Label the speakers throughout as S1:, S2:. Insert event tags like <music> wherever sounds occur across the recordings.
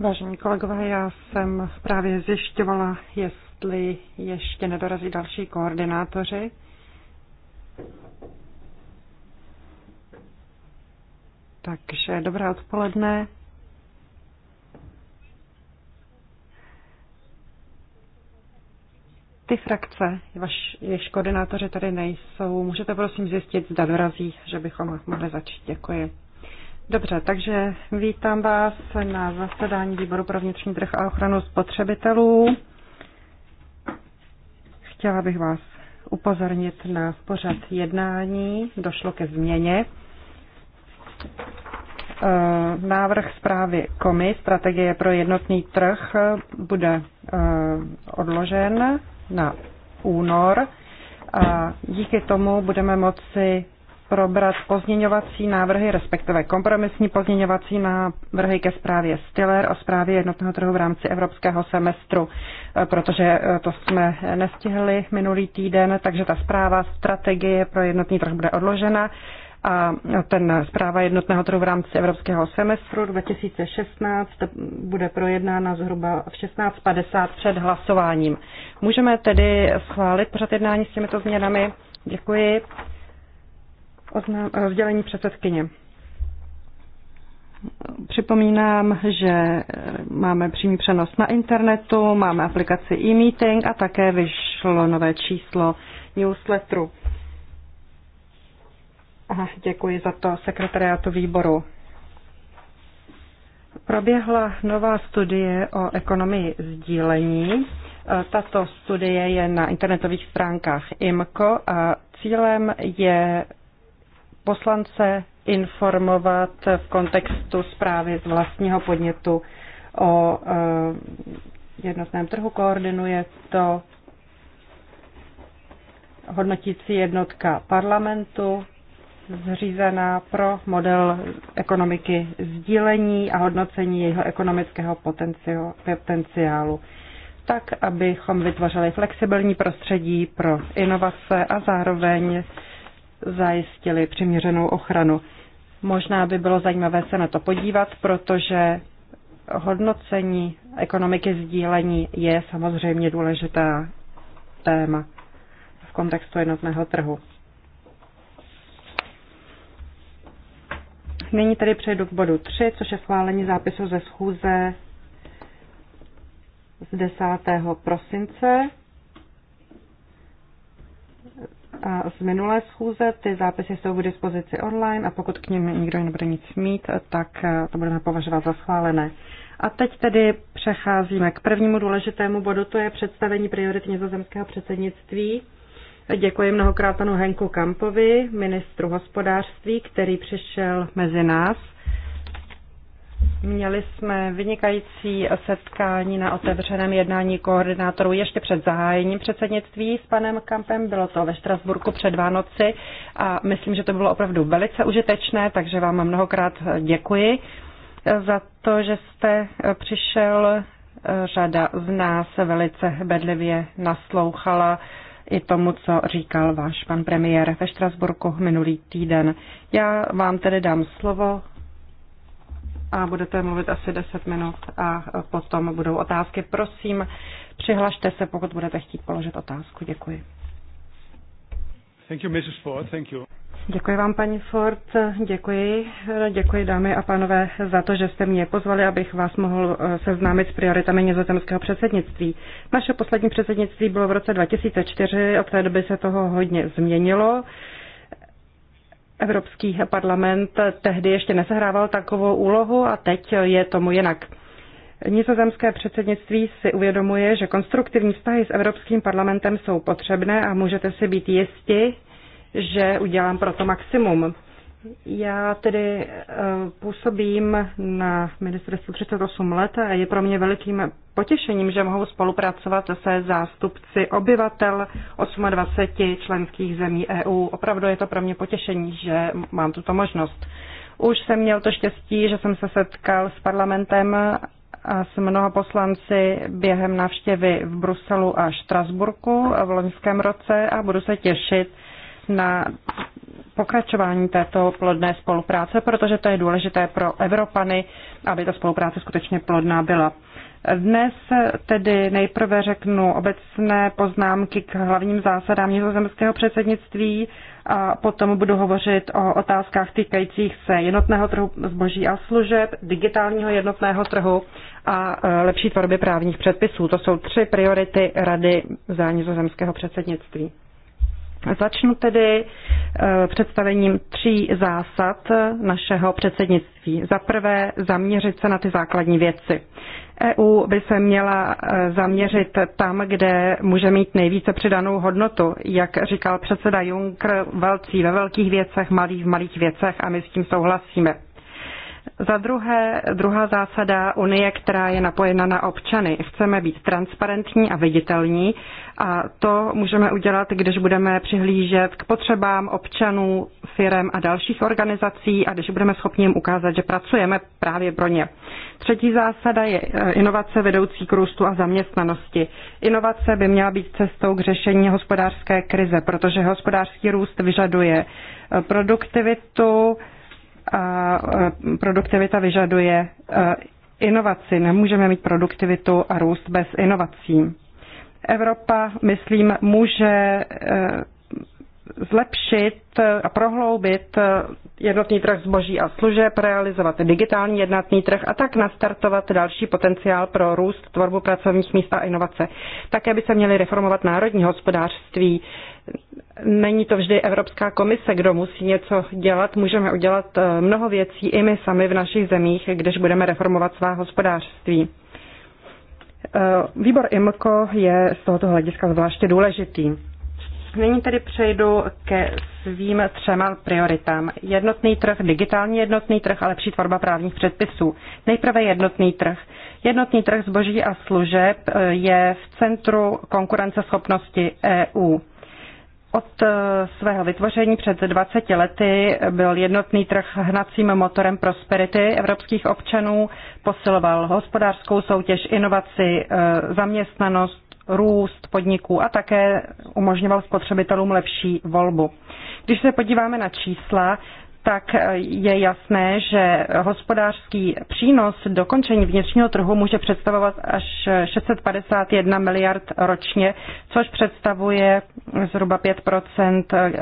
S1: Vážení kolegové, já jsem právě zjišťovala, jestli ještě nedorazí další koordinátoři. Takže dobré odpoledne. Ty frakce, vaš, jež koordinátoři tady nejsou, můžete prosím zjistit, zda dorazí, že bychom mohli začít. Děkuji. Dobře, takže vítám vás na zasedání výboru pro vnitřní trh a ochranu spotřebitelů. Chtěla bych vás upozornit na pořad jednání. Došlo ke změně. Eh, návrh zprávy komi, strategie pro jednotný trh, bude eh, odložen na únor a díky tomu budeme moci probrat pozměňovací návrhy, respektive kompromisní pozměňovací návrhy ke zprávě Stiller o zprávě jednotného trhu v rámci evropského semestru, eh, protože eh, to jsme nestihli minulý týden, takže ta zpráva strategie pro jednotný trh bude odložena a ten zpráva jednotného trhu v rámci evropského semestru 2016 bude projednána zhruba v 16.50 před hlasováním. Můžeme tedy schválit pořad jednání s těmito změnami. Děkuji. Oznám, sdělení eh, předsedkyně. Připomínám, že eh, máme přímý přenos na internetu, máme aplikaci e-meeting a také vyšlo nové číslo newsletteru. Aha, děkuji za to sekretariátu výboru. Proběhla nová studie o ekonomii sdílení. Eh, tato studie je na internetových stránkách IMCO a cílem je poslance informovat v kontextu zprávy z vlastního podnětu o e, jednotném trhu. Koordinuje to hodnotící jednotka parlamentu zřízená pro model ekonomiky sdílení a hodnocení jeho ekonomického potenciálu, tak abychom vytvořili flexibilní prostředí pro inovace a zároveň zajistili přiměřenou ochranu. Možná by bylo zajímavé se na to podívat, protože hodnocení ekonomiky sdílení je samozřejmě důležitá téma v kontextu jednotného trhu. Nyní tedy přejdu k bodu 3, což je schválení zápisu ze schůze z 10. prosince z minulé schůze. Ty zápisy jsou k dispozici online a pokud k nim nikdo nebude nic mít, tak eh, to budeme považovat za schválené. A teď tedy přecházíme k prvnímu důležitému bodu, to je představení priorit nizozemského předsednictví. Děkuji mnohokrát panu Henku Kampovi, ministru hospodářství, který přišel mezi nás Měli jsme vynikající setkání na otevřeném jednání koordinátorů ještě před zahájením předsednictví s panem Kampem. Bylo to ve Štrasburku před Vánoci a myslím, že to bylo opravdu velice užitečné, takže vám mnohokrát děkuji za to, že jste přišel. Řada z nás velice bedlivě naslouchala i tomu, co říkal váš pan premiér ve Štrasburku minulý týden. Já vám tedy dám slovo a budete mluvit asi 10 minut a potom budou otázky. Prosím, přihlašte se, pokud budete chtít položit otázku. Děkuji.
S2: Thank you, Mrs. Ford. Thank you.
S1: Děkuji vám, paní Ford. Děkuji. Děkuji, dámy a pánové, za to, že jste mě pozvali, abych vás mohl eh, seznámit s prioritami nizozemského předsednictví. Naše poslední předsednictví bylo v roce 2004, od té doby se toho hodně změnilo. Evropský parlament tehdy ještě nesehrával takovou úlohu a teď je tomu jinak. Nizozemské předsednictví si uvědomuje, že konstruktivní vztahy s Evropským parlamentem jsou potřebné a můžete si být jisti, že udělám proto maximum. Já tedy eh, působím na ministerstvu 38 let a je pro mě velikým potěšením, že mohu spolupracovat se zástupci obyvatel 28 členských zemí EU. Opravdu je to pro mě potěšení, že mám tuto možnost. Už jsem měl to štěstí, že jsem se setkal s parlamentem a s mnoha poslanci během návštěvy v Bruselu a Štrasburku v loňském roce a budu se těšit na pokračování této plodné spolupráce, protože to je důležité pro Evropany, aby ta spolupráce skutečně plodná byla. Dnes tedy nejprve řeknu obecné poznámky k hlavním zásadám nizozemského předsednictví a potom budu hovořit o otázkách týkajících se jednotného trhu zboží a služeb, digitálního jednotného trhu a e, lepší tvorby právních předpisů. To jsou tři priority Rady za nizozemského předsednictví. Začnu tedy eh, představením tří zásad našeho předsednictví. Za prvé zaměřit se na ty základní věci. EU by se měla eh, zaměřit tam, kde může mít nejvíce přidanou hodnotu, jak říkal předseda Juncker, velcí ve velkých věcech, malí v malých věcech a my s tím souhlasíme. Za druhé, druhá zásada Unie, která je napojena na občany. Chceme být transparentní a viditelní a to můžeme udělat, když budeme přihlížet k potřebám občanů, firem a dalších organizací a když budeme schopni jim ukázat, že pracujeme právě pro ně. Třetí zásada je eh, inovace vedoucí k růstu a zaměstnanosti. Inovace by měla být cestou k řešení hospodářské krize, protože hospodářský růst vyžaduje eh, produktivitu, a produktivita vyžaduje inovaci. Nemůžeme mít produktivitu a růst bez inovací. Evropa, myslím, může e, zlepšit a prohloubit jednotný trh zboží a služeb, realizovat digitální jednotný trh a tak nastartovat další potenciál pro růst, tvorbu pracovních míst a inovace. Také by se měly reformovat národní hospodářství. Není to vždy Evropská komise, kdo musí něco dělat. Můžeme udělat eh, mnoho věcí i my sami v našich zemích, když budeme reformovat svá hospodářství. Eh, výbor IMCO je z tohoto hlediska zvláště důležitý. Nyní tedy přejdu ke svým třema prioritám. Jednotný trh, digitální jednotný trh a lepší tvorba právních předpisů. Nejprve jednotný trh. Jednotný trh zboží a služeb eh, je v centru konkurenceschopnosti EU. Od eh, svého vytvoření před 20 lety byl jednotný trh hnacím motorem prosperity evropských občanů, posiloval hospodářskou soutěž, inovaci, eh, zaměstnanost, růst podniků a také umožňoval spotřebitelům lepší volbu. Když se podíváme na čísla, tak je jasné, že hospodářský přínos dokončení vnitřního trhu může představovat až 651 miliard ročně, což představuje zhruba 5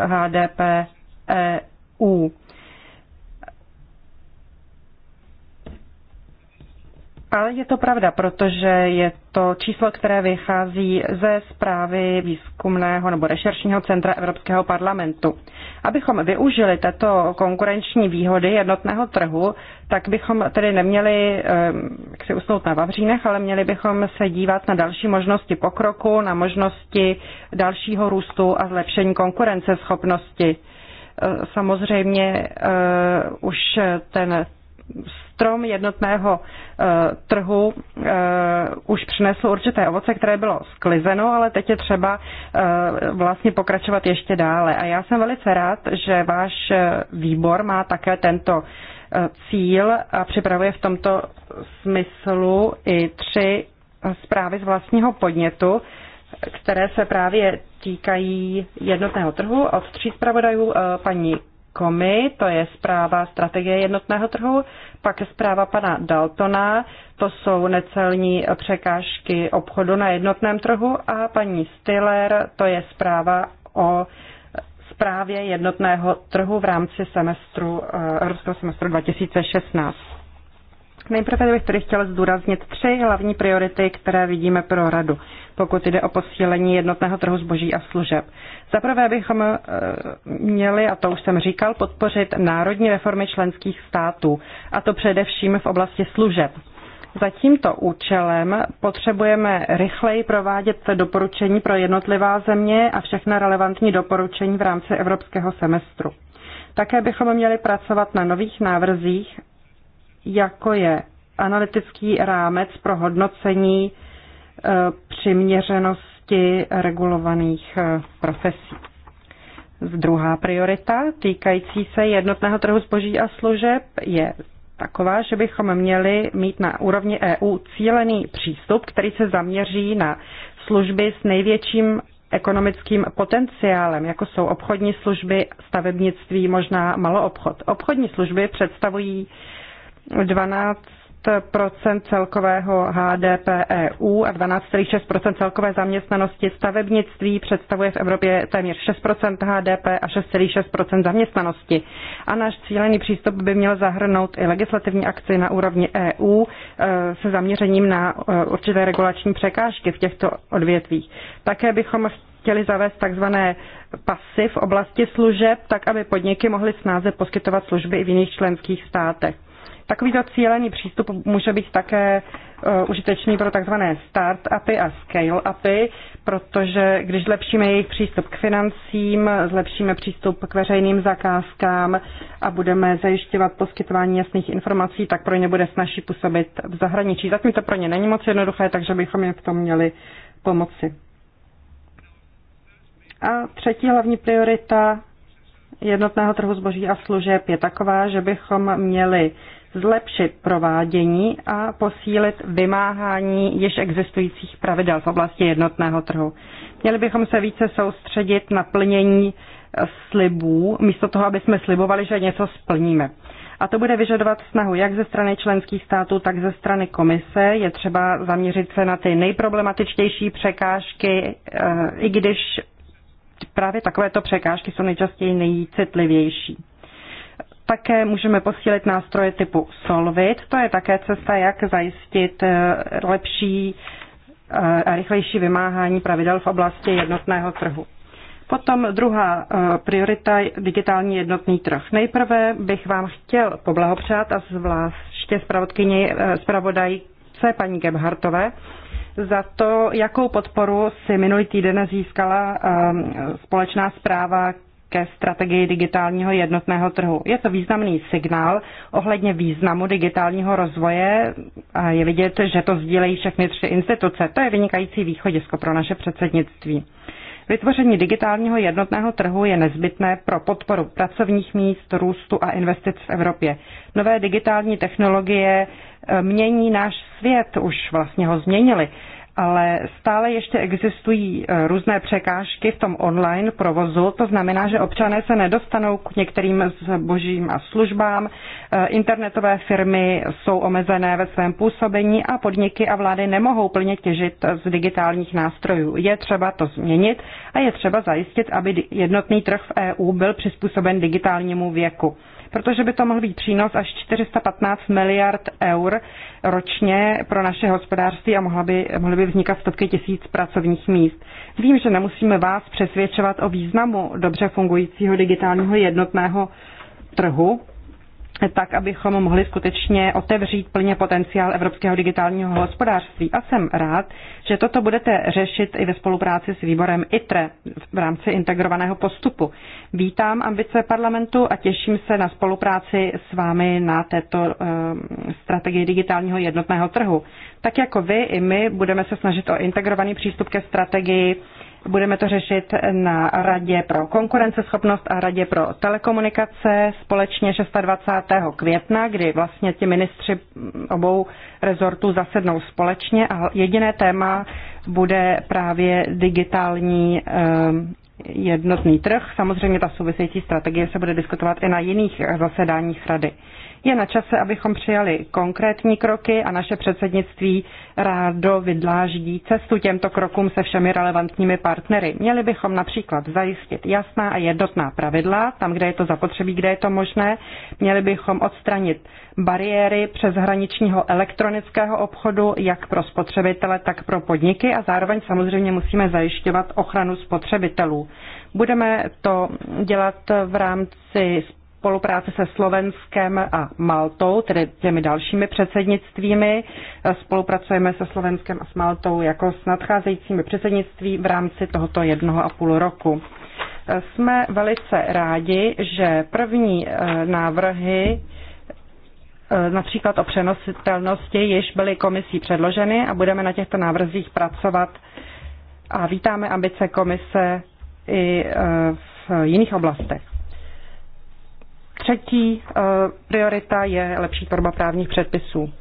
S1: HDP EU. Ale je to pravda, protože je to číslo, které vychází ze zprávy výzkumného nebo rešeršního centra Evropského parlamentu. Abychom využili tato konkurenční výhody jednotného trhu, tak bychom tedy neměli ehm, jak si usnout na vavřínech, ale měli bychom se dívat na další možnosti pokroku, na možnosti dalšího růstu a zlepšení konkurenceschopnosti. Ehm, samozřejmě ehm, už ten strom jednotného eh, trhu eh, už přinesl určité ovoce, které bylo sklizeno, ale teď je třeba eh, vlastně pokračovat ještě dále. A já jsem velice rád, že váš výbor má také tento cíl a připravuje v tomto smyslu i tři zprávy z vlastního podnětu, které se právě týkají jednotného trhu od tří zpravodajů paní Komi, to je zpráva strategie jednotného trhu, pak zpráva pana Daltona, to jsou necelní překážky obchodu na jednotném trhu a paní Stiller, to je zpráva o zprávě jednotného trhu v rámci semestru, eh, ruského semestru 2016. Nejprve bych tedy chtěla zdůraznit tři hlavní priority, které vidíme pro radu, pokud jde o posílení jednotného trhu zboží a služeb. Za prvé bychom eh, měli, a to už jsem říkal, podpořit národní reformy členských států, a to především v oblasti služeb. Za tímto účelem potřebujeme rychleji provádět doporučení pro jednotlivá země a všechna relevantní doporučení v rámci evropského semestru. Také bychom měli pracovat na nových návrzích jako je analytický rámec pro hodnocení e, přiměřenosti regulovaných e, profesí. Druhá priorita týkající se jednotného trhu zboží a služeb je taková, že bychom měli mít na úrovni EU cílený přístup, který se zaměří na služby s největším ekonomickým potenciálem, jako jsou obchodní služby, stavebnictví, možná maloobchod. Obchodní služby představují 12 celkového HDP EU a 12,6 celkové zaměstnanosti stavebnictví představuje v Evropě téměř 6 HDP a 6,6 zaměstnanosti. A náš cílený přístup by měl zahrnout i legislativní akci na úrovni EU eh, se zaměřením na eh, určité regulační překážky v těchto odvětvích. Také bychom chtěli zavést takzvané pasy v oblasti služeb, tak aby podniky mohly snáze poskytovat služby i v jiných členských státech. Takovýto cílený přístup může být také e, užitečný pro takzvané start-upy a scale-upy, protože když zlepšíme jejich přístup k financím, zlepšíme přístup k veřejným zakázkám a budeme zajišťovat poskytování jasných informací, tak pro ně bude snažší působit v zahraničí. Zatím to pro ně není moc jednoduché, takže bychom jim v tom měli pomoci. A třetí hlavní priorita jednotného trhu zboží a služeb je taková, že bychom měli zlepšit provádění a posílit vymáhání již existujících pravidel v oblasti jednotného trhu. Měli bychom se více soustředit na plnění slibů, místo toho, aby jsme slibovali, že něco splníme. A to bude vyžadovat snahu jak ze strany členských států, tak ze strany komise. Je třeba zaměřit se na ty nejproblematičtější překážky, eh, i když právě takovéto překážky jsou nejčastěji nejcitlivější. Také můžeme posílit nástroje typu Solvit. To je také cesta, jak zajistit eh, lepší eh, a rychlejší vymáhání pravidel v oblasti jednotného trhu. Potom druhá eh, priorita digitální jednotný trh. Nejprve bych vám chtěl poblahopřát a zvláště zpravodajce paní Gebhartové za to, jakou podporu si minulý týden získala společná zpráva ke strategii digitálního jednotného trhu. Je to významný signál ohledně významu digitálního rozvoje a je vidět, že to sdílejí všechny tři instituce. To je vynikající východisko pro naše předsednictví. Vytvoření digitálního jednotného trhu je nezbytné pro podporu pracovních míst, růstu a investic v Evropě. Nové digitální technologie eh, mění náš svět, už vlastně ho změnili ale stále ještě existují e, různé překážky v tom online provozu. To znamená, že občané se nedostanou k některým zbožím a službám. E, internetové firmy jsou omezené ve svém působení a podniky a vlády nemohou plně těžit z digitálních nástrojů. Je třeba to změnit a je třeba zajistit, aby jednotný trh v EU byl přizpůsoben digitálnímu věku protože by to mohl být přínos až 415 miliard eur ročně pro naše hospodářství a mohla by, mohly by vznikat stovky tisíc pracovních míst. Vím, že nemusíme vás přesvědčovat o významu dobře fungujícího digitálního jednotného trhu, tak abychom mohli skutečně otevřít plně potenciál evropského digitálního hospodářství. A jsem rád, že toto budete řešit i ve spolupráci s výborem ITRE v rámci integrovaného postupu. Vítám ambice parlamentu a těším se na spolupráci s vámi na této eh, strategii digitálního jednotného trhu. Tak jako vy i my budeme se snažit o integrovaný přístup ke strategii Budeme to řešit na Radě pro konkurenceschopnost a Radě pro telekomunikace společně 26. května, kdy vlastně ti ministři obou rezortů zasednou společně a jediné téma bude právě digitální eh, jednotný trh. Samozřejmě ta související strategie se bude diskutovat i na jiných zasedáních rady. Je na čase, abychom přijali konkrétní kroky a naše předsednictví rádo vydláždí cestu těmto krokům se všemi relevantními partnery. Měli bychom například zajistit jasná a jednotná pravidla, tam, kde je to zapotřebí, kde je to možné. Měli bychom odstranit bariéry přeshraničního elektronického obchodu, jak pro spotřebitele, tak pro podniky a zároveň samozřejmě musíme zajišťovat ochranu spotřebitelů. Budeme to dělat v rámci spolupráce se Slovenskem a Maltou, tedy těmi dalšími předsednictvími. Spolupracujeme se Slovenskem a s Maltou jako s nadcházejícími předsednictví v rámci tohoto jednoho a půl roku. Jsme velice rádi, že první eh, návrhy eh, například o přenositelnosti již byly komisí předloženy a budeme na těchto návrzích pracovat a vítáme ambice komise i eh, v jiných oblastech. Třetí eh, priorita je lepší tvorba právních předpisů.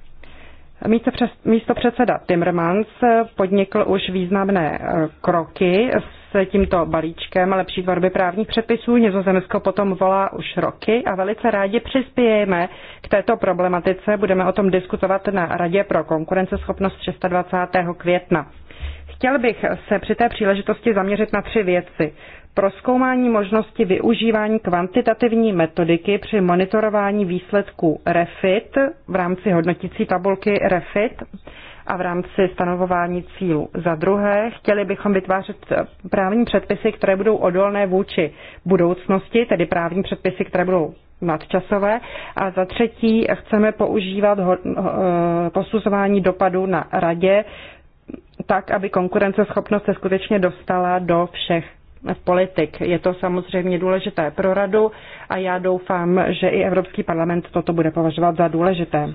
S1: Místo předseda Timmermans podnikl už významné eh, kroky s tímto balíčkem lepší tvorby právních předpisů. Nizozemsko potom volá už roky a velice rádi přispějeme k této problematice. Budeme o tom diskutovat na Radě pro konkurenceschopnost 26. května. Chtěl bych se při té příležitosti zaměřit na tři věci proskoumání možnosti využívání kvantitativní metodiky při monitorování výsledků REFIT v rámci hodnotící tabulky REFIT a v rámci stanovování cílů. Za druhé, chtěli bychom vytvářet právní předpisy, které budou odolné vůči budoucnosti, tedy právní předpisy, které budou nadčasové. A za třetí, chceme používat posuzování dopadu na radě tak, aby konkurenceschopnost se skutečně dostala do všech politik. Je to samozřejmě důležité pro radu a já doufám, že i Evropský parlament toto bude považovat za důležité.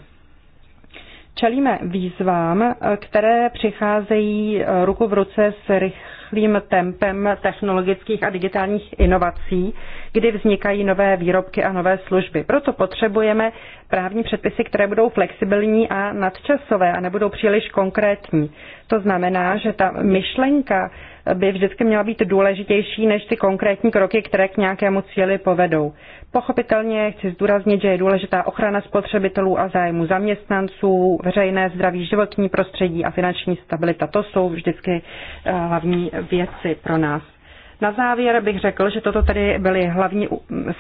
S1: Čelíme výzvám, které přicházejí ruku v ruce s rychlým tempem technologických a digitálních inovací, kdy vznikají nové výrobky a nové služby. Proto potřebujeme právní předpisy, které budou flexibilní a nadčasové a nebudou příliš konkrétní. To znamená, že ta myšlenka by vždycky měla být důležitější než ty konkrétní kroky, které k nějakému cíli povedou. Pochopitelně chci zdůraznit, že je důležitá ochrana spotřebitelů a zájmu zaměstnanců, veřejné zdraví, životní prostředí a finanční stabilita. To jsou vždycky eh, hlavní věci pro nás. Na závěr bych řekl, že toto tedy byly hlavní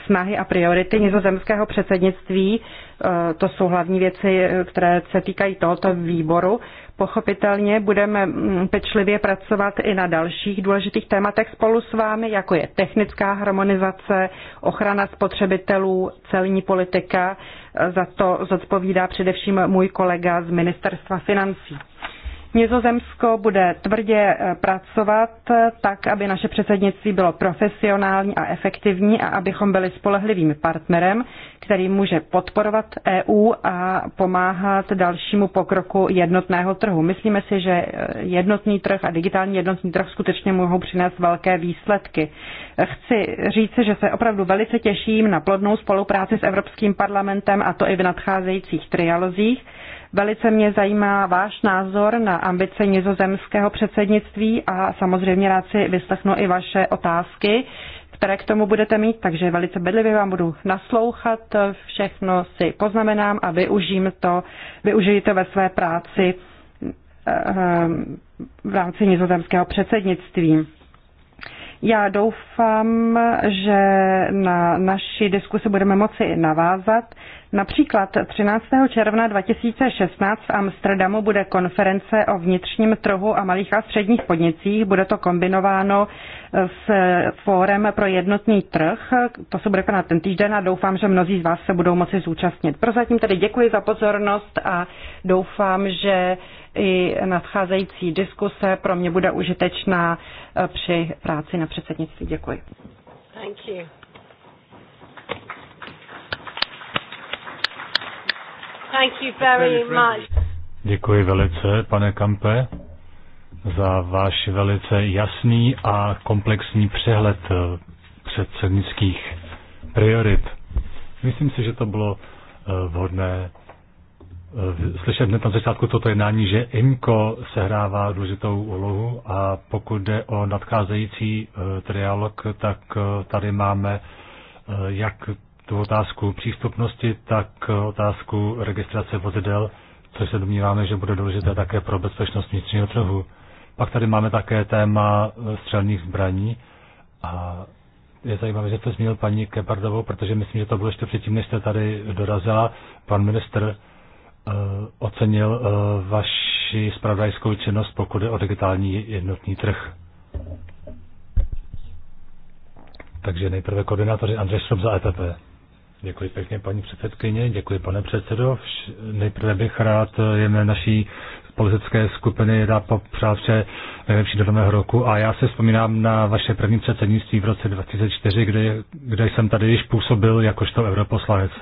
S1: snahy a priority nizozemského předsednictví. Eh, to jsou hlavní věci, eh, které se týkají tohoto výboru pochopitelně budeme mm, pečlivě pracovat i na dalších důležitých tématech spolu s vámi, jako je technická harmonizace, ochrana spotřebitelů, celní politika. Za to zodpovídá především můj kolega z Ministerstva financí. Nizozemsko bude tvrdě eh, pracovat tak, aby naše předsednictví bylo profesionální a efektivní a abychom byli spolehlivým partnerem, který může podporovat EU a pomáhat dalšímu pokroku jednotného trhu. Myslíme si, že eh, jednotný trh a digitální jednotný trh skutečně mohou přinést velké výsledky. Chci říci, že se opravdu velice těším na plodnou spolupráci s Evropským parlamentem a to i v nadcházejících trialozích Velice mě zajímá váš názor na ambice nizozemského předsednictví a samozřejmě rád si vyslechnu i vaše otázky, které k tomu budete mít, takže velice bedlivě vám budu naslouchat, všechno si poznamenám a využím to, využiji to ve své práci eh, v rámci nizozemského předsednictví. Já doufám, že na naši diskusi budeme moci navázat. Například 13. června 2016 v Amsterdamu bude konference o vnitřním trhu a malých a středních podnicích. Bude to kombinováno s fórem pro jednotný trh. To se bude konat ten týden a doufám, že mnozí z vás se budou moci zúčastnit. Prozatím tedy děkuji za pozornost a doufám, že i nadcházející diskuse pro mě bude užitečná při práci na předsednictví. Děkuji.
S2: Thank you. Thank you very much.
S3: Děkuji velice, pane Kampe, za váš velice jasný a komplexní přehled eh, předsednických priorit. Myslím si, že to bylo eh, vhodné eh, slyšet hned na začátku toto jednání, že IMCO sehrává důležitou úlohu a pokud jde o nadcházející trialog, tak tady máme jak tu otázku přístupnosti, tak eh, otázku registrace vozidel, což se domníváme, že bude důležité také pro bezpečnost vnitřního trhu. Pak tady máme také téma eh, střelných zbraní a je zajímavé, že jste zmínil paní Kepardovou, protože myslím, že to bylo ještě předtím, než jste tady dorazila. Pan ministr uh, ocenil uh, vaši spravodajskou činnost, pokud je o digitální jednotný trh. Takže nejprve koordinátoři Andrej Šrob za ETP. Děkuji pěkně, paní předsedkyně, děkuji, pane předsedo. Nejprve bych rád jen naší politické skupiny dá popřát vše nejlepší do nového roku. A já se vzpomínám na vaše první předsednictví v roce 2004, kde, kde jsem tady již působil jakožto europoslanec.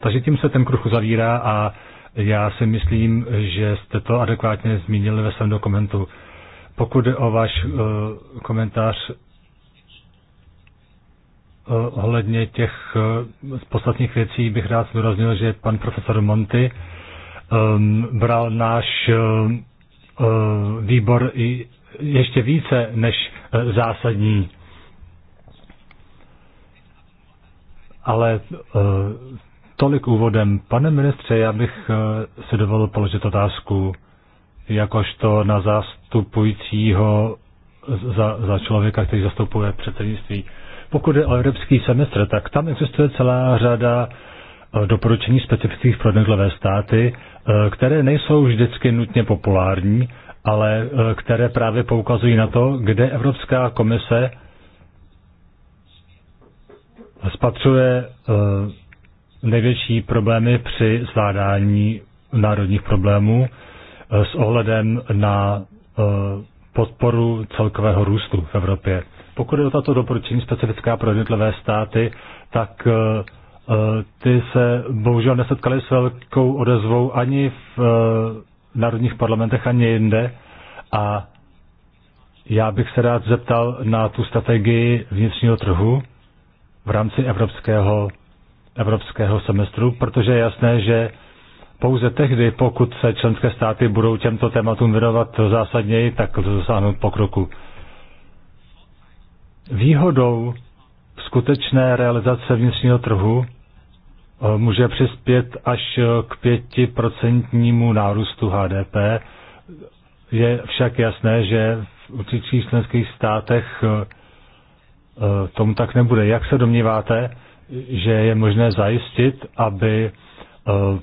S3: Takže tím se ten kruh uzavírá a já si myslím, že jste to adekvátně zmínili ve svém dokumentu. Pokud o váš uh, komentář Eh, ohledně těch eh, podstatných věcí bych rád zdůraznil, že pan profesor Monty ehm, bral náš eh, výbor ještě více než zásadní. Ale tolik úvodem. Pane ministře, já bych si dovolil položit otázku jakožto na zastupujícího za, za člověka, který zastupuje předsednictví. Uh, pokud je o evropský semestr, tak tam existuje celá řada eh, doporučení specifických pro jednotlivé státy, eh, které nejsou vždycky nutně populární, ale eh, které právě poukazují na to, kde Evropská komise spatřuje největší problémy při zvládání národních problémů s ohledem na podporu celkového růstu v Evropě. Pokud je o tato doporučení specifická pro jednotlivé státy, tak eh, eh, ty se bohužel nesetkaly s velkou odezvou ani v eh, národních parlamentech, ani jinde. A já bych se rád zeptal na tu strategii vnitřního trhu v rámci evropského, evropského semestru, protože je jasné, že pouze tehdy, pokud se členské státy budou těmto tématům věnovat zásadněji, tak lze dosáhnout pokroku. Výhodou skutečné realizace vnitřního trhu eh, může přispět až eh, k pětiprocentnímu nárůstu HDP. Je však jasné, že v určitých členských státech eh, tomu tak nebude. Jak se domníváte, že je možné zajistit, aby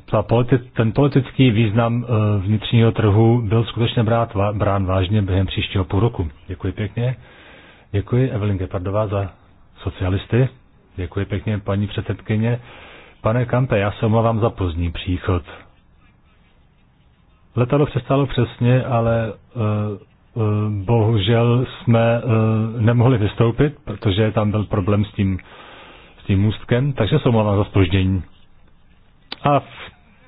S3: ta politi- ten politický význam vnitřního trhu byl skutečně brát, brán vážně během příštího půl roku? Děkuji pěkně. Děkuji Evelyn Gepardová za socialisty. Děkuji pěkně, paní předsedkyně. Pane Kampe, já se omlouvám za pozdní příchod. Letadlo přestalo přesně, ale uh, uh, bohužel jsme uh, nemohli vystoupit, protože tam byl problém s tím, s tím můstkem, takže se omlouvám za spoždění. A v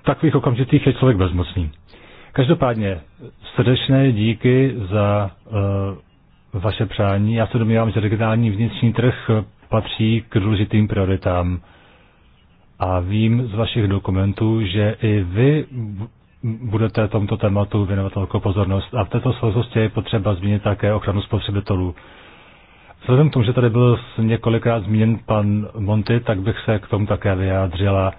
S3: takových okamžicích je člověk bezmocný. Každopádně srdečné díky za uh, vaše přání. Já se domnívám, že regionální vnitřní trh patří k důležitým prioritám. A vím z vašich dokumentů, že i vy budete tomto tématu věnovat velkou pozornost. A v této souvislosti je potřeba zmínit také ochranu spotřebitelů. Vzhledem k tomu, že tady byl několikrát zmíněn pan Monty, tak bych se k tomu také vyjádřila.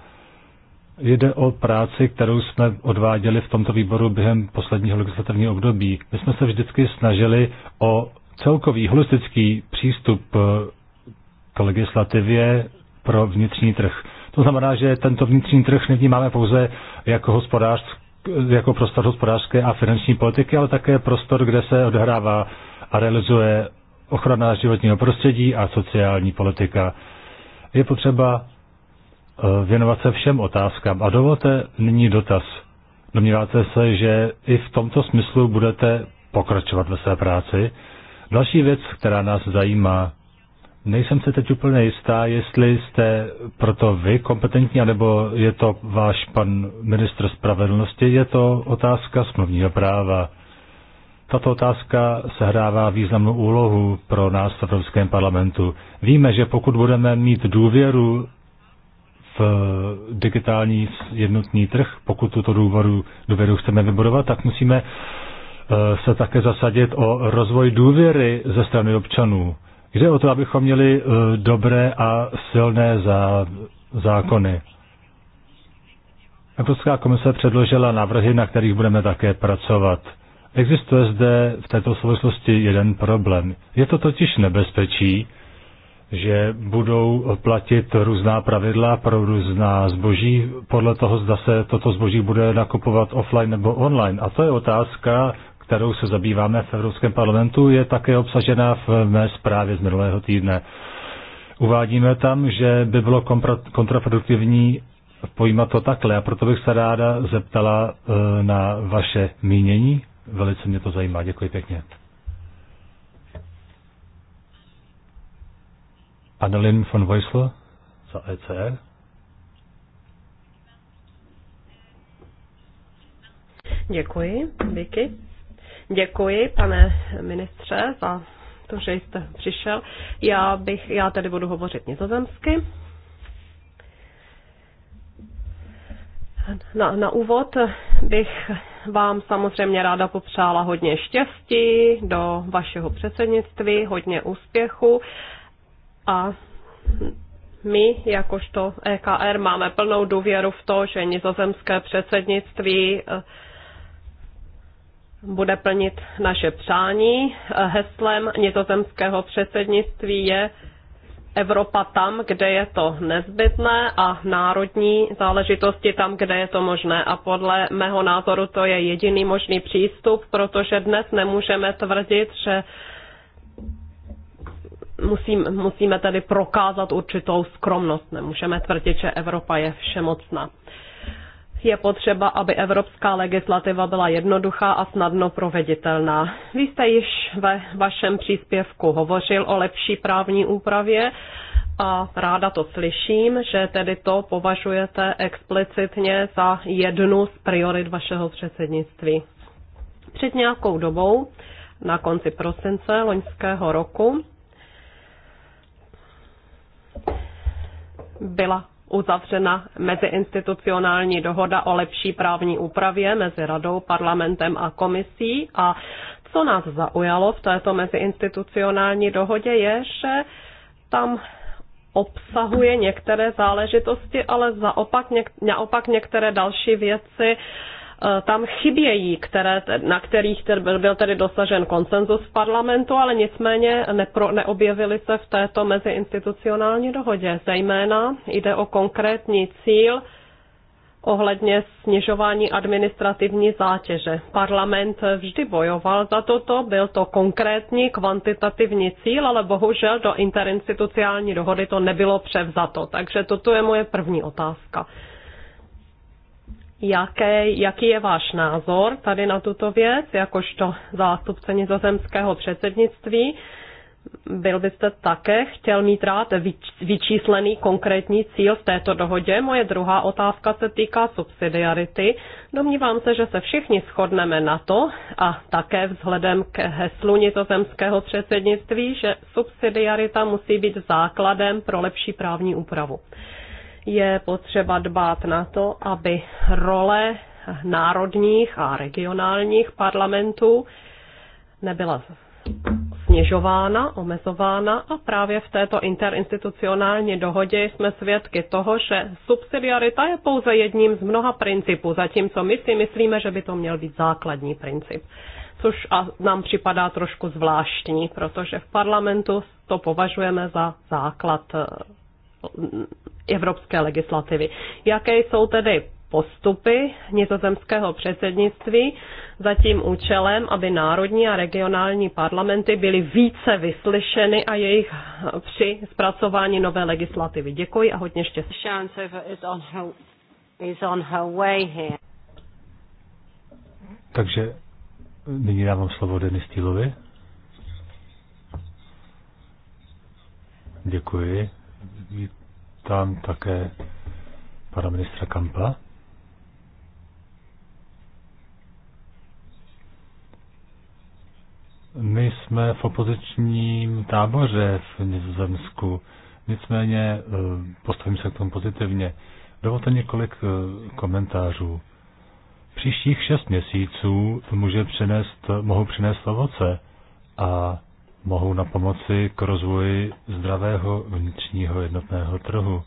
S3: Jde o práci, kterou jsme odváděli v tomto výboru během posledního legislativního období. My jsme se vždycky snažili o Celkový holistický přístup eh, k legislativě pro vnitřní trh. To znamená, že tento vnitřní trh nevnímáme pouze jako hospodář, jako prostor hospodářské a finanční politiky, ale také prostor, kde se odhrává a realizuje ochrana životního prostředí a sociální politika. Je potřeba eh, věnovat se všem otázkám. A dovolte nyní dotaz. Domníváte se, že i v tomto smyslu budete pokračovat ve své práci? Další věc, která nás zajímá, nejsem se teď úplně jistá, jestli jste proto vy kompetentní, anebo je to váš pan ministr spravedlnosti, je to otázka smluvního práva. Tato otázka sehrává významnou úlohu pro nás v Evropském parlamentu. Víme, že pokud budeme mít důvěru v digitální jednotný trh, pokud tuto důvěru, důvěru chceme vybudovat, tak musíme Eh, se také zasadit o rozvoj důvěry ze strany občanů. Jde o to, abychom měli eh, dobré a silné zá, zákony. Evropská komise předložila návrhy, na kterých budeme také pracovat. Existuje zde v této souvislosti jeden problém. Je to totiž nebezpečí, že budou platit různá pravidla pro různá zboží podle toho, zda se toto zboží bude nakupovat offline nebo online. A to je otázka, kterou se zabýváme v Evropském parlamentu, je také obsažena v mé zprávě z minulého týdne. Uvádíme tam, že by bylo kontraproduktivní pojímat to takhle a proto bych se ráda zeptala e, na vaše mínění. Velice mě to zajímá. Děkuji pěkně. Annelien von Weisler za ECR.
S4: Děkuji, Vicky. Děkuji, pane ministře, za to, že jste přišel. Já, bych, já tady budu hovořit nizozemsky. Na, na úvod bych vám samozřejmě ráda popřála hodně štěstí do vašeho předsednictví, hodně úspěchu a my, jakožto EKR, máme plnou důvěru v to, že nizozemské předsednictví eh, bude plnit naše přání. Heslem nizozemského předsednictví je Evropa tam, kde je to nezbytné a národní záležitosti tam, kde je to možné. A podle mého názoru to je jediný možný přístup, protože dnes nemůžeme tvrdit, že musím, musíme tedy prokázat určitou skromnost. Nemůžeme tvrdit, že Evropa je všemocná je potřeba, aby evropská legislativa byla jednoduchá a snadno proveditelná. Vy jste již ve vašem příspěvku hovořil o lepší právní úpravě a ráda to slyším, že tedy to považujete explicitně za jednu z priorit vašeho předsednictví. Před nějakou dobou, na konci prosince loňského roku, byla uzavřena meziinstitucionální dohoda o lepší právní úpravě mezi radou, parlamentem a komisí. A co nás zaujalo v této meziinstitucionální dohodě je, že tam obsahuje některé záležitosti, ale zaopak, něk, naopak některé další věci Eh, tam chybějí, které, na kterých byl tedy dosažen konsenzus v parlamentu, ale nicméně nepro, neobjevily se v této meziinstitucionální dohodě. Zejména jde o konkrétní cíl ohledně snižování administrativní zátěže. Parlament vždy bojoval za toto, byl to konkrétní kvantitativní cíl, ale bohužel do interinstituciální dohody to nebylo převzato. Takže toto je moje první otázka. Jaké, jaký je váš názor tady na tuto věc, jakožto zástupce nizozemského předsednictví? Byl byste také chtěl mít rád vyčíslený konkrétní cíl v této dohodě? Moje druhá otázka se týká subsidiarity. Domnívám se, že se všichni shodneme na to a také vzhledem k heslu nizozemského předsednictví, že subsidiarita musí být základem pro lepší právní úpravu je potřeba dbát na to, aby role národních a regionálních parlamentů nebyla snižována, omezována a právě v této interinstitucionální dohodě jsme svědky toho, že subsidiarita je pouze jedním z mnoha principů, zatímco my si myslíme, že by to měl být základní princip. Což a nám připadá trošku zvláštní, protože v parlamentu to považujeme za základ evropské legislativy. Jaké jsou tedy postupy nizozemského předsednictví za tím účelem, aby národní a regionální parlamenty byly více vyslyšeny a jejich při zpracování nové legislativy. Děkuji a hodně štěstí.
S3: Takže nyní dávám slovo Denis Týlovi. Děkuji, vítám také pana ministra Kampa. My jsme v opozičním táboře v Nizozemsku, nicméně eh, postavím se k tomu pozitivně. Dovolte několik eh, komentářů. Příštích šest měsíců může přinést, mohou přinést ovoce a mohou na pomoci k rozvoji zdravého vnitřního jednotného trhu.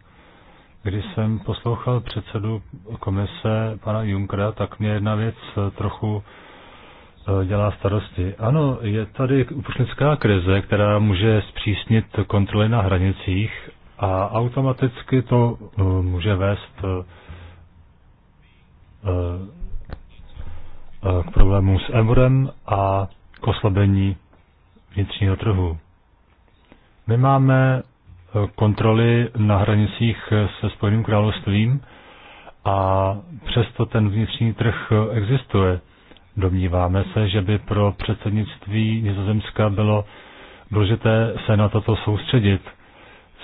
S3: Když jsem poslouchal předsedu komise pana Junkra, tak mě jedna věc trochu eh, dělá starosti. Ano, je tady uprchlická krize, která může zpřísnit kontroly na hranicích a automaticky to eh, může vést eh, k problémům s Emurem a k oslabení vnitřního trhu. My máme eh, kontroly na hranicích eh, se Spojeným královstvím a přesto ten vnitřní trh eh, existuje. Domníváme se, že by pro předsednictví Nizozemska bylo důležité se na toto soustředit.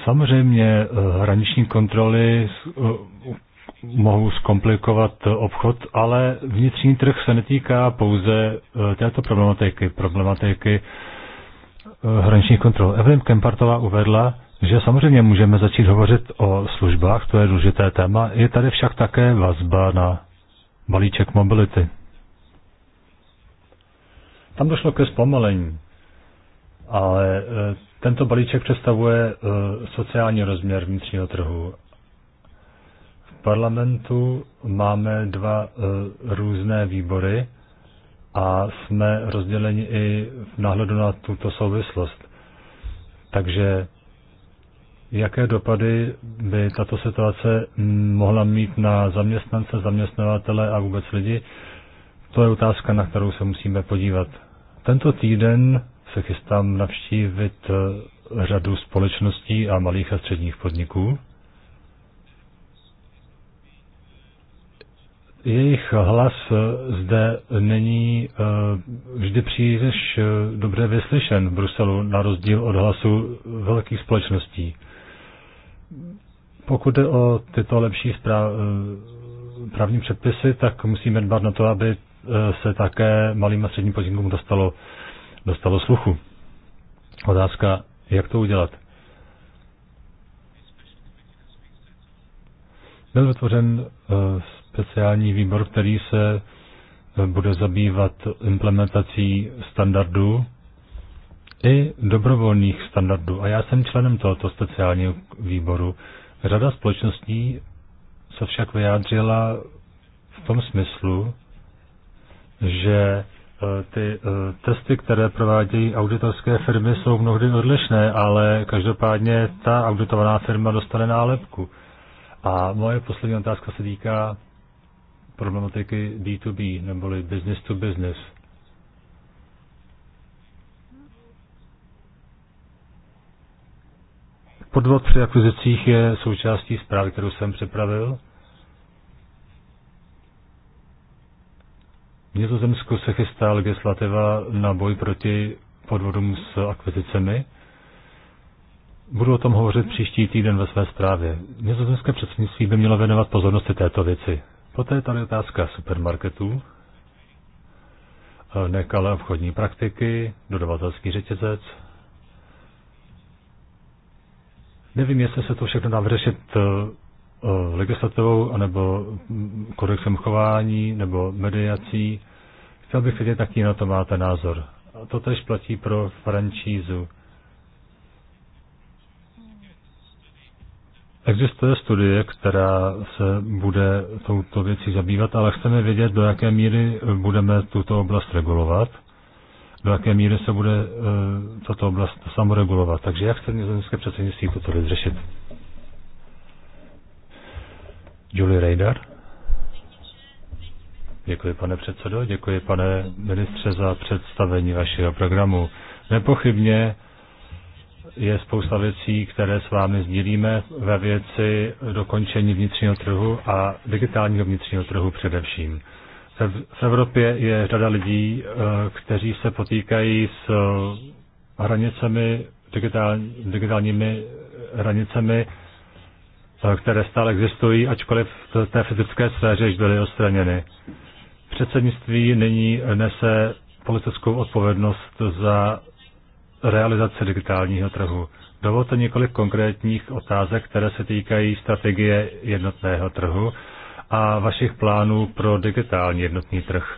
S3: Samozřejmě hraniční kontroly mohou zkomplikovat obchod, ale vnitřní trh se netýká pouze této problematiky, problematiky Eh, hraničních kontrol. Evelyn Kempartová uvedla, že samozřejmě můžeme začít hovořit o službách, to je důležité téma. Je tady však také vazba na balíček mobility. Tam došlo ke zpomalení, ale eh, tento balíček představuje eh, sociální rozměr vnitřního trhu. V parlamentu máme dva různé výbory, a jsme rozděleni i v náhledu na tuto souvislost. Takže jaké dopady by tato situace mohla mít na zaměstnance, zaměstnavatele a vůbec lidi, to je otázka, na kterou se musíme podívat. Tento týden se chystám navštívit eh, řadu společností a malých a středních podniků. jejich hlas zde není eh, vždy příliš eh, dobře vyslyšen v Bruselu, na rozdíl od hlasu velkých společností. Pokud jde o tyto lepší eh, právní předpisy, tak musíme dbát na to, aby se také malým a středním podnikům dostalo, dostalo sluchu. Otázka, jak to udělat? Byl vytvořen speciální výbor, který se eh, bude zabývat implementací standardů i dobrovolných standardů. A já jsem členem tohoto speciálního výboru. Řada společností se však vyjádřila v tom smyslu, že eh, ty eh, testy, které provádějí auditorské firmy, jsou mnohdy odlišné, ale každopádně ta auditovaná firma dostane nálepku. A moje poslední otázka se týká problematiky B2B, neboli business to business. Podvod při akvizicích je součástí zprávy, kterou jsem připravil. V Nizozemsku se chystá legislativa na boj proti podvodům s akvizicemi. Budu o tom hovořit příští týden ve své zprávě. Nizozemské předsednictví by mělo věnovat pozornosti této věci. Poté je tady otázka supermarketů, eh, nekalé obchodní praktiky, dodavatelský řetězec. Nevím, jestli se to všechno dá vyřešit eh, eh, legislativou, anebo mm, kodexem chování, nebo mediací. Chtěl bych vědět, jaký na to máte názor. To tež platí pro francízu. Existuje studie, která se bude touto věcí zabývat, ale chceme vědět, do jaké míry eh, budeme tuto oblast regulovat, do jaké míry se bude eh, tato oblast samoregulovat. Takže jak chce nizozemské předsednictví toto vyřešit? Julie Reidar. Děkuji, pane předsedo, děkuji, pane ministře, za představení vašeho programu. Nepochybně je spousta věcí, které s vámi sdílíme ve věci dokončení vnitřního trhu a digitálního vnitřního trhu především. V Evropě je řada lidí, eh, kteří se potýkají s eh, hranicemi, digitál, digitálními eh, hranicemi, které stále existují, ačkoliv v té fyzické sféře již byly odstraněny. Předsednictví nyní nese politickou odpovědnost za realizace digitálního trhu. Dovolte několik konkrétních otázek, které se týkají strategie jednotného trhu a vašich plánů pro digitální jednotný trh.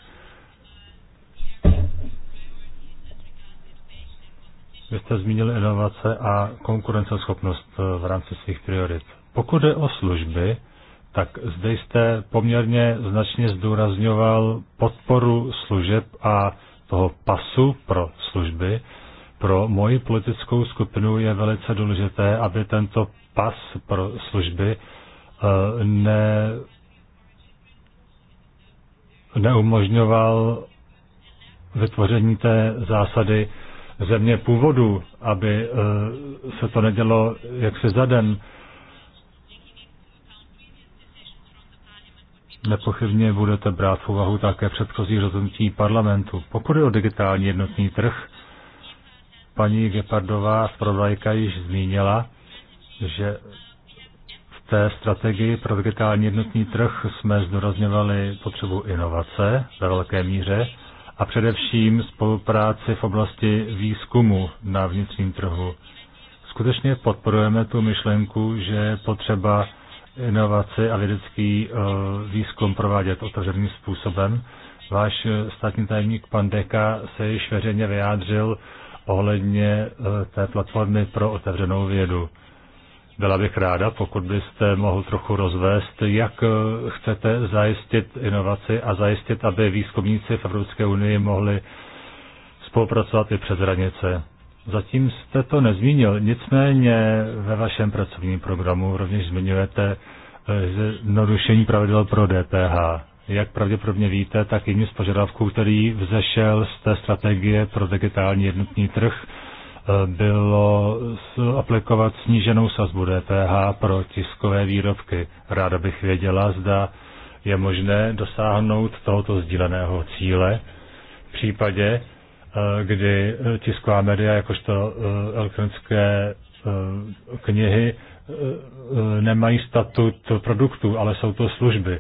S3: Vy jste zmínili inovace a konkurenceschopnost eh, v rámci svých priorit. Pokud jde o služby, tak zde jste poměrně značně zdůrazňoval podporu služeb a toho pasu pro služby. Pro moji politickou skupinu je velice důležité, aby tento pas pro služby eh, ne, neumožňoval vytvoření té zásady země původu, aby eh, se to nedělo jaksi za den. Nepochybně budete brát v úvahu také předchozí rozhodnutí parlamentu. Pokud je o digitální jednotný trh, Paní Gepardová, z Prodajka již zmínila, že v té strategii pro digitální jednotný trh jsme zdůrazňovali potřebu inovace ve velké míře a především spolupráci v oblasti výzkumu na vnitřním trhu. Skutečně podporujeme tu myšlenku, že je potřeba inovaci a vědecký eh, výzkum provádět otevřeným způsobem. Váš státní tajemník pan Deka se již veřejně vyjádřil ohledně eh, té platformy pro otevřenou vědu. Byla bych ráda, pokud byste mohl trochu rozvést, jak eh, chcete zajistit inovaci a zajistit, aby výzkumníci v Evropské unii mohli spolupracovat i přes hranice. Zatím jste to nezmínil, nicméně ve vašem pracovním programu rovněž zmiňujete eh, zjednodušení pravidel pro DPH. Jak pravděpodobně víte, tak jedním z požadavků, který vzešel z té strategie pro digitální jednotný trh, eh, bylo aplikovat sníženou sazbu DPH pro tiskové výrobky. Ráda bych věděla, zda je možné dosáhnout tohoto sdíleného cíle v případě, eh, kdy eh, tisková média, jakožto elektronické knihy, nemají statut produktů, ale jsou to služby.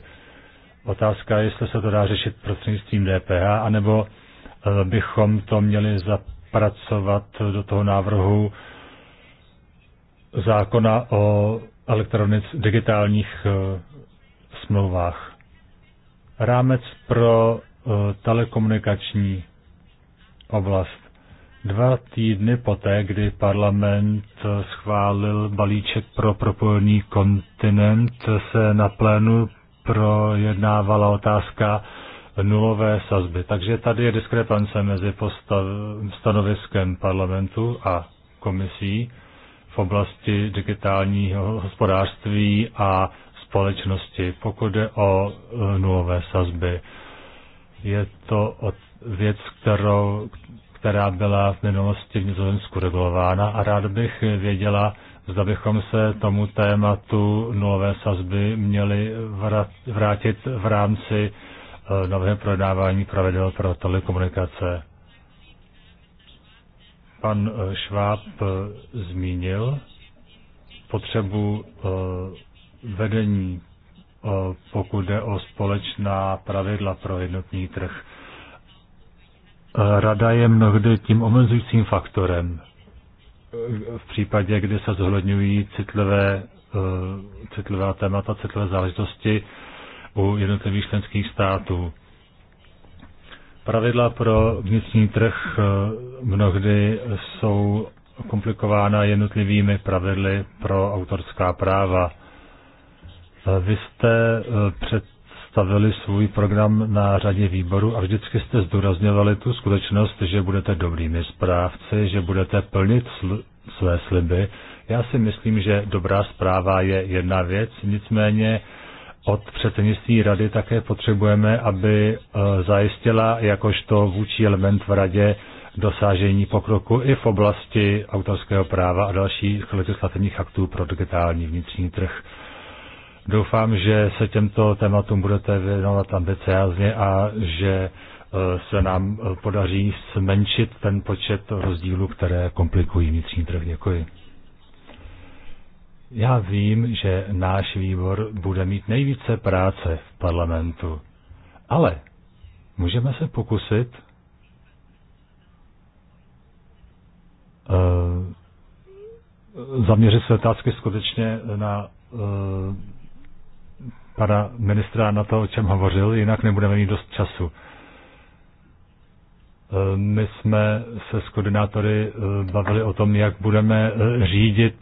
S3: Otázka je, jestli se to dá řešit prostřednictvím DPH, anebo eh, bychom to měli zapracovat do toho návrhu zákona o elektronic digitálních eh, smlouvách. Rámec pro eh, telekomunikační oblast. Dva týdny poté, kdy parlament schválil balíček pro propojený kontinent, se na plénu projednávala otázka nulové sazby. Takže tady je diskrepance mezi postav, stanoviskem parlamentu a komisí v oblasti digitálního hospodářství a společnosti, pokud jde o e, nulové sazby. Je to věc, kterou, která byla v minulosti v Nizozemsku regulována a rád bych věděla, zda bychom se tomu tématu nulové sazby měli vrátit v rámci eh, nového projednávání pravidel pro telekomunikace. Pan eh, Šváb eh, zmínil potřebu vedení, pokud jde o společná pravidla pro jednotný trh. Rada je mnohdy tím omezujícím faktorem v případě, kdy se zohledňují citlivé, eh, citlivá témata, citlivé záležitosti u jednotlivých členských států. Pravidla pro vnitřní trh eh, mnohdy jsou komplikována jednotlivými pravidly pro autorská práva. Eh, vy jste před představili svůj program na řadě výboru a vždycky jste zdůrazňovali tu skutečnost, že budete dobrými správci, že budete plnit sl- své sliby. Já si myslím, že dobrá zpráva je jedna věc, nicméně od předsednictví rady také potřebujeme, aby e, zajistila jakožto vůči element v radě dosážení pokroku i v oblasti autorského práva a dalších legislativních aktů pro digitální vnitřní trh. Doufám, že se těmto tématům budete věnovat ambiciázně a že e, se nám e, podaří zmenšit ten počet rozdílů, které komplikují vnitřní trh. Děkuji. Já vím, že náš výbor bude mít nejvíce práce v parlamentu, ale můžeme se pokusit e, zaměřit se otázky skutečně na pana ministra na to, o čem hovořil, jinak nebudeme mít dost času. Eh, my jsme se s koordinátory eh, bavili o tom, jak budeme eh, řídit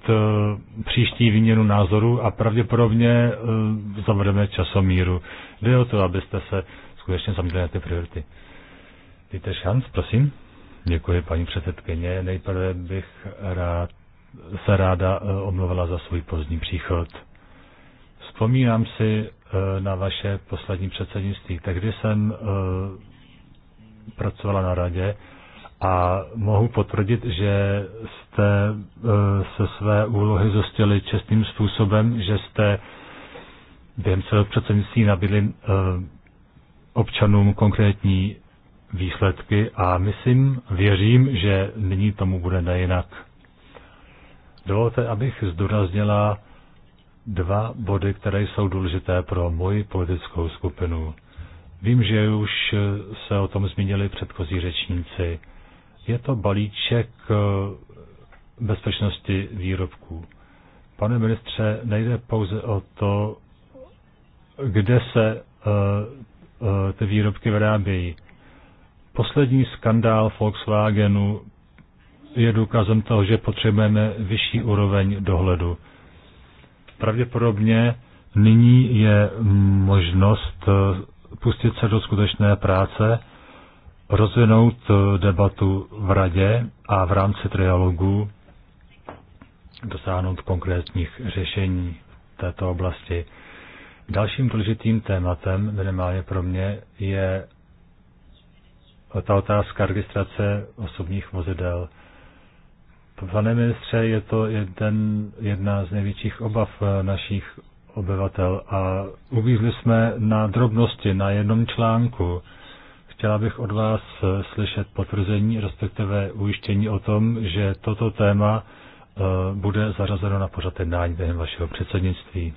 S3: příští výměnu názorů a pravděpodobně zavedeme časomíru. Jde o to, abyste se skutečně zaměřili na ty priority. Víte šanc, prosím? Děkuji, paní předsedkyně. Nejprve bych rád, se ráda omluvila za svůj pozdní příchod. Vzpomínám si eh, na vaše poslední předsednictví. Tehdy jsem eh, pracovala na radě a mohu potvrdit, že jste eh, se své úlohy zostěli čestným způsobem, že jste během celého předsednictví nabídli občanům konkrétní výsledky a myslím, věřím, že nyní tomu bude nejinak. Dovolte, abych zdůraznila dva body, které jsou důležité pro moji politickou skupinu. Vím, že už se o tom zmínili předchozí řečníci. Je to balíček eh, bezpečnosti výrobků. Pane ministře, nejde pouze o to, kde se uh, uh, ty výrobky vyrábějí. Poslední skandál Volkswagenu je důkazem toho, že potřebujeme vyšší úroveň dohledu. Pravděpodobně nyní je možnost eh, pustit se do skutečné práce, rozvinout eh, debatu v radě a v rámci trialogu dosáhnout konkrétních řešení v této oblasti. Dalším důležitým tématem, minimálně pro mě, je ta otázka registrace osobních vozidel. Pane ministře, je to jeden, jedna z největších obav eh, našich obyvatel a uvízli jsme na drobnosti, na jednom článku. Chtěla bych od vás eh, slyšet potvrzení, respektive ujištění o tom, že toto téma eh, bude zařazeno na pořad jednání během vašeho předsednictví.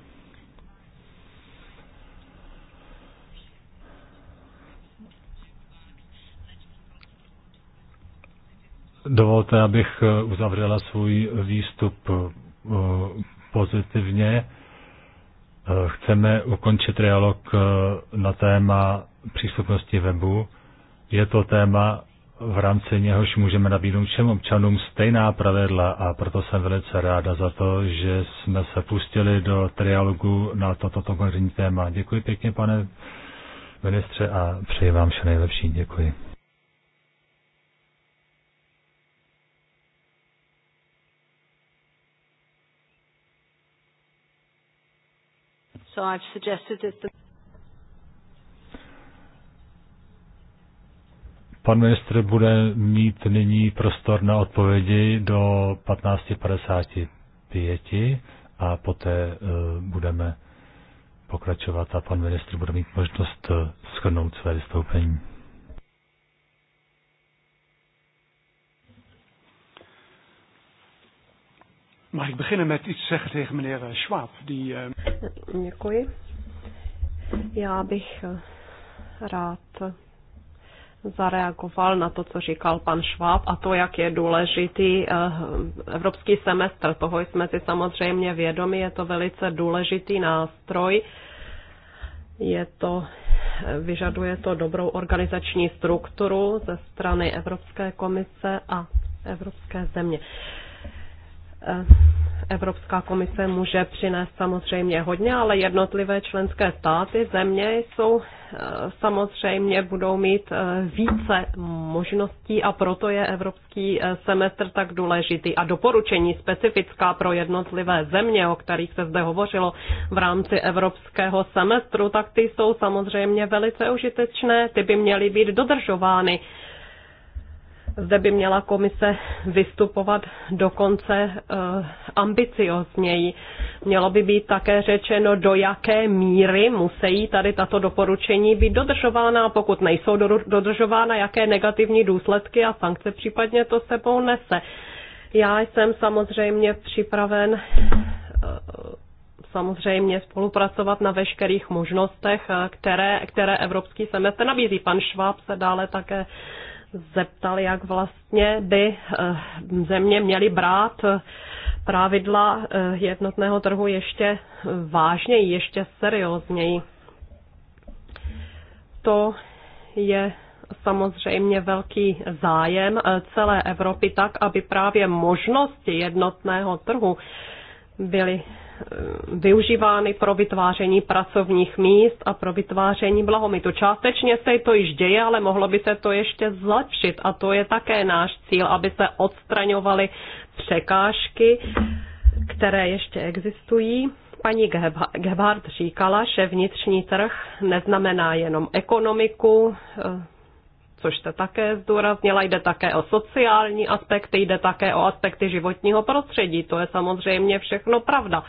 S3: Dovolte, abych eh, uzavřela svůj eh, výstup eh, pozitivně. Chceme ukončit dialog na téma přístupnosti webu. Je to téma, v rámci něhož můžeme nabídnout všem občanům stejná pravidla a proto jsem velice ráda za to, že jsme se pustili do trialogu na toto konkrétní téma. Děkuji pěkně, pane ministře, a přeji vám vše nejlepší. Děkuji.
S2: So I've suggested that the
S3: Pan ministr bude mít nyní prostor na odpovědi do 15.55 a poté uh, budeme pokračovat a pan ministr bude mít možnost e, shrnout své vystoupení. Mag ik beginnen met iets zeggen tegen meneer
S2: eh, Schwab? Die, uh... Děkuji. Já
S4: bych eh, rád zareagoval na to, co říkal pan Schwab a to, jak je důležitý evropský semestr. Toho jsme si samozřejmě vědomi, je to velice důležitý nástroj. Je to, vyžaduje to dobrou organizační strukturu ze strany Evropské komise a Evropské země. Uh, Evropská komise může přinést samozřejmě hodně, ale jednotlivé členské státy, země jsou eh, samozřejmě budou mít eh, více možností a proto je evropský eh, semestr tak důležitý. A doporučení specifická pro jednotlivé země, o kterých se zde hovořilo v rámci evropského semestru, tak ty jsou samozřejmě velice užitečné, ty by měly být dodržovány zde by měla komise vystupovat dokonce eh, ambiciozněji. Mělo by být také řečeno, do jaké míry musí tady tato doporučení být dodržována a pokud nejsou dodržována, jaké negativní důsledky a sankce případně to sebou nese. Já jsem samozřejmě připraven eh, samozřejmě spolupracovat na veškerých možnostech, eh, které, které evropský semestr nabízí. Pan Šváb se dále také zeptal, jak vlastně by eh, země měly brát eh, pravidla eh, jednotného trhu ještě vážněji, ještě seriózněji. To je samozřejmě velký zájem celé Evropy tak, aby právě možnosti jednotného trhu byly využívány pro vytváření pracovních míst a pro vytváření blahomitu. Částečně se to již děje, ale mohlo by se to ještě zlepšit a to je také náš cíl, aby se odstraňovaly překážky, které ještě existují. Paní Gebhardt říkala, že vnitřní trh neznamená jenom ekonomiku, což jste také zdůraznila, jde také o sociální aspekty, jde také o aspekty životního prostředí. To je samozřejmě všechno pravda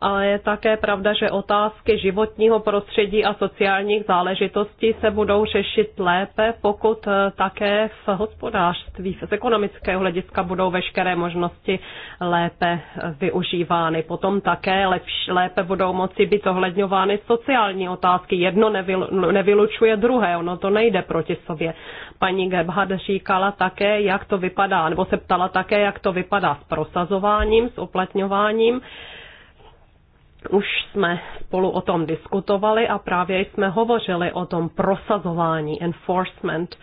S4: ale je také pravda, že otázky životního prostředí a sociálních záležitostí se budou řešit lépe, pokud eh, také v hospodářství, z ekonomického hlediska budou veškeré možnosti lépe eh, využívány. Potom také lepš, lépe budou moci být ohledňovány sociální otázky. Jedno nevyl, nevylučuje druhé, ono to nejde proti sobě. Paní Gebhard říkala také, jak to vypadá, nebo se ptala také, jak to vypadá s prosazováním, s uplatňováním. Uh, už jsme spolu o tom diskutovali a právě jsme hovořili o tom prosazování, enforcement.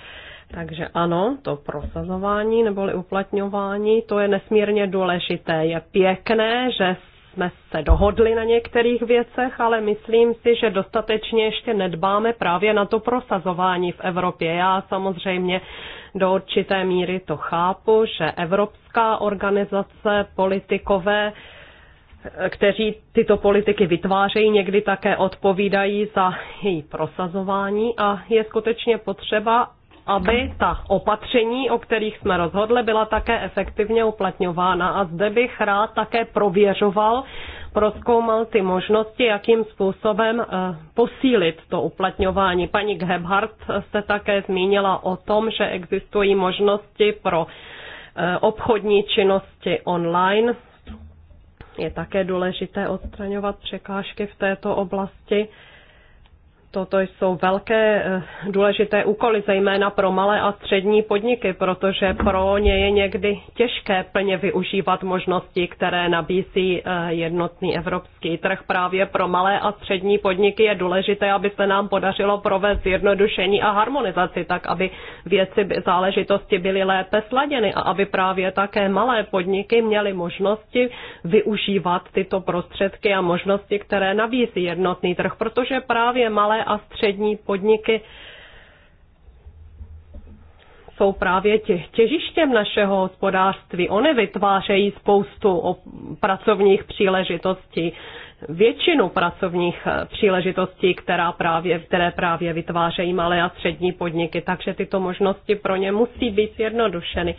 S4: Takže ano, to prosazování neboli uplatňování, to je nesmírně důležité. Je pěkné, že jsme se dohodli na některých věcech, ale myslím si, že dostatečně ještě nedbáme právě na to prosazování v Evropě. Já samozřejmě do určité míry to chápu, že Evropská organizace politikové kteří tyto politiky vytvářejí, někdy také odpovídají za její prosazování a je skutečně potřeba, aby ta opatření, o kterých jsme rozhodli, byla také efektivně uplatňována. A zde bych rád také prověřoval, proskoumal ty možnosti, jakým způsobem eh, posílit to uplatňování. Paní Gebhardt se také zmínila o tom, že existují možnosti pro eh, obchodní činnosti online, je také důležité odstraňovat překážky v této oblasti Toto jsou velké eh, důležité úkoly, zejména pro malé a střední podniky, protože pro ně je někdy těžké plně využívat možnosti, které nabízí eh, jednotný evropský trh. Právě pro malé a střední podniky je důležité, aby se nám podařilo provést zjednodušení a harmonizaci, tak aby věci, záležitosti byly lépe sladěny a aby právě také malé podniky měly možnosti využívat tyto prostředky a možnosti, které nabízí jednotný trh, protože právě malé a střední podniky jsou právě tě, těžištěm našeho hospodářství. Ony vytvářejí spoustu pracovních příležitostí, většinu pracovních eh, příležitostí, která právě, které právě vytvářejí malé a střední podniky, takže tyto možnosti pro ně musí být jednodušeny.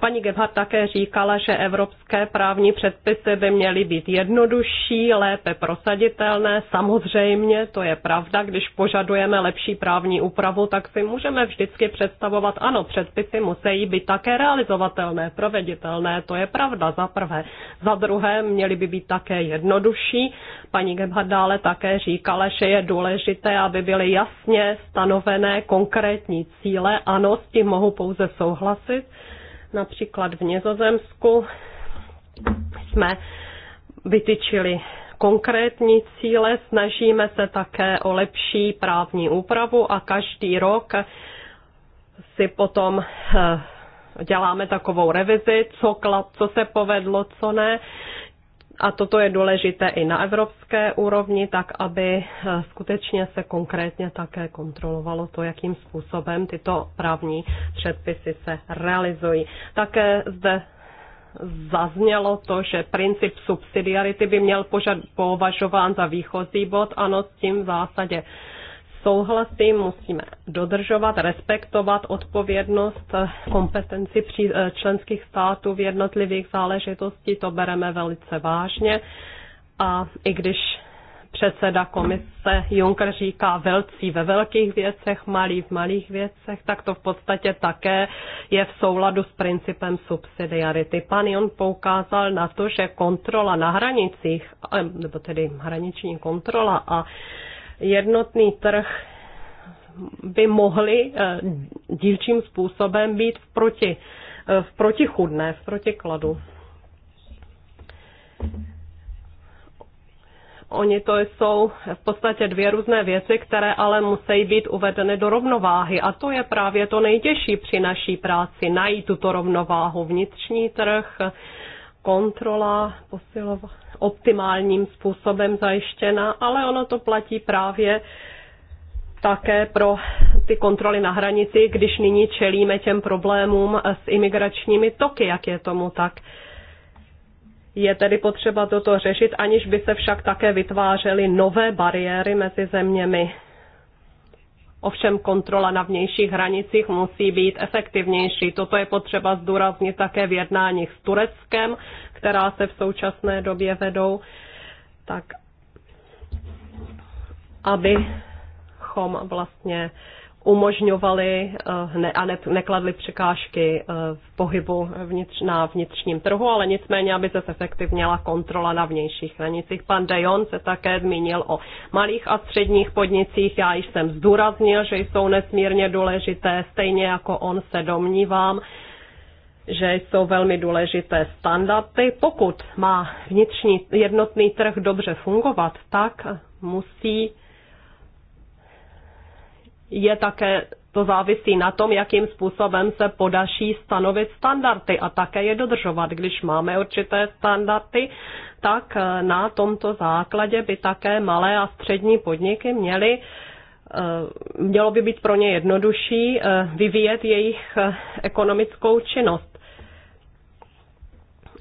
S4: Paní Gebhardt také říkala, že evropské právní předpisy by měly být jednodušší, lépe prosaditelné. Samozřejmě, to je pravda, když požadujeme lepší právní úpravu, tak si můžeme vždycky představovat, ano, předpisy musí být také realizovatelné, proveditelné, to je pravda, za prvé. Za druhé, měly by být také jednodušší. Paní Gebhardt dále také říkala, že je důležité, aby byly jasně stanovené konkrétní cíle. Ano, s tím mohu pouze souhlasit Například v Nězozemsku jsme vytyčili konkrétní cíle, snažíme se také o lepší právní úpravu a každý rok si potom eh, děláme takovou revizi, co, co se povedlo, co ne a toto je důležité i na evropské úrovni, tak aby eh, skutečně se konkrétně také kontrolovalo to, jakým způsobem tyto právní předpisy se realizují. Také zde zaznělo to, že princip subsidiarity by měl považován za výchozí bod. Ano, s tím v zásadě souhlasy, musíme dodržovat, respektovat odpovědnost, kompetenci eh, členských států v jednotlivých záležitostí, to bereme velice vážně. A i když předseda komise Juncker říká velcí ve velkých věcech, malí v malých věcech, tak to v podstatě také je v souladu s principem subsidiarity. Pan Jon poukázal na to, že kontrola na hranicích, eh, nebo tedy hraniční kontrola a jednotný trh by mohly eh, dílčím způsobem být v, proti, eh, v protichudné, v protikladu. Oni to jsou v podstatě dvě různé věci, které ale musí být uvedeny do rovnováhy. A to je právě to nejtěžší při naší práci, najít tuto rovnováhu. Vnitřní trh, kontrola, posilování optimálním způsobem zajištěna, ale ono to platí právě také pro ty kontroly na hranici, když nyní čelíme těm problémům s imigračními toky, jak je tomu tak. Je tedy potřeba toto řešit, aniž by se však také vytvářely nové bariéry mezi zeměmi. Ovšem kontrola na vnějších hranicích musí být efektivnější. Toto je potřeba zdůraznit také v jednáních s Tureckem, která se v současné době vedou, tak abychom vlastně umožňovali, eh, ne, a ne, nekladli překážky eh, v pohybu vnitř, na vnitřním trhu, ale nicméně, aby se efektivněla kontrola na vnějších hranicích. Pan Dejon se také zmínil o malých a středních podnicích. Já již jsem zdůraznil, že jsou nesmírně důležité, stejně jako on se domnívám, že jsou velmi důležité standardy. Pokud má vnitřní jednotný trh dobře fungovat, tak musí je také to závisí na tom, jakým způsobem se podaří stanovit standardy a také je dodržovat. Když máme určité standardy, tak eh, na tomto základě by také malé a střední podniky měly eh, mělo by být pro ně jednodušší eh, vyvíjet jejich ekonomickou činnost.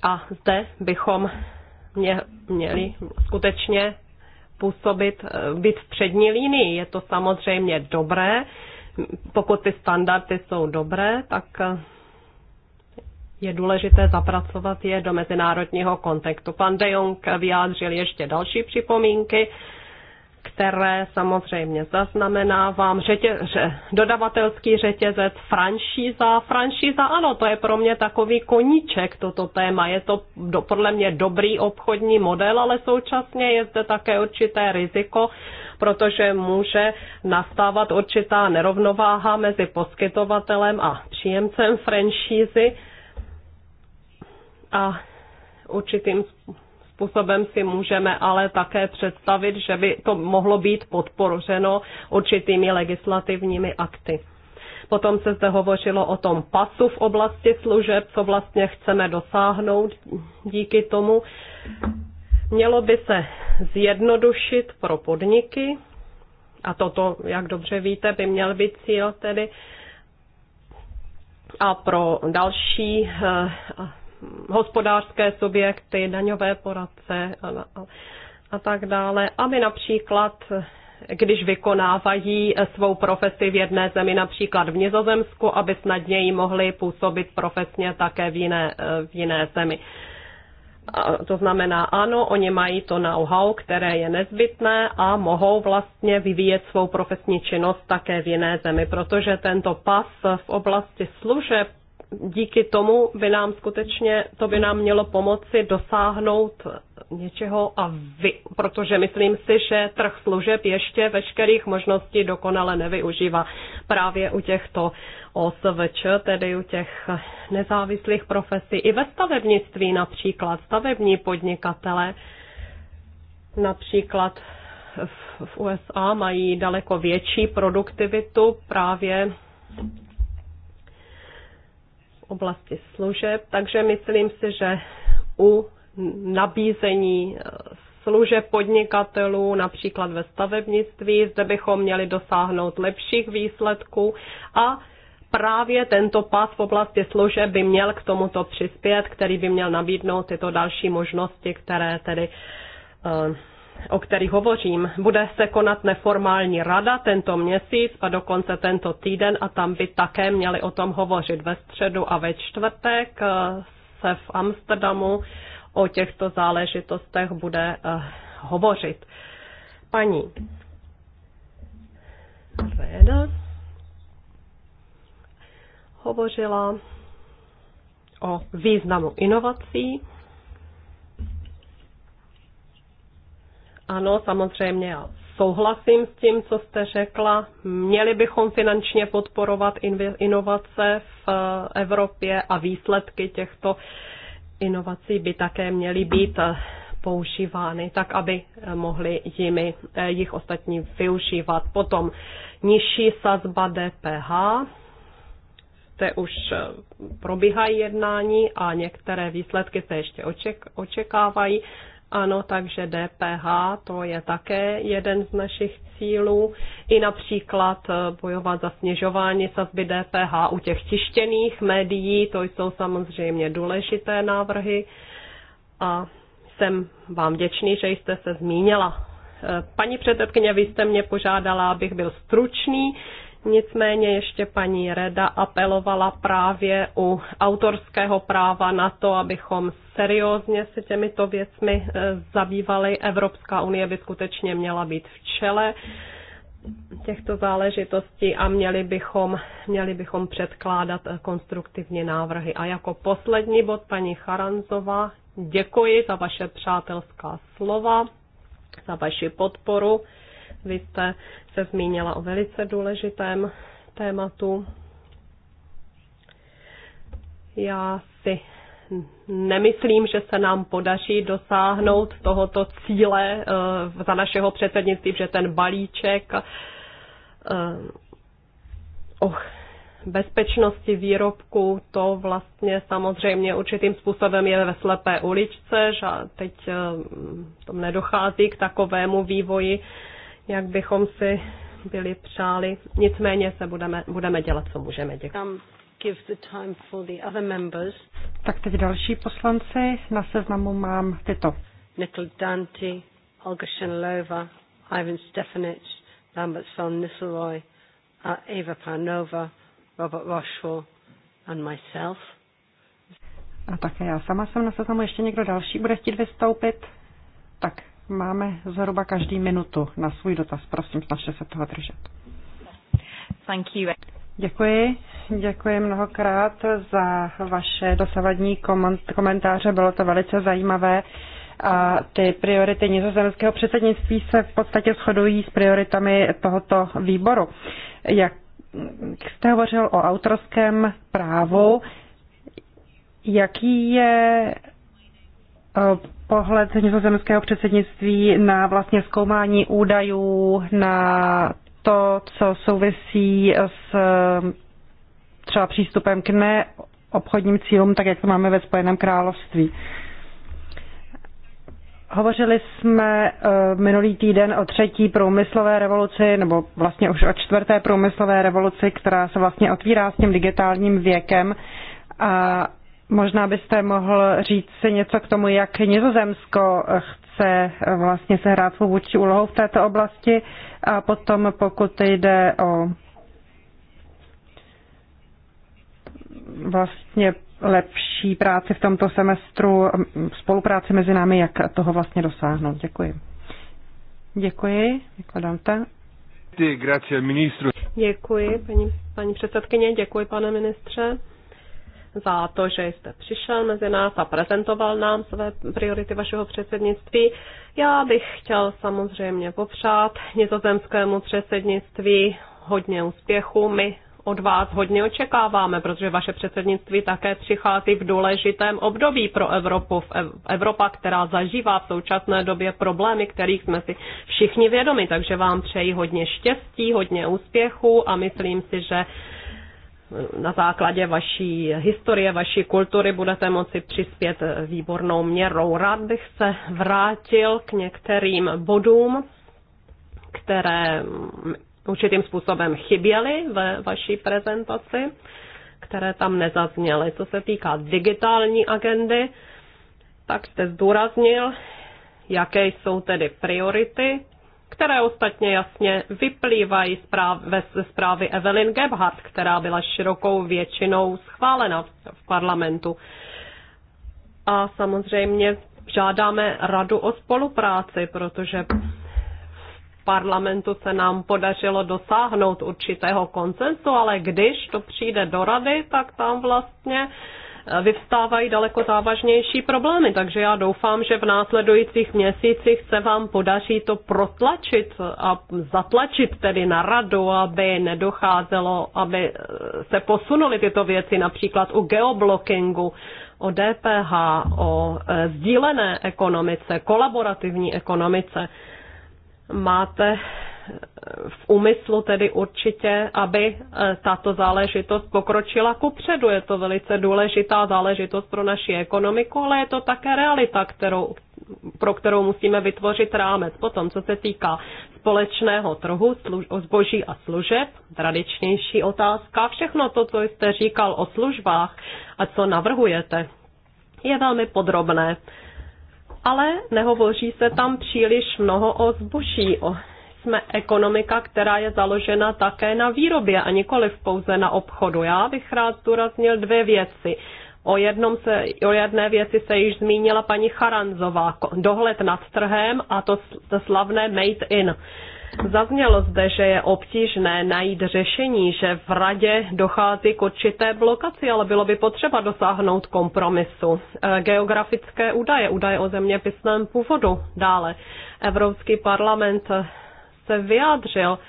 S4: A zde bychom mě, měli skutečně působit, eh, být v přední linii. Je to samozřejmě dobré, pokud ty standardy jsou dobré, tak eh, je důležité zapracovat je do mezinárodního kontextu. Pan De Jong vyjádřil ještě další připomínky které samozřejmě zaznamenávám. Řetě, ře, dodavatelský řetězec, franšíza. Franšíza, ano, to je pro mě takový koníček, toto téma. Je to do, podle mě dobrý obchodní model, ale současně je zde také určité riziko, protože může nastávat určitá nerovnováha mezi poskytovatelem a příjemcem franšízy. A určitým způsobem způsobem si můžeme ale také představit, že by to mohlo být podporoženo určitými legislativními akty. Potom se zde hovořilo o tom pasu v oblasti služeb, co vlastně chceme dosáhnout díky tomu. Mělo by se zjednodušit pro podniky, a toto, jak dobře víte, by měl být cíl tedy, a pro další eh, hospodářské subjekty, daňové poradce a, a tak dále, aby například když vykonávají svou profesi v jedné zemi, například v Nizozemsku, aby snadněji mohli působit profesně také v jiné, v jiné zemi. A to znamená, ano, oni mají to know-how, které je nezbytné a mohou vlastně vyvíjet svou profesní činnost také v jiné zemi, protože tento pas v oblasti služeb díky tomu by nám skutečně, to by nám mělo pomoci dosáhnout něčeho a vy, protože myslím si, že trh služeb ještě veškerých možností dokonale nevyužívá právě u těchto OSVČ, tedy u těch nezávislých profesí. I ve stavebnictví například, stavební podnikatele, například v USA mají daleko větší produktivitu právě oblasti služeb, takže myslím si, že u nabízení eh, služeb podnikatelů, například ve stavebnictví, zde bychom měli dosáhnout lepších výsledků a právě tento pas v oblasti služeb by měl k tomuto přispět, který by měl nabídnout tyto další možnosti, které tedy uh, o kterých hovořím. Bude se konat neformální rada tento měsíc a dokonce tento týden a tam by také měli o tom hovořit ve středu a ve čtvrtek eh, se v Amsterdamu o těchto záležitostech bude eh, hovořit. Paní Reda hovořila o významu inovací Ano, samozřejmě já souhlasím s tím, co jste řekla. Měli bychom finančně podporovat inovace v eh, Evropě a výsledky těchto inovací by také měly být eh, používány, tak aby eh, mohli jimi, jich ostatní využívat. Potom nižší sazba DPH, to už probíhají jednání a některé výsledky se ještě očekávají. Ano, takže DPH to je také jeden z našich cílů. I například eh, bojovat za snižování sazby DPH u těch tištěných médií, to jsou samozřejmě důležité návrhy. A jsem vám vděčný, že jste se zmínila. Eh, paní předsedkyně, vy jste mě požádala, abych byl stručný. Nicméně ještě paní Reda apelovala právě u autorského práva na to, abychom seriózně se těmito věcmi e, zabývali. Evropská unie by skutečně měla být v čele těchto záležitostí a měli bychom, měli bychom předkládat e, konstruktivní návrhy. A jako poslední bod paní Charanzová, děkuji za vaše přátelská slova, za vaši podporu. Vy jste se zmínila o velice důležitém tématu. Já si nemyslím, že se nám podaří dosáhnout tohoto cíle eh, za našeho předsednictví, že ten balíček oh, bezpečnosti výrobku, to vlastně samozřejmě určitým způsobem je ve slepé uličce, že teď eh, tam nedochází k takovému vývoji, jak bychom si byli přáli. Nicméně se budeme, budeme dělat, co můžeme. Děkuji. Um, tak teď další poslanci. Na seznamu mám tyto.
S2: Nikol Danti, Olga Shenlova, Ivan Stefanic, Lambert von Nisselroy, uh, Eva Panova, Robert Rochefort and myself.
S1: A také já sama jsem na seznamu. Ještě někdo další bude chtít vystoupit? Tak, Máme zhruba každý minutu na svůj dotaz. Prosím, snažte se toho držet. Thank you. Děkuji. Děkuji mnohokrát za vaše dosavadní komentáře. Bylo to velice zajímavé. A ty priority nizozemského předsednictví se v podstatě shodují s prioritami tohoto výboru. Jak jste hovořil o autorském právu, jaký je pohled nizozemského předsednictví na vlastně zkoumání údajů, na to, co souvisí s třeba přístupem k neobchodním cílům, tak jak to máme ve Spojeném království. Hovořili jsme eh, minulý týden o třetí průmyslové revoluci, nebo vlastně už o čtvrté průmyslové revoluci, která se vlastně otvírá s tím digitálním věkem. A Možná byste mohl říct si něco k tomu, jak Nizozemsko chce vlastně sehrát svou vůči úlohou v této oblasti a potom pokud jde o vlastně lepší práci v tomto semestru, spolupráci mezi námi, jak toho vlastně dosáhnout. Děkuji.
S4: Děkuji, vykladám to. Děkuji, paní, paní předsedkyně, děkuji, pane ministře za to, že jste přišel mezi nás a prezentoval nám své priority vašeho předsednictví. Já bych chtěl samozřejmě popřát nizozemskému předsednictví hodně úspěchu. My od vás hodně očekáváme, protože vaše předsednictví také přichází v důležitém období pro Evropu. Evropa, která zažívá v současné době problémy, kterých jsme si všichni vědomi, takže vám přeji hodně štěstí, hodně úspěchu a myslím si, že na základě vaší historie, vaší kultury budete moci přispět výbornou měrou. Rád bych se vrátil k některým bodům, které určitým způsobem chyběly ve vaší prezentaci, které tam nezazněly. Co se týká digitální agendy, tak jste zdůraznil, jaké jsou tedy priority které ostatně jasně vyplývají ze zprávy Evelyn Gebhardt, která byla širokou většinou schválena v parlamentu. A samozřejmě žádáme radu o spolupráci, protože v parlamentu se nám podařilo dosáhnout určitého koncensu, ale když to přijde do rady, tak tam vlastně uh, Eh, vyvstávají daleko závažnější problémy. Takže já doufám, že v následujících měsících se vám podaří to protlačit a zatlačit tedy na radu, aby nedocházelo, aby eh, se posunuly tyto věci například u geoblockingu, o DPH, o eh, sdílené ekonomice, kolaborativní ekonomice. Máte v úmyslu tedy určitě, aby eh, tato záležitost pokročila ku předu. Je to velice důležitá záležitost pro naši ekonomiku, ale je to také realita, kterou, pro kterou musíme vytvořit rámec. Potom, co se týká společného trhu služ, o zboží a služeb, tradičnější otázka, všechno to, co jste říkal o službách a co navrhujete, je velmi podrobné. Ale nehovoří se tam příliš mnoho o zboží, o jsme ekonomika, která je založena také na výrobě a nikoli pouze na obchodu. Já bych rád zdůraznil dvě věci. O, jednom se, o jedné věci se již zmínila paní Charanzová, dohled nad trhem a to, to slavné Made in. Zaznělo zde, že je obtížné najít řešení, že v radě dochází k určité blokaci, ale bylo by potřeba dosáhnout kompromisu. E, geografické údaje, údaje o zeměpisném původu dále. Evropský parlament se vyjádřil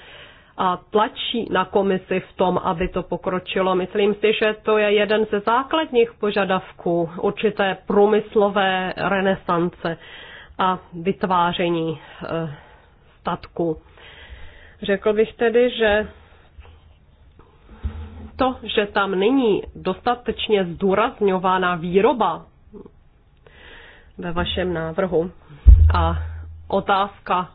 S4: a tlačí na komisi v tom, aby to pokročilo. Myslím si, že to je jeden ze základních požadavků určité průmyslové renesance a vytváření eh, statku. Řekl bych tedy, že to, že tam není dostatečně zdůrazňována výroba ve vašem návrhu a otázka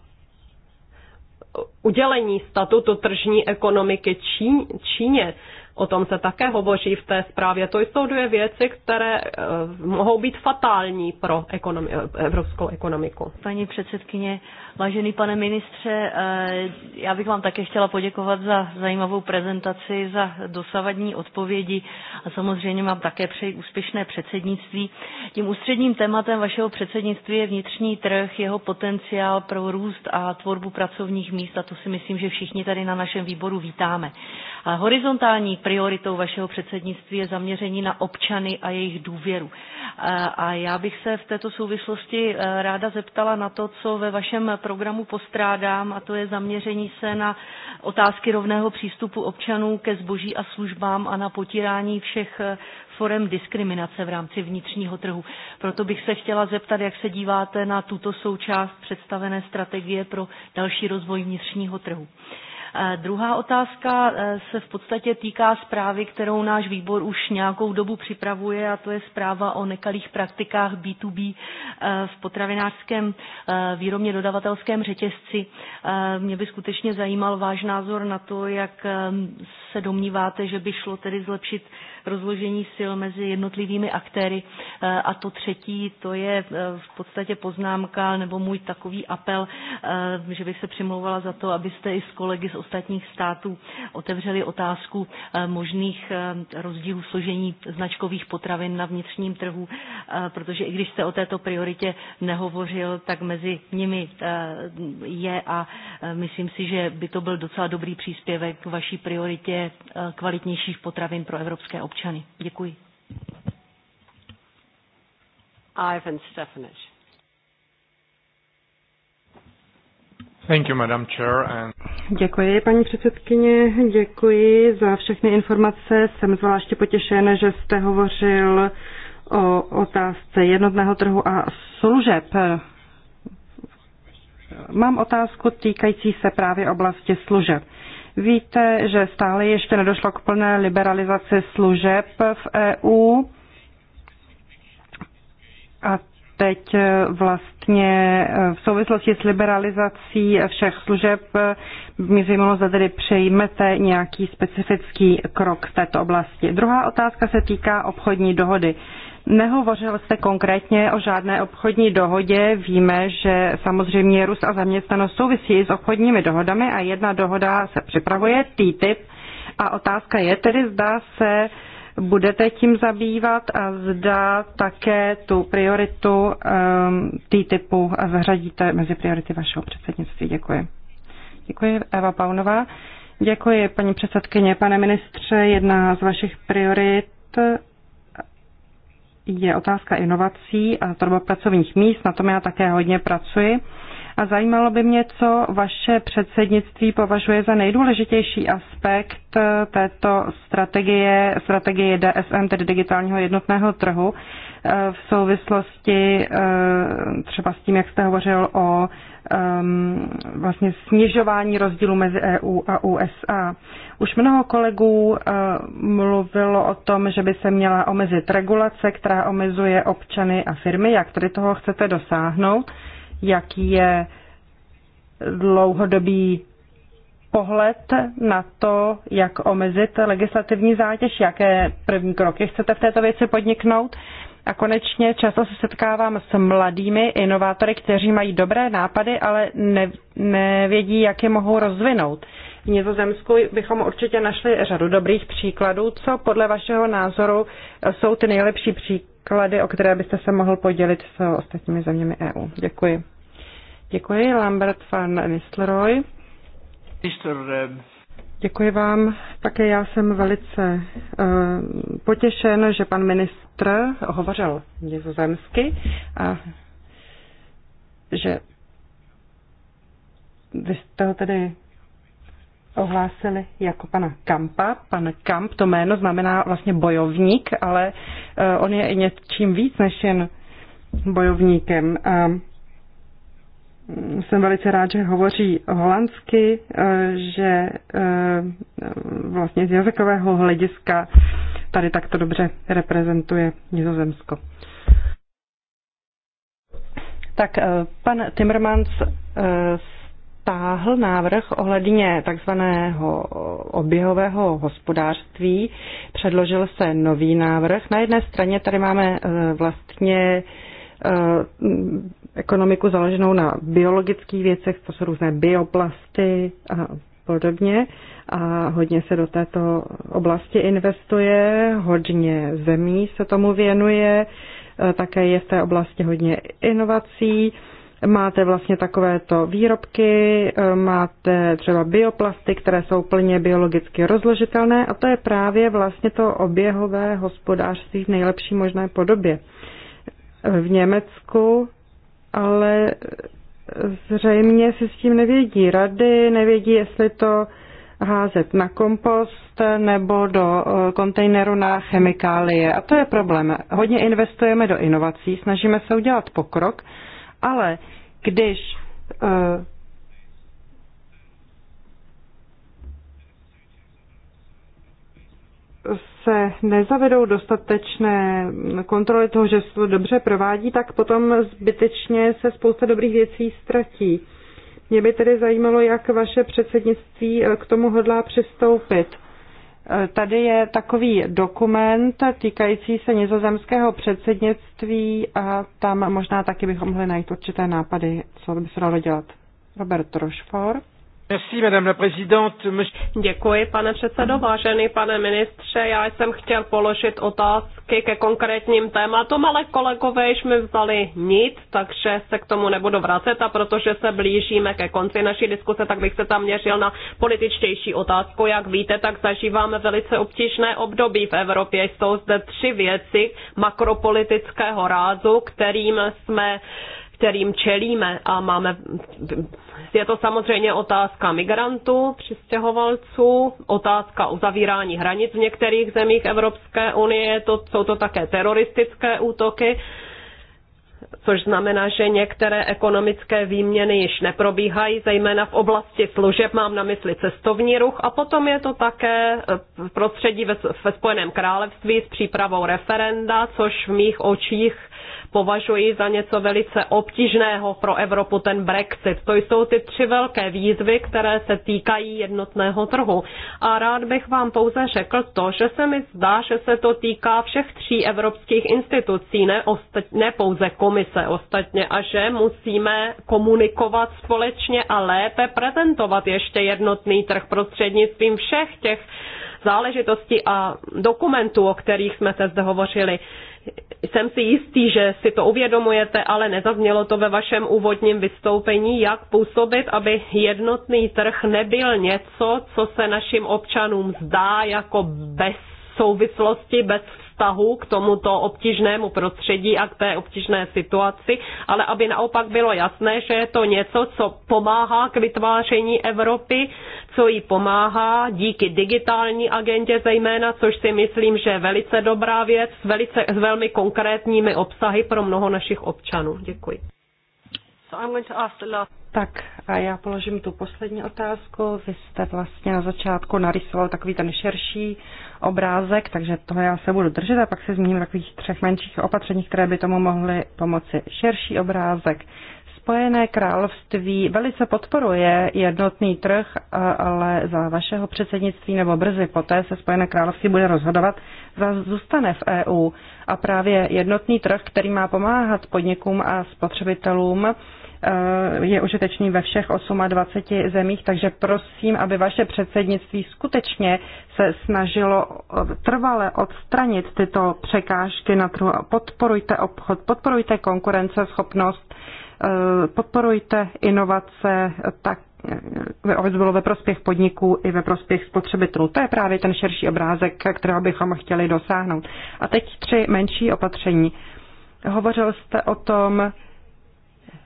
S4: udělení statutu tržní ekonomiky Čín, Číně. O tom se také hovoří v té zprávě. To jsou dvě věci, které eh,
S5: mohou být fatální pro ekonomi- eh, evropskou ekonomiku. Paní předsedkyně, Vážený pane ministře, eh, já bych vám také chtěla poděkovat za zajímavou prezentaci, za dosavadní odpovědi a samozřejmě mám také přeji úspěšné předsednictví. Tím ústředním tématem vašeho předsednictví je vnitřní trh, jeho potenciál pro růst a tvorbu pracovních míst a to si myslím, že všichni tady na našem výboru vítáme. A horizontální prioritou vašeho předsednictví je zaměření na občany a jejich důvěru. Eh, a já bych se v této souvislosti eh, ráda zeptala na to, co ve vašem programu postrádám, a to je zaměření se na otázky rovného přístupu občanů ke zboží a službám a na potírání všech eh, forem diskriminace v rámci vnitřního trhu. Proto bych se chtěla zeptat, jak se díváte na tuto součást představené strategie pro další rozvoj vnitřního trhu. Eh, druhá otázka eh, se v podstatě týká zprávy, kterou náš výbor už nějakou dobu připravuje, a to je zpráva o nekalých praktikách B2B eh, v potravinářském výrobně dodavatelském řetězci. Mě by skutečně zajímal váš názor na to, jak se domníváte, že by šlo tedy zlepšit rozložení sil mezi jednotlivými aktéry. E, a to třetí, to je e, v podstatě poznámka nebo můj takový apel, e, že bych se přimlouvala za to, abyste i s kolegy z ostatních států otevřeli otázku možných rozdílů složení značkových potravin na vnitřním trhu, protože i když jste o této prioritě nehovořil, tak mezi nimi je a myslím si, že by to byl docela dobrý příspěvek k vaší prioritě kvalitnějších potravin pro evropské občany občany. Děkuji.
S2: Ivan Stefanic.
S5: Thank you, Madam Chair, and...
S1: Děkuji, paní předsedkyně, děkuji za všechny informace. Jsem zvláště potěšen, že jste hovořil o otázce jednotného trhu a služeb. Mám otázku týkající se právě oblasti služeb. Víte, že stále ještě nedošlo k plné liberalizaci služeb v EU. A teď eh, vlastně eh, v souvislosti s liberalizací všech služeb eh, mě zajímalo, zda tedy přejmete nějaký specifický krok v této oblasti. Druhá otázka se týká obchodní dohody. Nehovořil jste konkrétně o žádné obchodní dohodě. Víme, že samozřejmě růst a zaměstnanost souvisí s obchodními dohodami a jedna dohoda se připravuje, TTIP. A otázka je tedy, zda se budete tím zabývat a zda také tu prioritu um, TTIPu zařadíte mezi priority vašeho předsednictví. Děkuji. Děkuji, Eva Paunová. Děkuji, paní předsedkyně. Pane ministře, jedna z vašich priorit je otázka inovací a tvorba pracovních míst, na tom já také hodně pracuji. A zajímalo by mě, co vaše předsednictví považuje za nejdůležitější aspekt eh, této strategie, strategie DSM, tedy digitálního jednotného trhu, eh, v souvislosti eh, třeba s tím, jak jste hovořil o um, vlastně snižování rozdílu mezi EU a USA. Už mnoho kolegů uh, mluvilo o tom, že by se měla omezit regulace, která omezuje občany a firmy. Jak tedy toho chcete dosáhnout? Jaký je dlouhodobý pohled na to, jak omezit legislativní zátěž, jaké první kroky chcete v této věci podniknout a konečně často se setkávám s mladými inovátory, kteří mají dobré nápady, ale ne, nevědí, jak je mohou rozvinout. V Nizozemsku bychom určitě našli řadu dobrých příkladů. Co podle vašeho názoru jsou ty nejlepší příklady, o které byste se mohl podělit s ostatními zeměmi EU? Děkuji. Děkuji, Lambert van Nistelrooy.
S5: Mr.
S1: Děkuji vám. Také já jsem velice uh, potěšen, že pan ministr hovořil nizozemsky a že vy jste ho tedy ohlásili jako pana Kampa. Pan Kamp, to jméno znamená vlastně bojovník, ale uh, on je i něčím víc než jen bojovníkem. Uh, jsem velice rád, že hovoří holandsky, eh, že eh, vlastně z jazykového hlediska tady takto dobře reprezentuje Nizozemsko. Tak eh, pan Timmermans stáhl návrh ohledně takzvaného oběhového hospodářství. Předložil se nový návrh. Na jedné straně tady máme vlastně Eh, ekonomiku založenou na biologických věcech, to jsou různé bioplasty a podobně. A hodně se do této oblasti investuje, hodně zemí se tomu věnuje, eh, také je v té oblasti hodně inovací. Máte vlastně takovéto výrobky, eh, máte třeba bioplasty, které jsou plně biologicky rozložitelné a to je právě vlastně to oběhové hospodářství v nejlepší možné podobě v Německu, ale zřejmě si s tím nevědí rady, nevědí, jestli to házet na kompost nebo do eh, kontejneru na chemikálie. A to je problém. Hodně investujeme do inovací, snažíme se udělat pokrok, ale když eh, se nezavedou dostatečné kontroly toho, že se to dobře provádí, tak potom zbytečně se spousta dobrých věcí ztratí. Mě by tedy zajímalo, jak vaše předsednictví eh, k tomu hodlá přistoupit. Eh, tady je takový dokument týkající se nizozemského předsednictví a tam možná taky bychom mohli najít určité nápady, co by se dalo dělat. Robert Rochefort.
S4: Děkuji, pane předsedo. Vážený pane ministře, já jsem chtěl položit otázky ke konkrétním tématům, ale kolegové již mi vzali nic, takže se k tomu nebudu vracet a protože se blížíme ke konci naší diskuse, tak bych se tam měřil na političtější otázku. Jak víte, tak zažíváme velice obtížné období v Evropě. Jsou zde tři věci makropolitického rázu, kterým jsme uh, kterým čelíme a máme, je to samozřejmě otázka migrantů, přistěhovalců, otázka uzavírání hranic v některých zemích Evropské unie, to, jsou to také teroristické útoky, což znamená, že některé ekonomické výměny již neprobíhají, zejména v oblasti služeb, mám na mysli cestovní ruch a potom je to také eh, v prostředí ve, ve Spojeném království s přípravou referenda, což v mých očích považuji za něco velice obtížného pro Evropu ten Brexit. To jsou ty tři velké výzvy, které se týkají jednotného trhu. A rád bych vám pouze řekl to, že se mi zdá, že se to týká všech tří evropských institucí, ne, osta- ne pouze komise ostatně, a že musíme komunikovat společně a lépe prezentovat ještě jednotný trh prostřednictvím všech těch záležitostí a dokumentů, o kterých jsme se zde hovořili. Jsem si jistý, že si to uvědomujete, ale nezaznělo to ve vašem úvodním vystoupení, jak působit, aby jednotný trh nebyl něco, co se našim občanům zdá jako bez souvislosti, bez vztahu k tomuto obtížnému prostředí a k té obtížné situaci, ale aby naopak bylo jasné, že je to něco, co pomáhá k vytváření Evropy, co jí pomáhá díky digitální agendě zejména, což si myslím, že je velice dobrá věc, velice, s velmi konkrétními obsahy pro mnoho našich občanů. Děkuji. Tak
S1: a já položím tu poslední otázku. Vy jste vlastně na začátku narysoval takový ten širší obrázek, takže toho já se budu držet a pak se zmíním takových třech menších opatření, které by tomu mohly pomoci. Širší obrázek. Spojené království velice podporuje jednotný trh, ale za vašeho předsednictví nebo brzy poté se Spojené království bude rozhodovat, za zůstane v EU. A právě jednotný trh, který má pomáhat podnikům a spotřebitelům, Eh, je užitečný ve všech 28 zemích, takže prosím, aby vaše předsednictví skutečně se snažilo eh, trvale odstranit tyto překážky na trhu. Podporujte obchod, podporujte konkurenceschopnost, eh, podporujte inovace tak, aby bylo ve prospěch podniků i ve prospěch spotřebitelů. To je právě ten širší obrázek, kterého bychom chtěli dosáhnout. A teď tři menší opatření. Hovořil jste o tom,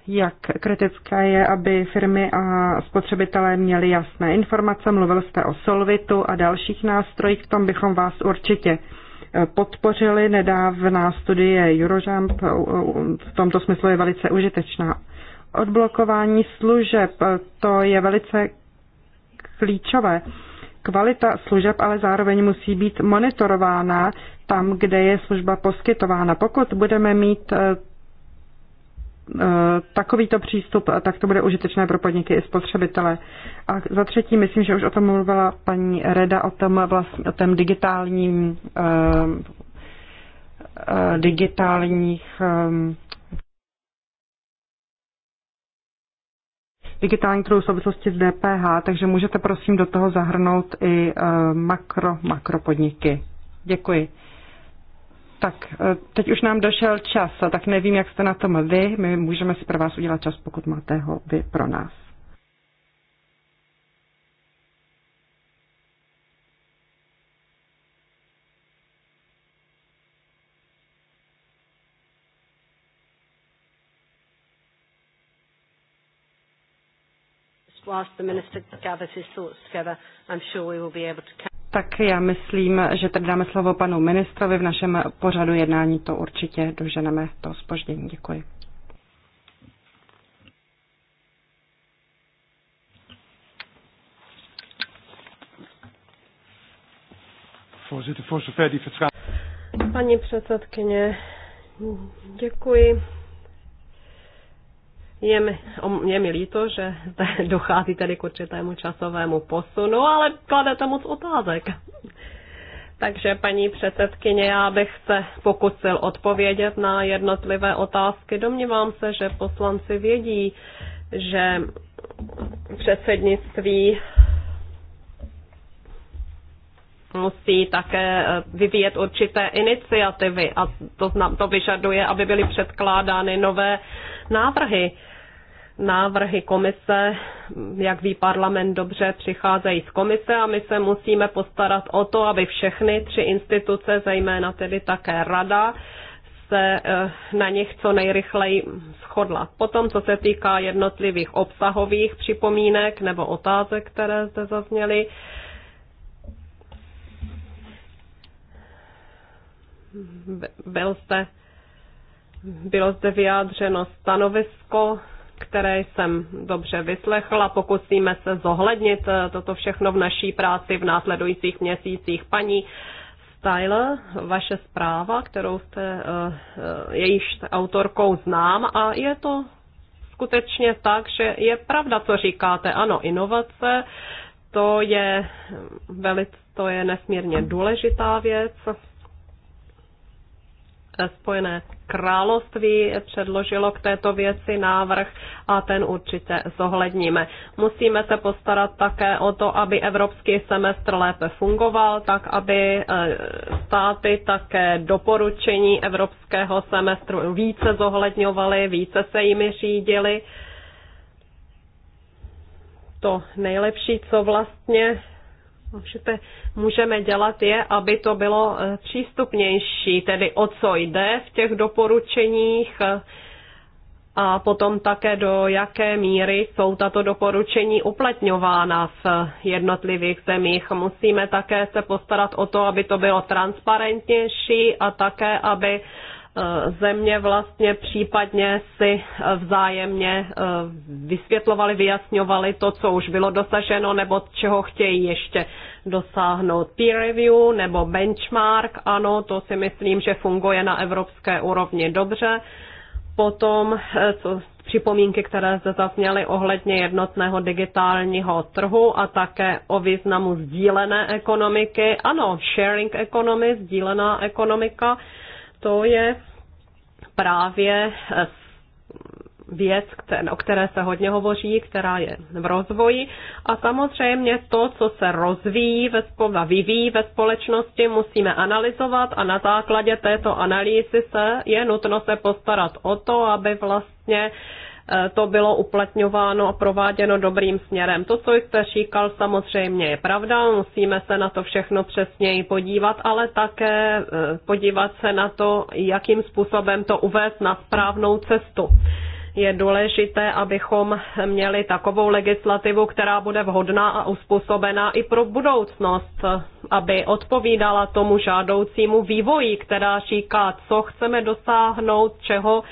S1: jak kritické je, aby firmy a spotřebitelé měli jasné informace. Mluvil jste o Solvitu a dalších nástrojích, v tom bychom vás určitě eh, podpořili. Nedávná studie Eurojump eh, v tomto smyslu je velice užitečná. Odblokování služeb, eh, to je velice klíčové. Kvalita služeb ale zároveň musí být monitorována tam, kde je služba poskytována. Pokud budeme mít Eh, takovýto přístup, eh, tak to bude užitečné pro podniky i spotřebitele. A za třetí, myslím, že už o tom mluvila paní Reda, o tom, vlastně, o tom digitálním eh, digitálních digitální trhu v souvislosti s DPH, takže můžete prosím do toho zahrnout i makro, makropodniky. Děkuji. Tak, eh, teď už nám došel čas, tak nevím, jak jste na tom vy. My můžeme si pro vás udělat čas, pokud máte ho vy pro nás.
S2: Whilst the minister gathers his thoughts together, I'm sure we will be able to
S1: tak já myslím, že tady dáme slovo panu ministrovi. V našem pořadu jednání to určitě doženeme, to spoždění. Děkuji.
S4: Paní předsedkyně, děkuji. Je mi, je mi líto, že zde <laughs> dochází tedy k určitému časovému posunu, ale kladete moc otázek. Takže paní předsedkyně, já bych se pokusil odpovědět na jednotlivé otázky. Domnívám se, že poslanci vědí, že předsednictví musí také eh, vyvíjet určité iniciativy a to, to vyžaduje, aby byly předkládány nové návrhy. Návrhy komise, jak ví parlament dobře, přicházejí z komise a my se musíme postarat o to, aby všechny tři instituce, zejména tedy také rada, se eh, na nich co nejrychleji shodla. Potom, co se týká jednotlivých obsahových připomínek nebo otázek, které zde zazněly, byl zde, bylo zde vyjádřeno stanovisko, které jsem dobře vyslechla. Pokusíme se zohlednit eh, toto všechno v naší práci v následujících měsících. Paní Styler, vaše zpráva, kterou jste eh, eh, jejíž autorkou znám a je to skutečně tak, že je pravda, co říkáte. Ano, inovace, to je, velice, to je nesmírně důležitá věc Spojené království předložilo k této věci návrh a ten určitě zohledníme. Musíme se postarat také o to, aby evropský semestr lépe fungoval, tak aby eh, státy také doporučení evropského semestru více zohledňovaly, více se jimi řídily. To nejlepší, co vlastně Můžete, můžeme dělat je, aby to bylo eh, přístupnější, tedy o co jde v těch doporučeních eh, a potom také do jaké míry jsou tato doporučení uplatňována v jednotlivých zemích. Musíme také se postarat o to, aby to bylo transparentnější a také, aby uh, Eh, země vlastně případně si eh, vzájemně eh, vysvětlovali, vyjasňovali to, co už bylo dosaženo nebo čeho chtějí ještě dosáhnout. Peer review nebo benchmark, ano, to si myslím, že funguje na evropské úrovni dobře. Potom co, připomínky, které zde zazněly ohledně jednotného digitálního trhu a také o významu sdílené ekonomiky. Ano, sharing economy, sdílená ekonomika to je právě eh, věc, o které se hodně hovoří, která je v rozvoji. A samozřejmě to, co se rozvíjí ve, spole- vyvíjí ve společnosti, musíme analyzovat a na základě této analýzy se je nutno se postarat o to, aby vlastně Eh, to bylo uplatňováno a prováděno dobrým směrem. To, co jste říkal, samozřejmě je pravda, musíme se na to všechno přesněji podívat, ale také eh, podívat se na to, jakým způsobem to uvést na správnou cestu je důležité, abychom měli takovou legislativu, která bude vhodná a uspůsobená i pro budoucnost, aby odpovídala tomu žádoucímu vývoji, která říká, co chceme dosáhnout, čeho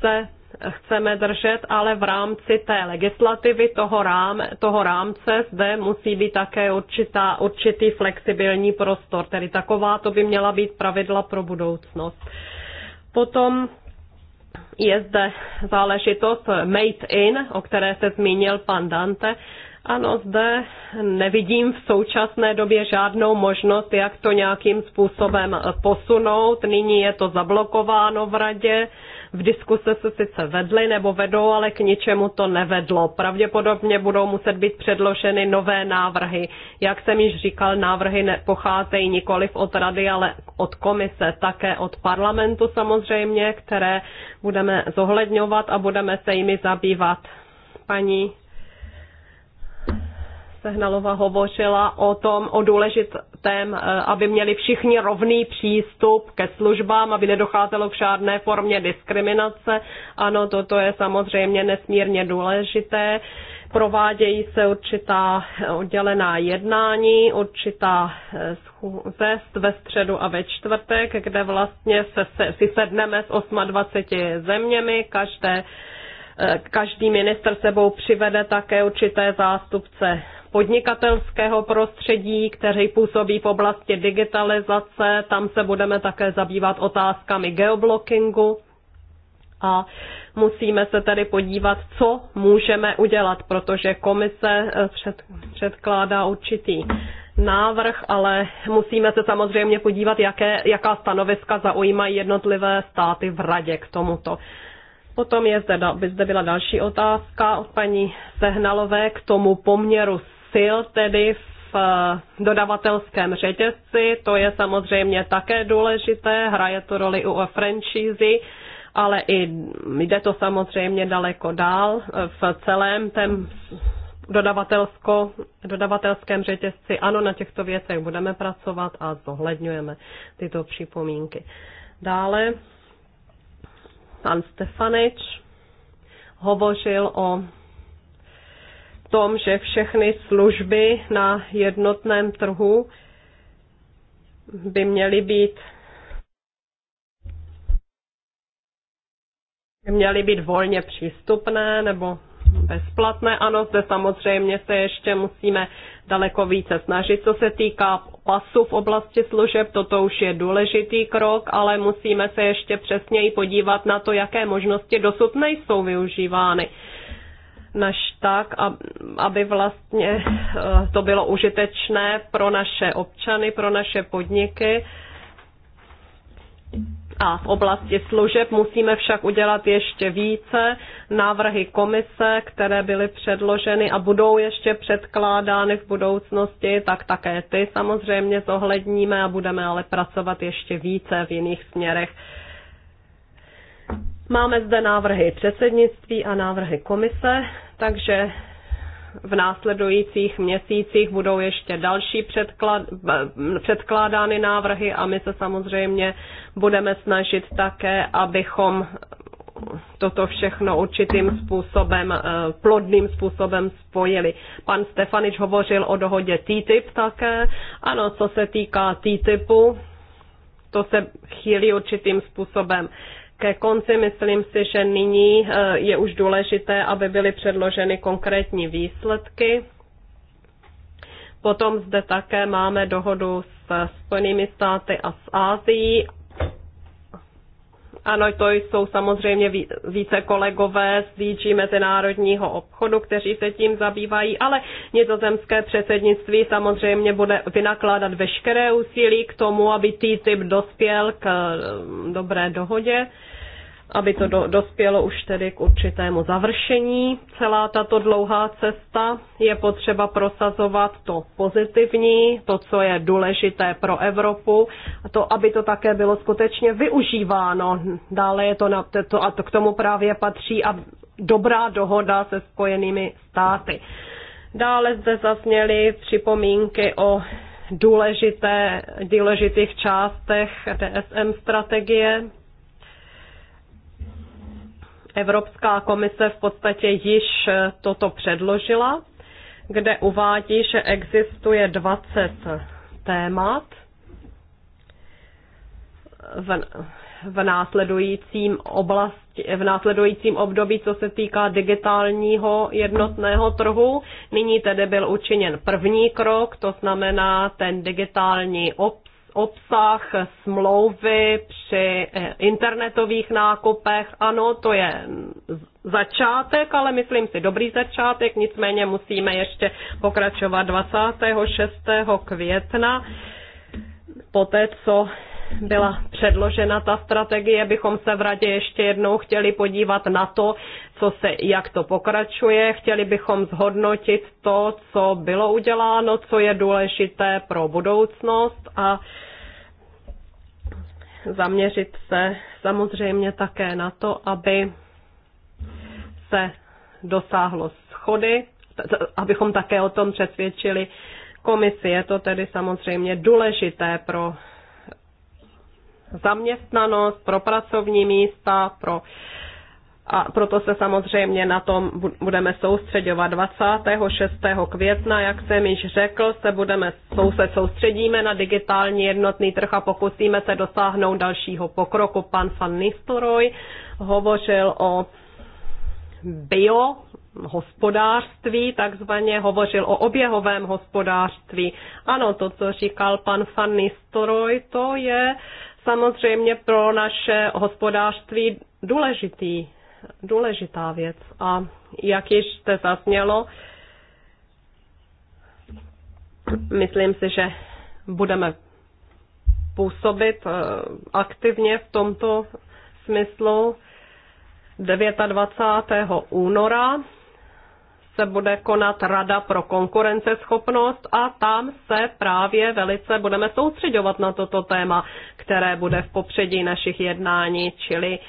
S4: se chceme držet, ale v rámci té legislativy toho, rám, toho rámce zde musí být také určitá, určitý flexibilní prostor, tedy taková to by měla být pravidla pro budoucnost. Potom je zde záležitost made in, o které se zmínil pan Dante. Ano, zde nevidím v současné době žádnou možnost, jak to nějakým způsobem posunout. Nyní je to zablokováno v radě v diskuse se sice vedly nebo vedou, ale k ničemu to nevedlo. Pravděpodobně budou muset být předloženy nové návrhy. Jak jsem již říkal, návrhy pocházejí nikoliv od rady, ale od komise, také od parlamentu samozřejmě, které budeme zohledňovat a budeme se jimi zabývat. Paní Sehnalova hovořila o tom, o důležitém, eh, aby měli všichni rovný přístup ke službám, aby nedocházelo k žádné formě diskriminace. Ano, toto je samozřejmě nesmírně důležité. Provádějí se určitá eh, oddělená jednání, určitá eh, schůze ve středu a ve čtvrtek, kde vlastně se, se, si sedneme s 28 zeměmi, každé každý minister sebou přivede také určité zástupce podnikatelského prostředí, kteří působí v oblasti digitalizace. Tam se budeme také zabývat otázkami geoblockingu a musíme se tedy podívat, co můžeme udělat, protože komise eh, před, předkládá určitý návrh, ale musíme se samozřejmě podívat, jaké, jaká stanoviska zaujímají jednotlivé státy v radě k tomuto. Potom je zde, by zde byla další otázka od paní Sehnalové k tomu poměru sil tedy v eh, dodavatelském řetězci, to je samozřejmě také důležité, hraje to roli u franšízy, ale i jde to samozřejmě daleko dál eh, v celém tém dodavatelsko, dodavatelském řetězci. Ano, na těchto věcech budeme pracovat a zohledňujeme tyto připomínky. Dále pan Stefanič hovořil o tom, že všechny služby na jednotném trhu by měly být měly být volně přístupné nebo bezplatné. Ano, zde samozřejmě se ještě musíme daleko více snažit. Co se týká pasu v oblasti služeb, toto už je důležitý krok, ale musíme se ještě přesněji podívat na to, jaké možnosti dosud nejsou využívány naš tak, aby vlastně eh, to bylo užitečné pro naše občany, pro naše podniky. A v oblasti služeb musíme však udělat ještě více. Návrhy komise, které byly předloženy a budou ještě předkládány v budoucnosti, tak také ty samozřejmě zohledníme a budeme ale pracovat ještě více v jiných směrech. Máme zde návrhy předsednictví a návrhy komise, takže v následujících měsících budou ještě další předklad, předkládány návrhy a my se samozřejmě budeme snažit také, abychom toto všechno určitým způsobem, eh, plodným způsobem spojili. Pan Stefanič hovořil o dohodě TTIP také. Ano, co se týká TTIPu, to se chýlí určitým způsobem ke konci myslím si, že nyní eh, je už důležité, aby byly předloženy konkrétní výsledky. Potom zde také máme dohodu s Spojenými státy a s Ázií ano, to jsou samozřejmě více kolegové z DG mezinárodního obchodu, kteří se tím zabývají, ale nizozemské předsednictví samozřejmě bude vynakládat veškeré úsilí k tomu, aby TTIP dospěl k eh, dobré dohodě aby to do, dospělo už tedy k určitému završení. Celá tato dlouhá cesta je potřeba prosazovat to pozitivní, to, co je důležité pro Evropu, a to, aby to také bylo skutečně využíváno. Dále je to, na, to a to k tomu právě patří a dobrá dohoda se spojenými státy. Dále zde zazněly připomínky o důležité, důležitých částech DSM strategie, Evropská komise v podstatě již eh, toto předložila, kde uvádí, že existuje 20 témat v, v následujícím oblasti, v následujícím období, co se týká digitálního jednotného trhu. Nyní tedy byl učiněn první krok, to znamená ten digitální op, obsah smlouvy při eh, internetových nákupech. Ano, to je začátek, ale myslím si dobrý začátek, nicméně musíme ještě pokračovat 26. května. Poté, co byla předložena ta strategie, bychom se v radě ještě jednou chtěli podívat na to, co se, jak to pokračuje. Chtěli bychom zhodnotit to, co bylo uděláno, co je důležité pro budoucnost a zaměřit se samozřejmě také na to, aby se dosáhlo schody, abychom také o tom přesvědčili komisi. Je to tedy samozřejmě důležité pro zaměstnanost, pro pracovní místa, pro a proto se samozřejmě na tom budeme soustředovat. 26. května, jak jsem již řekl, se budeme se soustředíme na digitální jednotný trh a pokusíme se dosáhnout dalšího pokroku. Pan Van Nistoroj hovořil o bio hospodářství, takzvaně hovořil o oběhovém hospodářství. Ano, to, co říkal pan Van Nistoroj, to je samozřejmě pro naše hospodářství důležitý důležitá věc. A jak již jste zaznělo, myslím si, že budeme působit eh, aktivně v tomto smyslu. 29. února se bude konat Rada pro konkurenceschopnost a tam se právě velice budeme soustředovat na toto téma, které bude v popředí našich jednání, čili uh,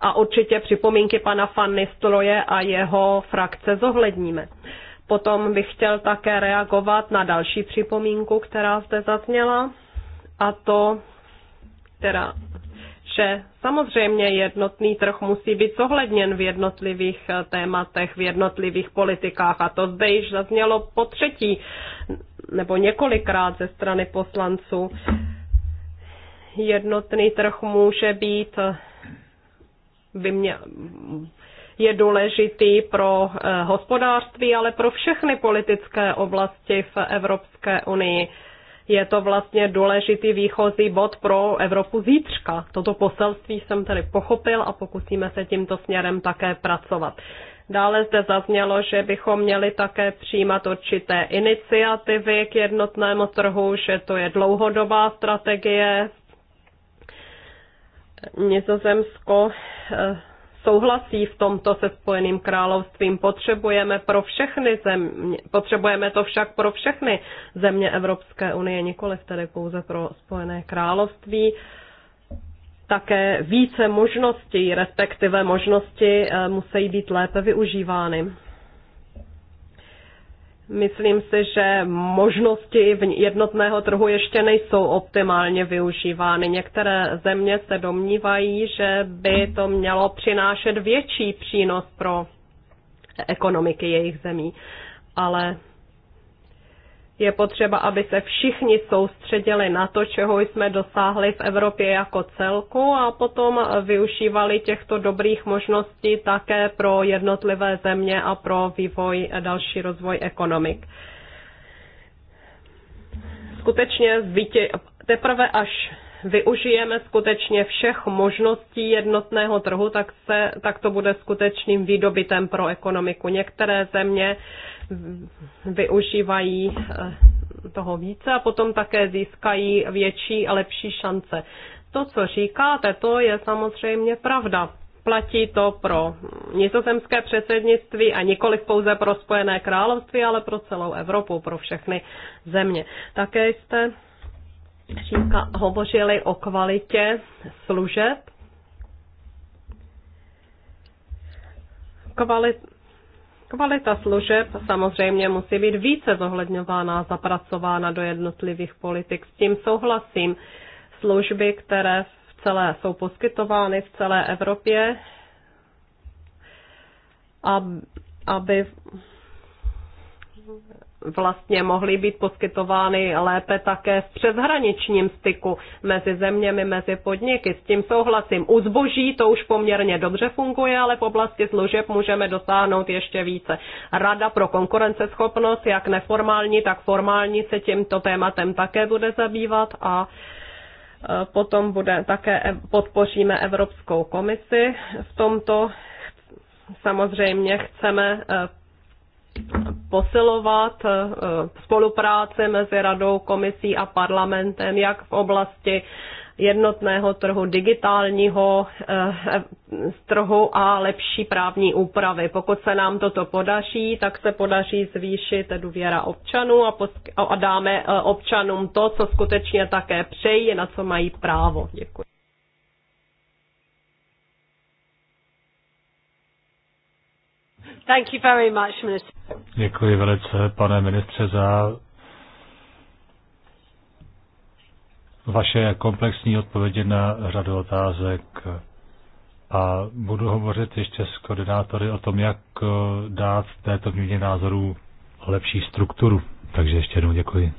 S4: a určitě připomínky pana Fan Nistroje a jeho frakce zohledníme. Potom bych chtěl také reagovat na další připomínku, která zde zazněla, a to, která, že samozřejmě jednotný trh musí být zohledněn v jednotlivých eh, tématech, v jednotlivých politikách. A to zde již zaznělo po třetí nebo několikrát ze strany poslanců. Jednotný trh může být eh, by mě, je důležitý pro eh, hospodářství, ale pro všechny politické oblasti v Evropské unii. Je to vlastně důležitý výchozí bod pro Evropu zítřka. Toto poselství jsem tedy pochopil a pokusíme se tímto směrem také pracovat. Dále zde zaznělo, že bychom měli také přijímat určité iniciativy k jednotnému trhu, že to je dlouhodobá strategie Nizozemsko eh, souhlasí v tomto se Spojeným královstvím. Potřebujeme pro všechny země, potřebujeme to však pro všechny země Evropské unie, nikoli tedy pouze pro Spojené království. Také více možností, respektive možnosti eh, musí být lépe využívány. Myslím si, že možnosti jednotného trhu ještě nejsou optimálně využívány. Některé země se domnívají, že by to mělo přinášet větší přínos pro ekonomiky jejich zemí, ale je potřeba, aby se všichni soustředili na to, čeho jsme dosáhli v Evropě jako celku a potom využívali těchto dobrých možností také pro jednotlivé země a pro vývoj a další rozvoj ekonomik. Skutečně vítě... teprve až využijeme skutečně všech možností jednotného trhu, tak, se, tak to bude skutečným výdobitem pro ekonomiku. Některé země využívají eh, toho více a potom také získají větší a lepší šance. To, co říkáte, to je samozřejmě pravda. Platí to pro nizozemské předsednictví a nikoli pouze pro Spojené království, ale pro celou Evropu, pro všechny země. Také jste říká, hovořili o kvalitě služeb. Kvalit, Kvalita služeb samozřejmě musí být více zohledňována a zapracována do jednotlivých politik. S tím souhlasím. Služby, které v celé, jsou poskytovány v celé Evropě, aby vlastně mohly být poskytovány lépe také v přeshraničním styku mezi zeměmi, mezi podniky. S tím souhlasím. U zboží to už poměrně dobře funguje, ale v oblasti služeb můžeme dosáhnout ještě více. Rada pro konkurenceschopnost, jak neformální, tak formální, se tímto tématem také bude zabývat a e, potom bude také podpoříme Evropskou komisi v tomto samozřejmě chceme e, posilovat eh, spolupráce mezi radou, komisí a parlamentem, jak v oblasti jednotného trhu, digitálního eh, eh, trhu a lepší právní úpravy. Pokud se nám toto podaří, tak se podaří zvýšit důvěra občanů a, a dáme občanům to, co skutečně také přejí, na co mají právo. Děkuji. Thank you very much, minister.
S3: Děkuji velice, pane ministře, za vaše komplexní odpovědi na řadu otázek a budu hovořit ještě s koordinátory o tom, jak dát této měně názorů lepší strukturu. Takže ještě jednou děkuji.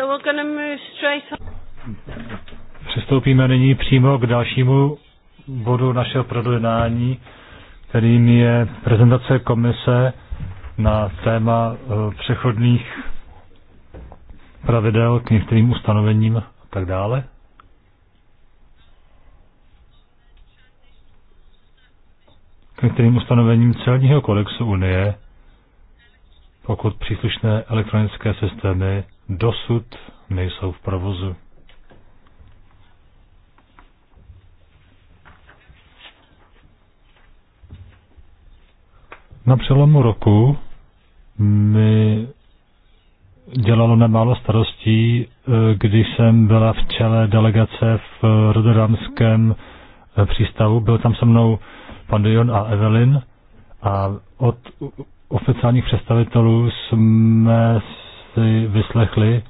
S2: Přestoupíme
S3: Přistoupíme nyní přímo k dalšímu bodu našeho prodlednání, kterým je prezentace komise na téma eh, přechodných pravidel k některým ustanovením a tak dále. K některým ustanovením celního kodexu Unie, pokud příslušné elektronické systémy dosud nejsou v provozu. Na přelomu roku mi dělalo nemálo starostí, eh, když jsem byla v čele delegace v Rotterdamském eh, přístavu. Byl tam se mnou pan Dion a Evelyn a od oficiálních představitelů jsme si vyslechli,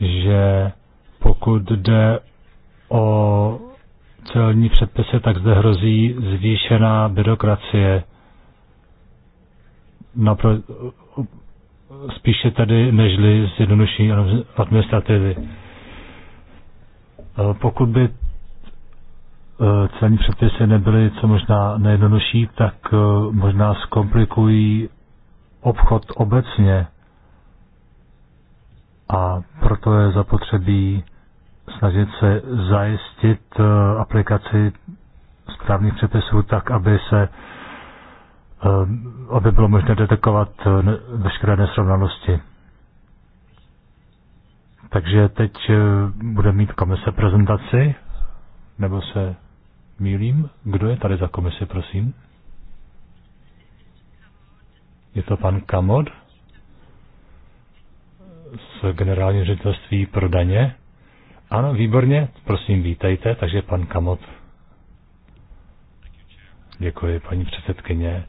S3: že pokud jde o celní předpisy, tak zde hrozí zvýšená byrokracie. Napro- no, spíše tady nežli zjednodušení administrativy. E, pokud by e, celní předpisy nebyly co možná nejjednodušší, tak e, možná zkomplikují obchod obecně a proto je zapotřebí snažit se zajistit eh, aplikaci správných přepisů tak, aby se eh, aby bylo možné detekovat eh, veškeré nesrovnalosti. Takže teď bude mít komise prezentaci, nebo se mýlím? Kdo je tady za komisi, prosím? Je to pan Kamod? z generálního ředitelství pro daně. Ano, výborně, prosím, vítejte, takže pan Kamot. Děkuji, paní předsedkyně.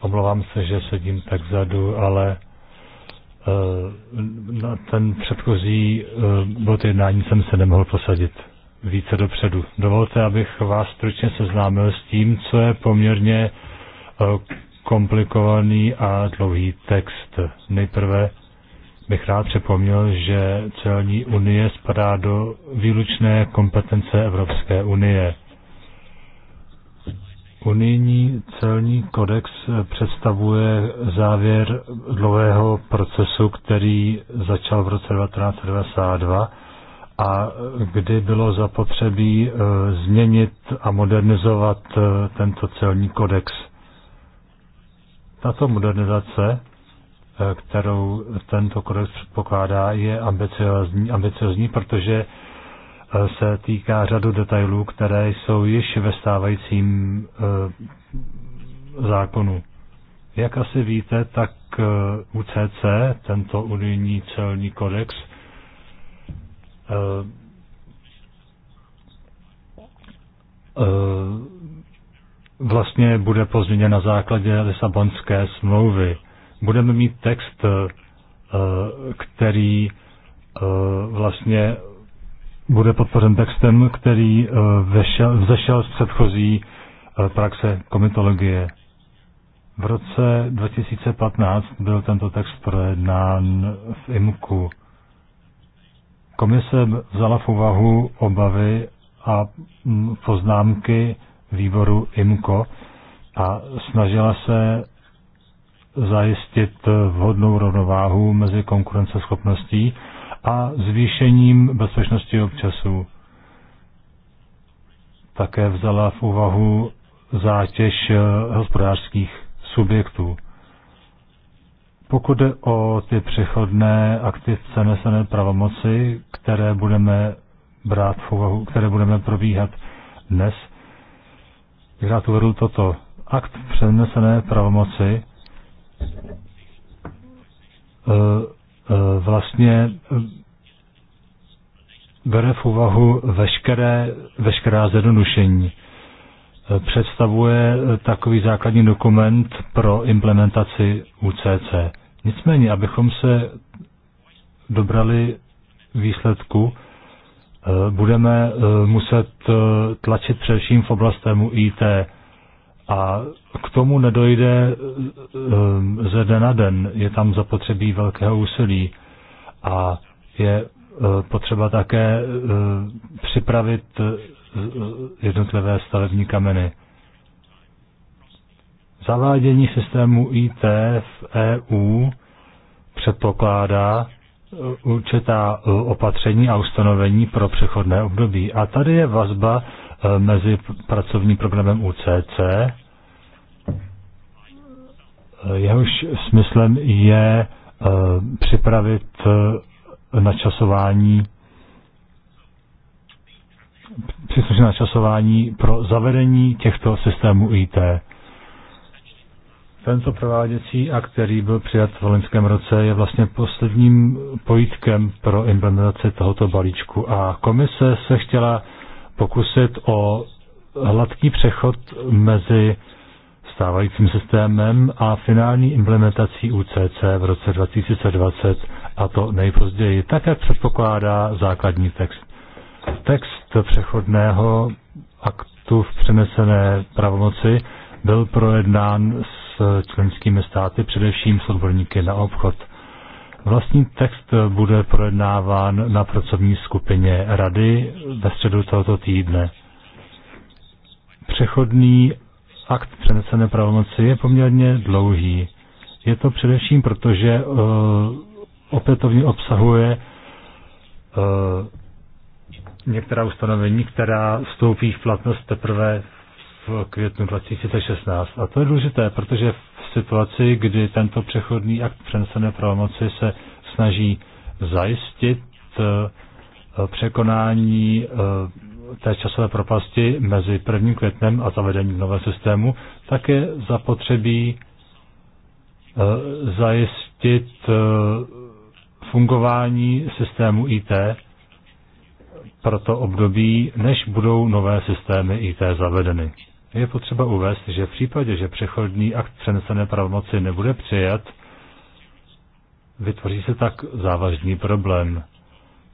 S3: Omlouvám se, že sedím tak vzadu, ale eh, na ten předchozí eh, bod jednání jsem se nemohl posadit více dopředu. Dovolte, abych vás stručně seznámil s tím, co je poměrně eh, komplikovaný a dlouhý text. Nejprve bych rád připomněl, že celní unie spadá do výlučné kompetence Evropské unie. Unijní celní kodex představuje závěr dlouhého procesu, který začal v roce 1992 a kdy bylo zapotřebí eh, změnit a modernizovat eh, tento celní kodex. Tato modernizace Eh, kterou tento kodex předpokládá, je ambiciozní, ambiciozní protože eh, se týká řadu detailů, které jsou již ve stávajícím eh, zákonu. Jak asi víte, tak UCC, tento unijní celní kodex, vlastně bude pozměněn na základě Lisabonské smlouvy budeme mít text, eh, eh, který eh, vlastně bude podpořen textem, který vešel, vzešel z předchozí praxe komitologie. V roce 2015 byl tento text projednán v IMKU. Komise vzala v úvahu obavy a mm, poznámky výboru IMKO a snažila se zajistit vhodnou rovnováhu mezi konkurenceschopností a zvýšením bezpečnosti občasů. Také vzala v úvahu zátěž eh, hospodářských subjektů. Pokud jde o ty přechodné akty přenesené pravomoci, které budeme brát v úvahu, které budeme probíhat dnes, bych rád uvedl toto. Akt přenesené pravomoci Eh, eh, vlastně eh, bere v úvahu veškeré, veškerá zjednodušení. Představuje takový základní dokument pro implementaci UCC. Nicméně, abychom se dobrali výsledku, budeme muset tlačit především v oblasti IT. A k tomu nedojde ehm, ze den na den. Je tam zapotřebí velkého úsilí a je eh, potřeba také eh, připravit eh, jednotlivé stavební kameny. Zavádění systému IT v EU předpokládá určitá opatření a ustanovení pro přechodné období. A tady je vazba Eh, mezi pracovním programem UCC, eh, jehož smyslem je eh, připravit načasování příslušné načasování pro zavedení těchto systémů IT. Tento prováděcí akt, který byl přijat v loňském roce, je vlastně posledním pojítkem pro implementaci tohoto balíčku a komise se chtěla pokusit o hladký přechod mezi stávajícím systémem a finální implementací UCC v roce 2020 a to nejpozději, tak jak předpokládá základní text. Text přechodného aktu v přenesené pravomoci byl projednán s členskými státy, především s odborníky na obchod. Vlastní text bude projednáván na pracovní skupině Rady ve středu tohoto týdne. Přechodný akt přenesené pravomoci je poměrně dlouhý. Je to především proto, že uh, opětovně obsahuje uh, některá ustanovení, která vstoupí v platnost teprve v květnu 2016. A to je důležité, protože situaci, kdy tento přechodný akt přenesené pravomoci se snaží zajistit eh, překonání eh, té časové propasti mezi 1. květnem a zavedením nového systému, tak je zapotřebí eh, zajistit fungování systému IT pro to období, než budou nové systémy IT zavedeny je potřeba uvést, že v případě, že přechodný akt přenesené pravomoci nebude přijat, vytvoří se tak závažný problém.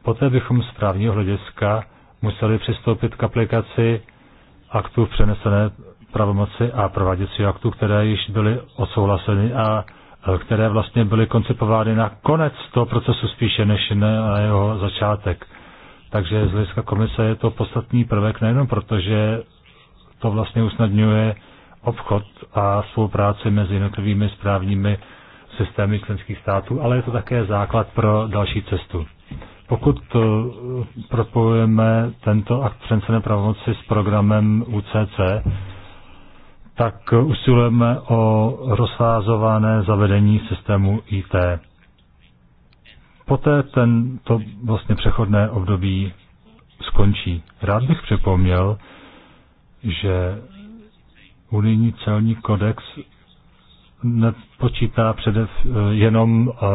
S3: Poté bychom z právního hlediska museli přistoupit k aplikaci aktů přenesené pravomoci a prováděcí aktů, které již byly odsouhlaseny a e, které vlastně byly koncipovány na konec toho procesu spíše než na jeho začátek. Takže z hlediska komise je to podstatný prvek nejenom proto, že to vlastně usnadňuje obchod a spolupráci mezi jednotlivými správními systémy členských států, ale je to také základ pro další cestu. Pokud eh, propojujeme tento akt přenesené pravomoci s programem UCC, tak usilujeme o rozfázované zavedení systému IT. Poté tento vlastně přechodné období skončí. Rád bych připomněl, že unijní celní kodex nepočítá předev jenom eh,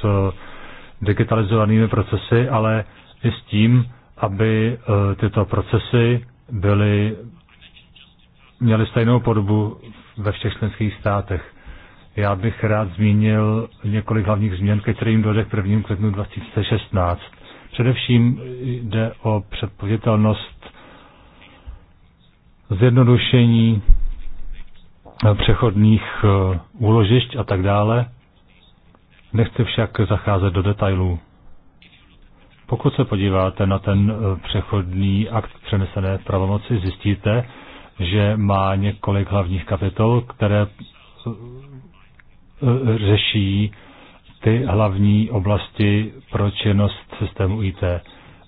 S3: s digitalizovanými procesy, ale i s tím, aby eh, tyto procesy byly, měly stejnou podobu ve všech členských státech. Já bych rád zmínil několik hlavních změn, ke kterým dojde k 1. květnu 2016. Především jde o předpověditelnost zjednodušení eh, přechodných eh, úložišť a tak dále. Nechci však zacházet do detailů. Pokud se podíváte na ten eh, přechodný akt přenesené pravomoci, zjistíte, že má několik hlavních kapitol, které řeší ty hlavní oblasti pro činnost systému IT.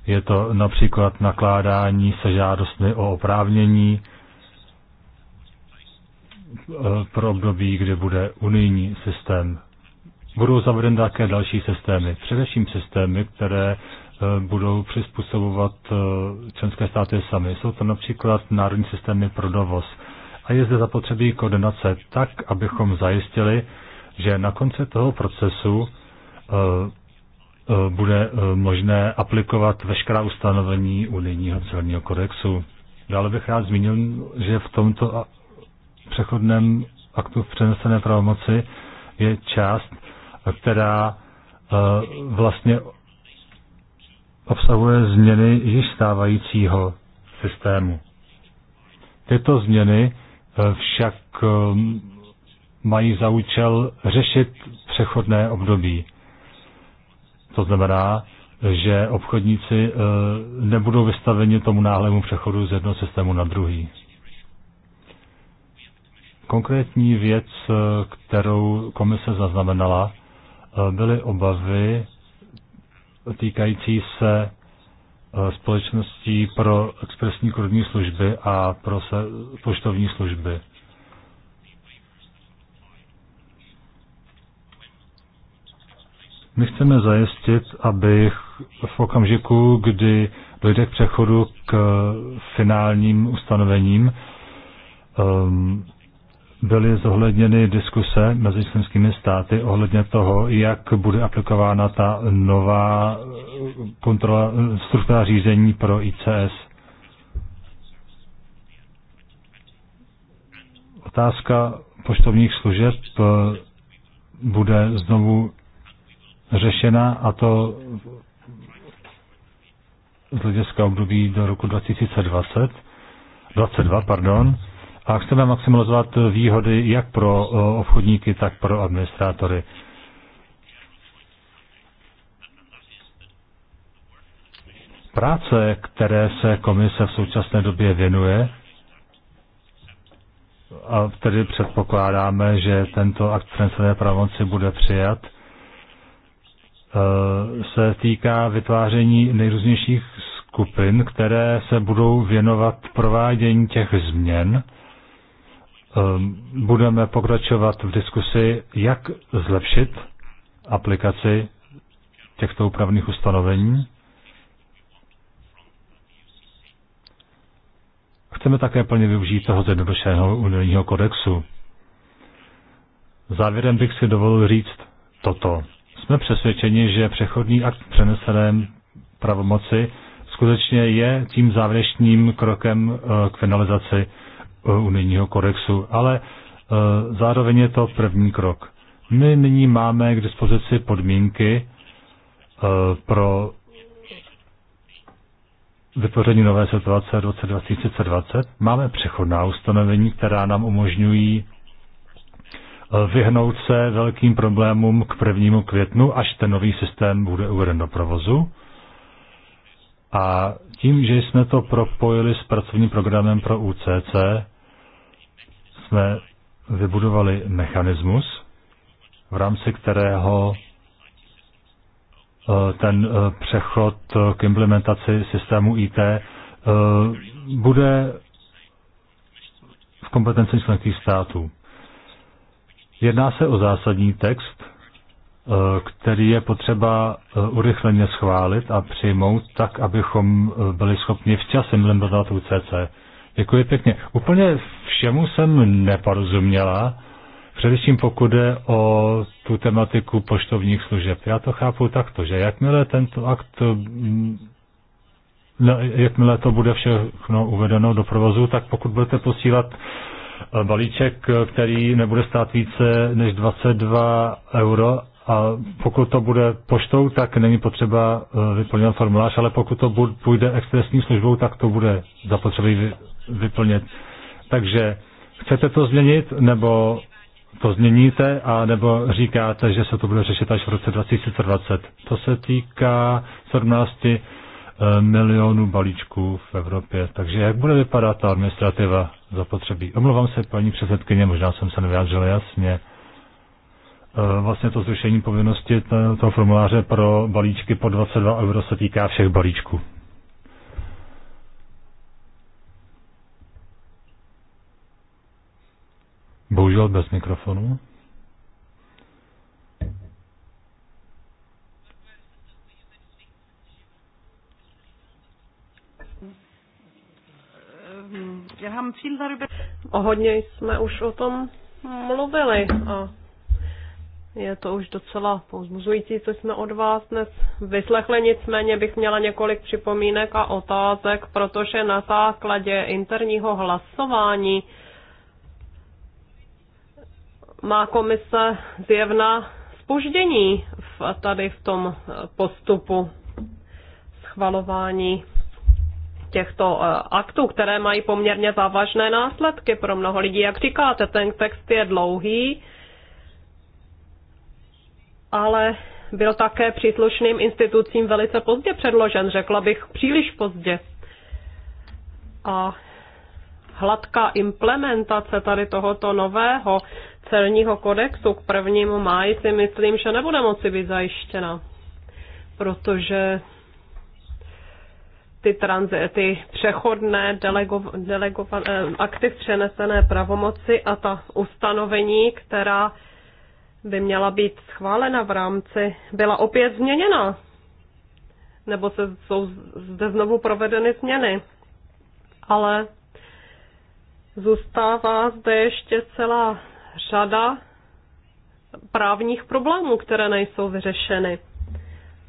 S3: Je to například nakládání se žádostmi o oprávnění, Eh, pro období, kdy bude unijní systém. Budou zavedeny také další systémy, především systémy, které eh, budou přizpůsobovat eh, členské státy sami. Jsou to například národní systémy pro dovoz. A je zde zapotřebí koordinace tak, abychom zajistili, že na konci toho procesu bude možné aplikovat veškerá ustanovení unijního celního kodexu. Dále bych rád zmínil, že v tomto přechodném aktu v přenesené pravomoci je část, která e, vlastně obsahuje změny již stávajícího systému. Tyto změny e, však e, mají za účel řešit přechodné období. To znamená, že obchodníci nebudou vystaveni tomu náhlému přechodu z jednoho systému na druhý. Konkrétní věc, kterou komise zaznamenala, byly obavy týkající se eh, společností pro expresní kurní služby a pro se, poštovní služby. My chceme zajistit, aby v okamžiku, kdy dojde k přechodu k finálním ustanovením, um, byly zohledněny diskuse mezi členskými státy ohledně toho, jak bude aplikována ta nová eh, kontrola, eh, struktura řízení pro ICS. Otázka poštovních služeb eh, bude znovu řešena a to z hlediska období do roku 2020, 22, pardon, a chceme maximalizovat výhody jak pro eh, obchodníky, tak pro administrátory. Práce, které se komise v současné době věnuje, a tedy předpokládáme, že tento akt přenesené pravomoci bude přijat, eh, se týká vytváření nejrůznějších skupin, které se budou věnovat provádění těch změn, Ehm, budeme pokračovat v diskusi, jak zlepšit aplikaci těchto upravných ustanovení. Chceme také plně využít toho zjednodušeného unijního kodexu. Závěrem bych si dovolil říct toto. Jsme přesvědčeni, že přechodný akt přenesené pravomoci skutečně je tím závěrečným krokem eh, k finalizaci unijního kodexu, ale e, zároveň je to první krok. My nyní máme k dispozici podmínky e, pro vytvoření nové situace v roce 2020. Máme přechodná ustanovení, která nám umožňují e, vyhnout se velkým problémům k prvnímu květnu, až ten nový systém bude uveden do provozu. A tím, že jsme to propojili s pracovním programem pro UCC, jsme vybudovali mechanismus, v rámci kterého eh, ten eh, přechod k implementaci systému IT eh, bude v kompetenci členských států. Jedná se o zásadní text, který je potřeba urychleně schválit a přijmout tak, abychom byli schopni včas implementovat UCC. Děkuji pěkně. Úplně všemu jsem neporozuměla, především pokud jde o tu tematiku poštovních služeb. Já to chápu takto, že jakmile tento akt, mm, no, jakmile to bude všechno uvedeno do provozu, tak pokud budete posílat eh, balíček, eh, který nebude stát více než 22 euro a pokud to bude poštou, tak není potřeba eh, vyplňovat formulář, ale pokud to půjde expresní službou, tak to bude zapotřebí vyplnit. Takže chcete to změnit, nebo to změníte, a nebo říkáte, že se to bude řešit až v roce 2020. To se týká 17 eh, milionů balíčků v Evropě. Takže jak bude vypadat ta administrativa zapotřebí? Omlouvám se, paní předsedkyně, možná jsem se nevyjádřil jasně. Eh, vlastně to zrušení povinnosti toho formuláře pro balíčky po 22 euro se týká všech balíčků. Bohužel bez mikrofonu.
S4: O hodně jsme už o tom mluvili a je to už docela pozbuzující, co jsme od vás dnes vyslechli, nicméně bych měla několik připomínek a otázek, protože na základě interního hlasování má komise zjevná spoždění v, tady v tom postupu schvalování těchto eh, aktů, které mají poměrně závažné následky pro mnoho lidí. Jak říkáte, ten text je dlouhý, ale byl také příslušným institucím velice pozdě předložen, řekla bych příliš pozdě. A hladká implementace tady tohoto nového celního kodexu k prvnímu máji si myslím, že nebude moci být zajištěna, protože ty, tranzi, ty přechodné delego, delegované, eh, aktiv přenesené pravomoci a ta ustanovení, která by měla být schválena v rámci, byla opět změněna. Nebo se, jsou zde znovu provedeny změny. Ale zůstává zde ještě celá řada právních problémů, které nejsou vyřešeny,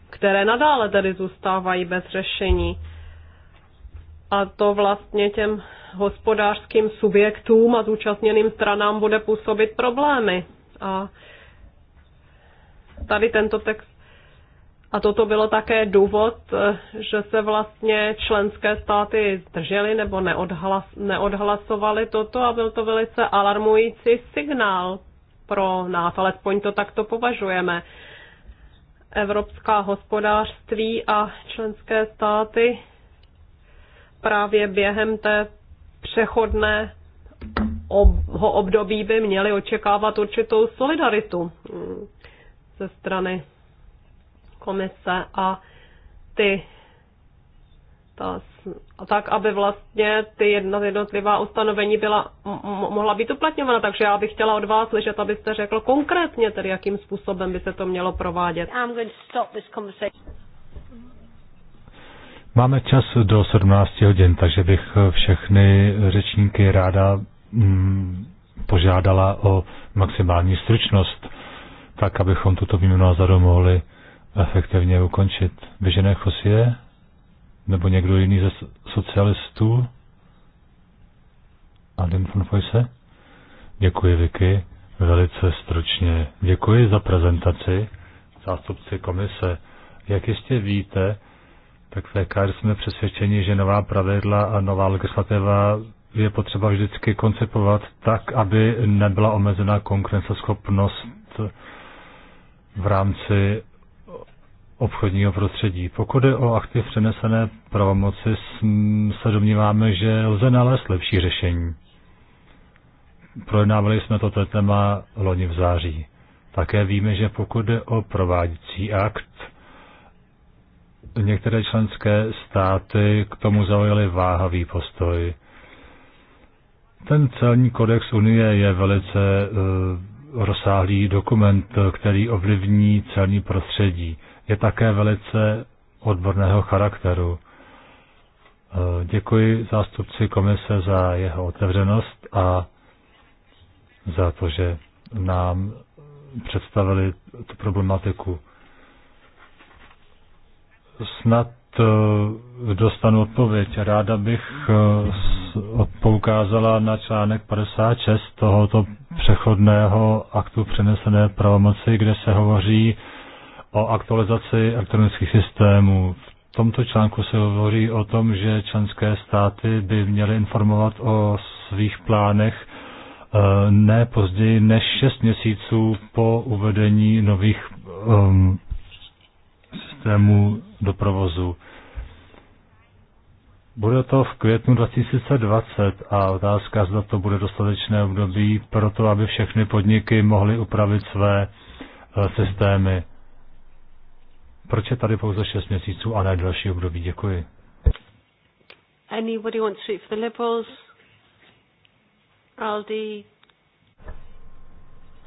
S4: které nadále tedy zůstávají bez řešení. A to vlastně těm hospodářským subjektům a zúčastněným stranám bude působit problémy. A tady tento text a toto bylo také důvod, eh, že se vlastně členské státy zdržely nebo neodhlas, neodhlasovaly toto a byl to velice alarmující signál pro nás, alespoň to takto považujeme. Evropská hospodářství a členské státy právě během té přechodné období by měly očekávat určitou solidaritu ze strany komise a ty ta, a tak, aby vlastně ty jedno, jednotlivá ustanovení byla, mohla být uplatňována. Takže já bych chtěla od vás slyšet, abyste řekl konkrétně, tedy jakým způsobem by se to mělo provádět.
S3: Máme čas do 17 hodin, takže bych všechny řečníky ráda mm, požádala o maximální stručnost tak abychom tuto výměnu názoru mohli efektivně ukončit. Vyžené Chosie? Nebo někdo jiný ze socialistů? Adam von Foyse? Děkuji, Vicky. Velice stručně. Děkuji za prezentaci zástupci komise. Jak jistě víte, tak v EKR jsme přesvědčeni, že nová pravidla a nová legislativa je potřeba vždycky koncipovat tak, aby nebyla omezena konkurenceschopnost v rámci obchodního prostředí. Pokud je o akty přenesené pravomoci, se domníváme, že lze nalézt lepší řešení. Projednávali jsme toto téma loni v září. Také víme, že pokud je o prováděcí akt, některé členské státy k tomu zaujaly váhavý postoj. Ten celní kodex Unie je velice eh, rozsáhlý dokument, který ovlivní celní prostředí. Je také velice odborného charakteru. E, děkuji zástupci komise za jeho otevřenost a za to, že nám představili tu problematiku. Snad e, dostanu odpověď. Ráda bych e, poukázala na článek 56 tohoto přechodného aktu přenesené pravomoci, kde se hovoří o aktualizaci elektronických systémů. V tomto článku se hovoří o tom, že členské státy by měly informovat o svých plánech eh, ne později než 6 měsíců po uvedení nových um, systémů do provozu. Bude to v květnu 2020 a otázka, zda to bude dostatečné období pro to, aby všechny podniky mohly upravit své e, systémy. Proč je tady pouze 6 měsíců a ne další období? Děkuji.
S2: Anybody want to speak for the Liberals? Aldi?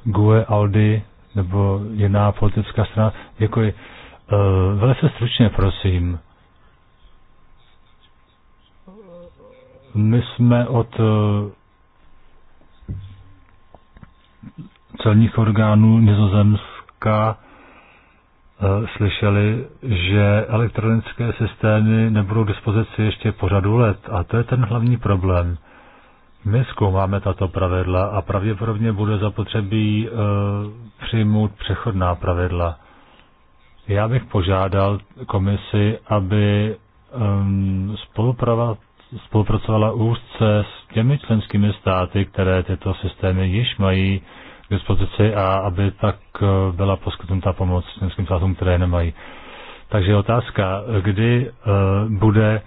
S3: GUE, Aldi nebo jiná politická strana? Děkuji. E, velice stručně, prosím. My jsme od eh, celních orgánů Nizozemska eh, slyšeli, že elektronické systémy nebudou k dispozici ještě po řadu let. A to je ten hlavní problém. My zkoumáme tato pravidla a pravděpodobně bude zapotřebí e, přijmout přechodná pravidla. Já bych požádal komisi, aby um, spolupracovala úzce s těmi členskými státy, které tyto systémy již mají k dispozici a aby tak eh, byla poskytnuta pomoc členským státům, které nemají. Takže otázka, kdy uh, bude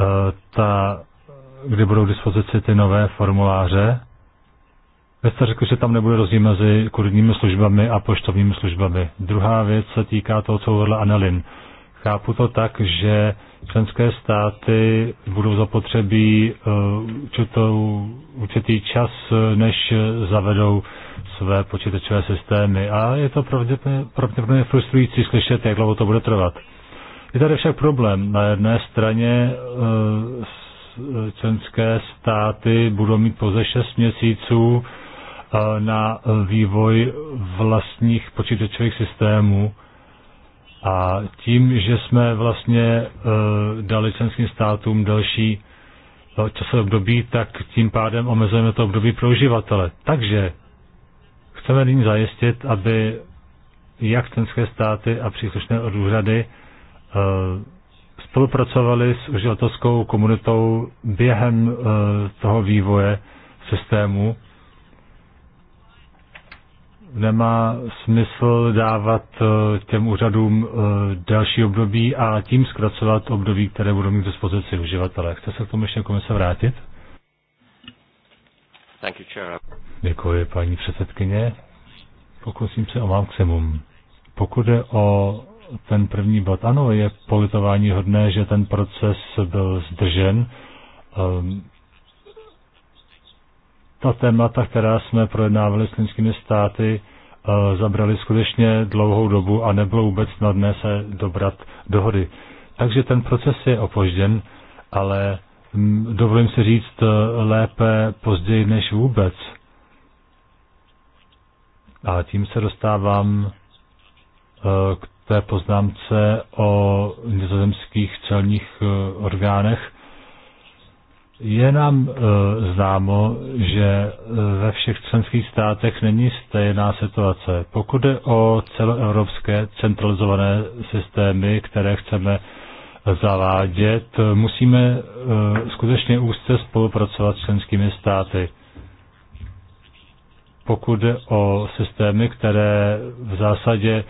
S3: uh, ta, kdy budou k dispozici ty nové formuláře? Vy jste řekl, že tam nebude rozdíl mezi kurdními službami a poštovními službami. Druhá věc se týká toho, co hovorila Annelin. Uh, Chápu to tak, že členské státy budou zapotřebí eh, určitou, určitý čas, než zavedou své počítačové systémy. A je to pravděpodobně frustrující slyšet, jak dlouho to bude trvat. Je tady však problém. Na jedné straně eh, eh, členské státy budou mít pouze 6 měsíců na vývoj vlastních počítačových systémů a tím, že jsme vlastně eh, dali členským státům další eh, časové období, tak tím pádem omezujeme to období pro uživatele. Takže chceme nyní zajistit, aby jak členské státy a příslušné úřady eh, spolupracovali s uživatelskou komunitou během toho vývoje systému nemá smysl dávat eh, těm úřadům eh, další období a tím zkracovat období, které budou mít k dispozici uživatelé. Chce se k tomu ještě komise vrátit? Thank you, chair. Děkuji, paní předsedkyně. Pokusím se o maximum. Pokud je o ten první bod, ano, je politování hodné, že ten proces byl zdržen. Um, ta témata, která jsme projednávali s lidskými státy, eh, zabrali skutečně dlouhou dobu a nebylo vůbec snadné se dobrat dohody. Takže ten proces je opožděn, ale mm, dovolím si říct eh, lépe později než vůbec. A tím se dostávám eh, k té poznámce o nizozemských celních orgánech. Je nám e, známo, že eh, ve všech členských státech není stejná situace. Pokud je o celoevropské centralizované systémy, které chceme zavádět, musíme e, skutečně úzce spolupracovat s členskými státy. Pokud je o systémy, které v zásadě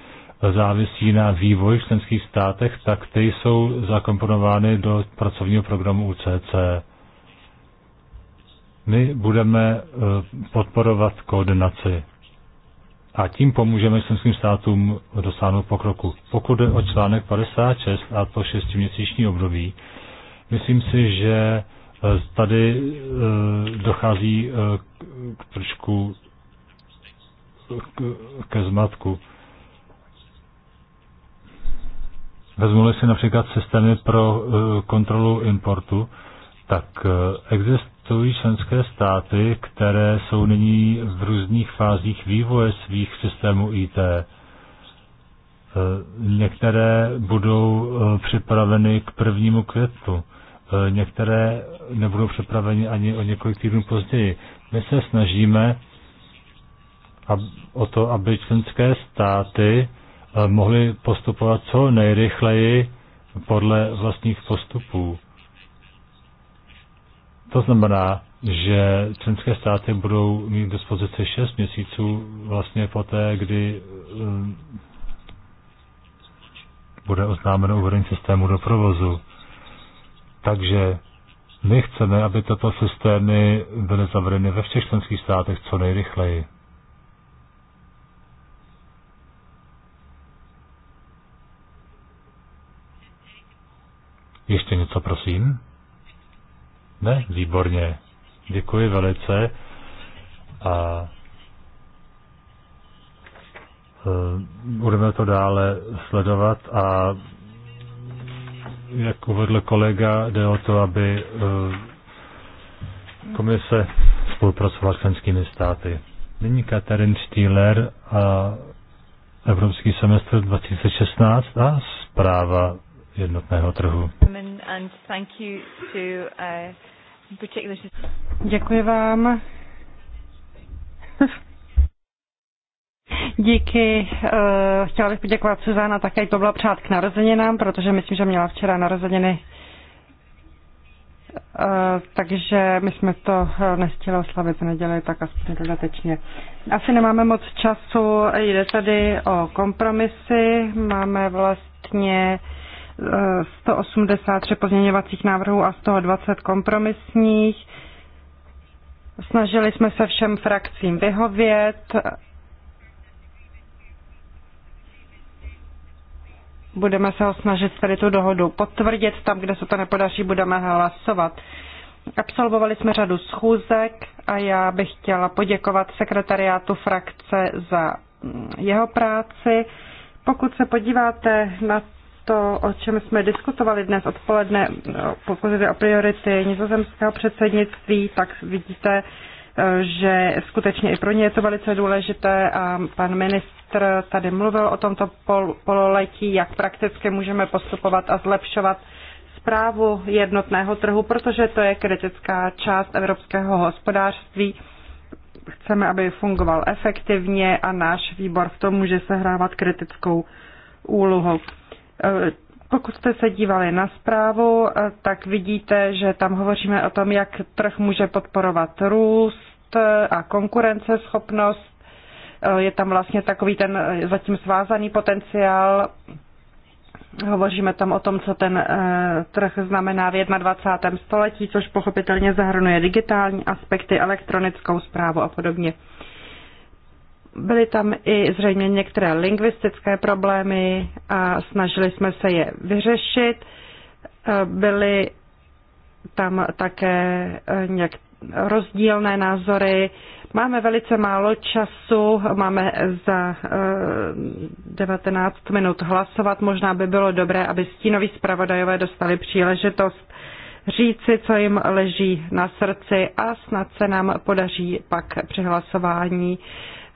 S3: závisí na vývoji v členských státech, tak ty jsou zakomponovány do pracovního programu UCC. My budeme eh, podporovat koordinaci a tím pomůžeme členským státům dosáhnout pokroku. Pokud jde o článek 56 a to šestiměsíční období, myslím si, že eh, tady eh, dochází k trošku ke zmatku. vezmu si například systémy pro kontrolu importu, tak exist, existují členské státy, které jsou nyní v různých fázích vývoje svých systémů IT. E, některé budou e, připraveny k prvnímu květu, e, některé nebudou připraveny ani o několik týdnů později. My se snažíme o to, aby členské státy mohly postupovat co nejrychleji podle vlastních postupů. To znamená, že členské státy budou mít k dispozici 6 měsíců vlastně poté, kdy um, bude oznámeno uvedení systému do provozu. Takže my chceme, aby tato systémy byly zavedeny ve všech členských státech co nejrychleji. Ještě něco, prosím. Ne, výborně. Děkuji velice. A eh, budeme to dále sledovat a jak uvedl kolega, jde o to, aby eh, komise spolupracovala s členskými státy. Nyní Katarin Stieler a Evropský semestr 2016 a zpráva jednotného trhu. Uh, Děkuji
S1: vám. Díky. Eh, chtěla bych poděkovat Suzana, také to byla přát k narozeninám, protože myslím, že měla včera narozeniny. Eh, takže my jsme to eh, nestihli oslavit v neděli, tak aspoň dodatečně. Asi nemáme moc času, jde tady o kompromisy. Máme vlastně 183 pozměňovacích návrhů a 120 kompromisních. Snažili jsme se všem frakcím vyhovět. Budeme se ho snažit tady tu dohodu potvrdit. Tam, kde se to nepodaří, budeme hlasovat. Absolvovali jsme řadu schůzek a já bych chtěla poděkovat sekretariátu frakce za jeho práci. Pokud se podíváte na to, o čem jsme diskutovali dnes odpoledne, pokud jde o priority nizozemského předsednictví, tak vidíte, eh, že skutečně i pro ně je to velice důležité a pan ministr tady mluvil o tomto pol- pololetí, jak prakticky můžeme postupovat a zlepšovat zprávu jednotného trhu, protože to je kritická část evropského hospodářství. Chceme, aby fungoval efektivně a náš výbor v tom může sehrávat kritickou úlohu. Eh, pokud jste se dívali na zprávu, eh, tak vidíte, že tam hovoříme o tom, jak trh může podporovat růst a konkurenceschopnost. Eh, je tam vlastně takový ten zatím svázaný potenciál. Hovoříme tam o tom, co ten trh znamená v 21. století, což pochopitelně zahrnuje digitální aspekty, elektronickou zprávu a podobně. Byly tam i zřejmě některé lingvistické problémy a snažili jsme se je vyřešit. Eh, byly tam také eh, nějak rozdílné názory. Máme velice málo času, máme za 19 eh, minut hlasovat. Možná by bylo dobré, aby stínoví zpravodajové dostali příležitost říci, co jim leží na srdci a snad se nám podaří pak při hlasování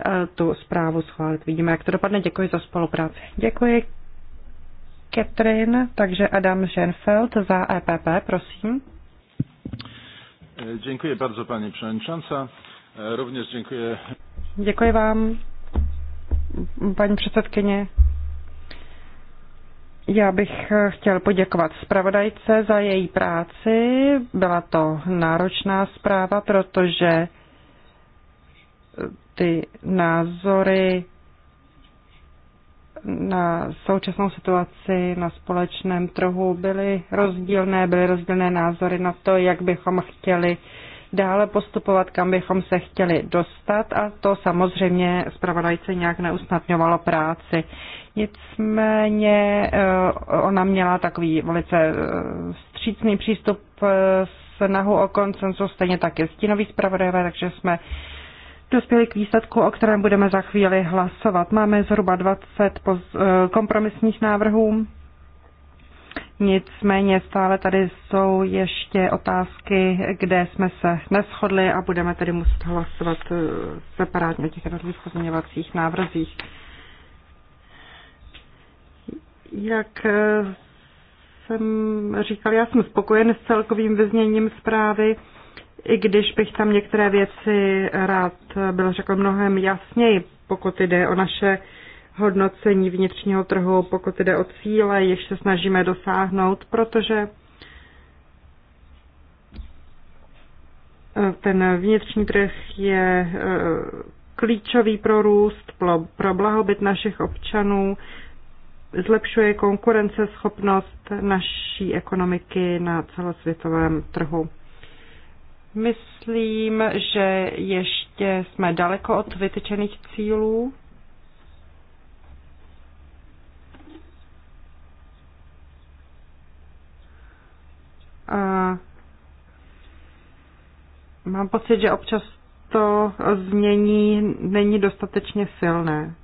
S1: Eh, tu zprávu schválit. Vidíme, jak to dopadne. Děkuji za spolupráci. Děkuji. Katrin, takže Adam Schenfeld za EPP, prosím.
S3: Eh, děkuji bardzo paní předsedající. Eh, rovněž děkuji.
S1: Děkuji vám, paní předsedkyně. Já bych chtěl poděkovat zpravodajce za její práci. Byla to náročná zpráva, protože ty názory na současnou situaci na společném trhu byly rozdílné, byly rozdílné názory na to, jak bychom chtěli dále postupovat, kam bychom se chtěli dostat a to samozřejmě zpravodajce nějak neusnadňovalo práci. Nicméně eh, ona měla takový velice eh, vstřícný přístup eh, snahu o koncensus, stejně tak je stínový zpravodajové, takže jsme dospěli k výsledku, o kterém budeme za chvíli hlasovat. Máme zhruba 20 eh, kompromisních návrhů. Nicméně stále tady jsou ještě otázky, kde jsme se neschodli a budeme tedy muset hlasovat eh, separátně o těch jednotlivých pozměňovacích návrzích. Jak eh, jsem říkal, já jsem spokojen s celkovým vyzněním zprávy i když bych tam některé věci rád byl řekl mnohem jasněji, pokud jde o naše hodnocení vnitřního trhu, pokud jde o cíle, jež se snažíme dosáhnout, protože ten vnitřní trh je eh, klíčový pro růst, pro blahobyt našich občanů, zlepšuje konkurenceschopnost naší ekonomiky na celosvětovém trhu. Myslím, že ještě jsme daleko od vytyčených cílů. A mám pocit, že občas to změní není dostatečně silné.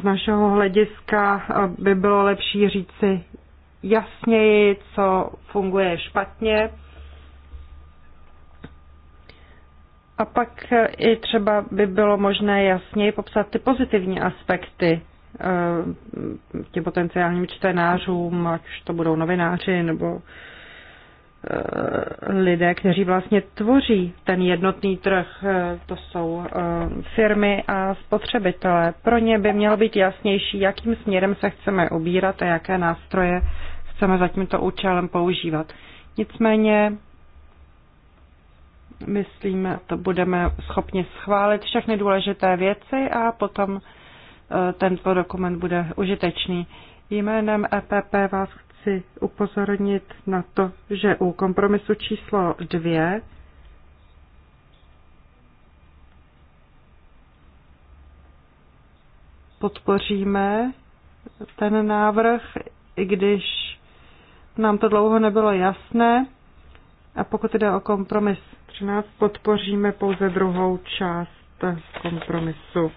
S1: Z našeho hlediska by bylo lepší říci jasněji, co funguje špatně A pak eh, i třeba by bylo možné jasněji popsat ty pozitivní aspekty eh, těm potenciálním čtenářům, ať už to budou novináři nebo eh, lidé, kteří vlastně tvoří ten jednotný trh, to jsou firmy a spotřebitelé. Pro ně by mělo být jasnější, jakým směrem se chceme ubírat a jaké nástroje chceme za tímto účelem používat. Nicméně myslím, to budeme schopni schválit všechny důležité věci a potom eh, tento dokument bude užitečný. Jménem EPP vás chci upozornit na to, že u kompromisu číslo dvě podpoříme ten návrh, i když nám to dlouho nebylo jasné. A pokud jde o kompromis 13, podpoříme pouze druhou část kompromisu.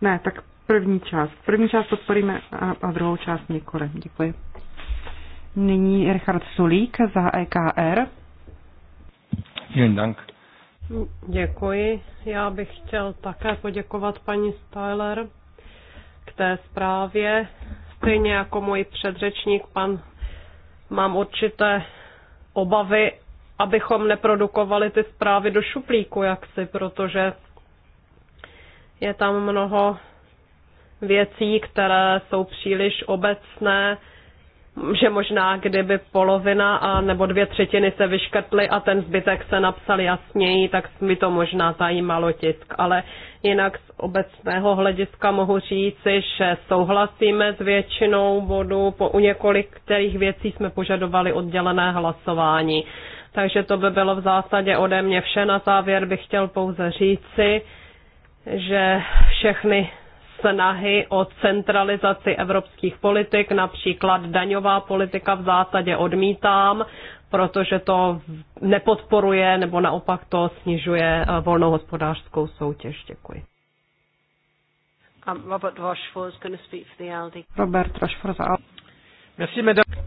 S1: Ne, tak první část. První část podporíme a, a druhou část nikoli. Děkuji. Nyní Richard Sulík za EKR.
S3: Vielen Dank.
S4: Děkuji. Já bych chtěl také poděkovat paní Styler k té zprávě. Stejně jako můj předřečník, pan, mám určité obavy, abychom neprodukovali ty zprávy do šuplíku jaksi, protože je tam mnoho věcí, které jsou příliš obecné, že možná kdyby polovina a nebo dvě třetiny se vyškrtly a ten zbytek se napsal jasněji, tak by to možná zajímalo tisk. Ale jinak z obecného hlediska mohu říci, že souhlasíme s většinou bodů, po u několik kterých věcí jsme požadovali oddělené hlasování. Takže to by bylo v zásadě ode mě vše. Na závěr bych chtěl pouze říci, že všechny snahy o centralizaci evropských politik, například daňová politika v zásadě odmítám, protože to nepodporuje nebo naopak to snižuje eh, volnou hospodářskou soutěž. Děkuji. Um, Robert Rochefort za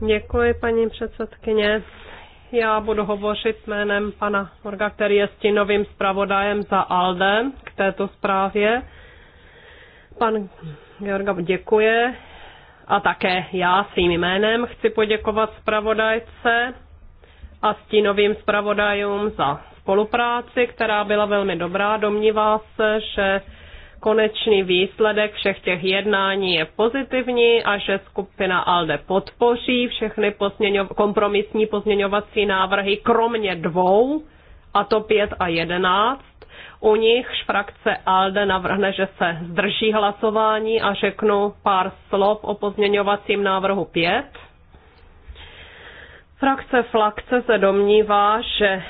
S4: Děkuji, paní předsedkyně. Já budu hovořit jménem pana Morga, který je stínovým zpravodajem za ALDE k této zprávě. Pan Georga děkuje a také já svým jménem chci poděkovat zpravodajce a stínovým zpravodajům za spolupráci, která byla velmi dobrá. Domnívá se, že konečný výsledek všech těch jednání je pozitivní a že skupina ALDE podpoří všechny pozměňo- kompromisní pozměňovací návrhy, kromě dvou, a to 5 a 11. U nichž frakce ALDE navrhne, že se zdrží hlasování a řeknu pár slov o pozměňovacím návrhu 5. Frakce Flakce se domnívá, že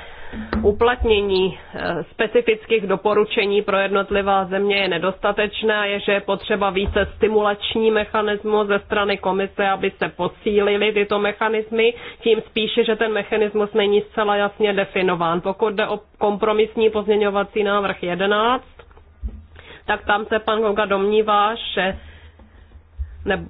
S4: uplatnění eh, specifických doporučení pro jednotlivá země je nedostatečné a je, že je potřeba více stimulační mechanismu ze strany komise, aby se posílily tyto mechanismy, tím spíše, že ten mechanismus není zcela jasně definován. Pokud jde o kompromisní pozměňovací návrh 11, tak tam se pan Goga domnívá, že ne,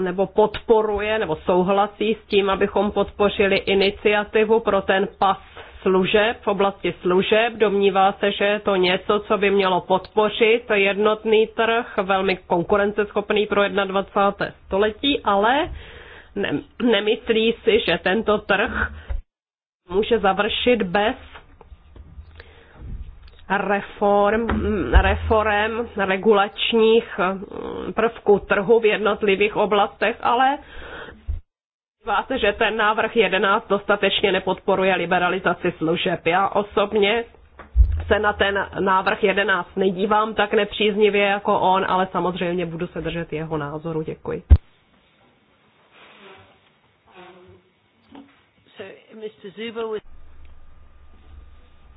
S4: nebo podporuje nebo souhlasí s tím, abychom podpořili iniciativu pro ten pas služeb, v oblasti služeb. Domnívá se, že je to něco, co by mělo podpořit jednotný trh, velmi konkurenceschopný pro 21. století, ale ne, nemyslí si, že tento trh může završit bez reform, reform regulačních mm, prvků trhu v jednotlivých oblastech, ale Vás, že ten návrh 11 dostatečně nepodporuje liberalizaci služeb. Já osobně se na ten návrh 11 nedívám tak nepříznivě jako on, ale samozřejmě budu se držet jeho názoru. Děkuji.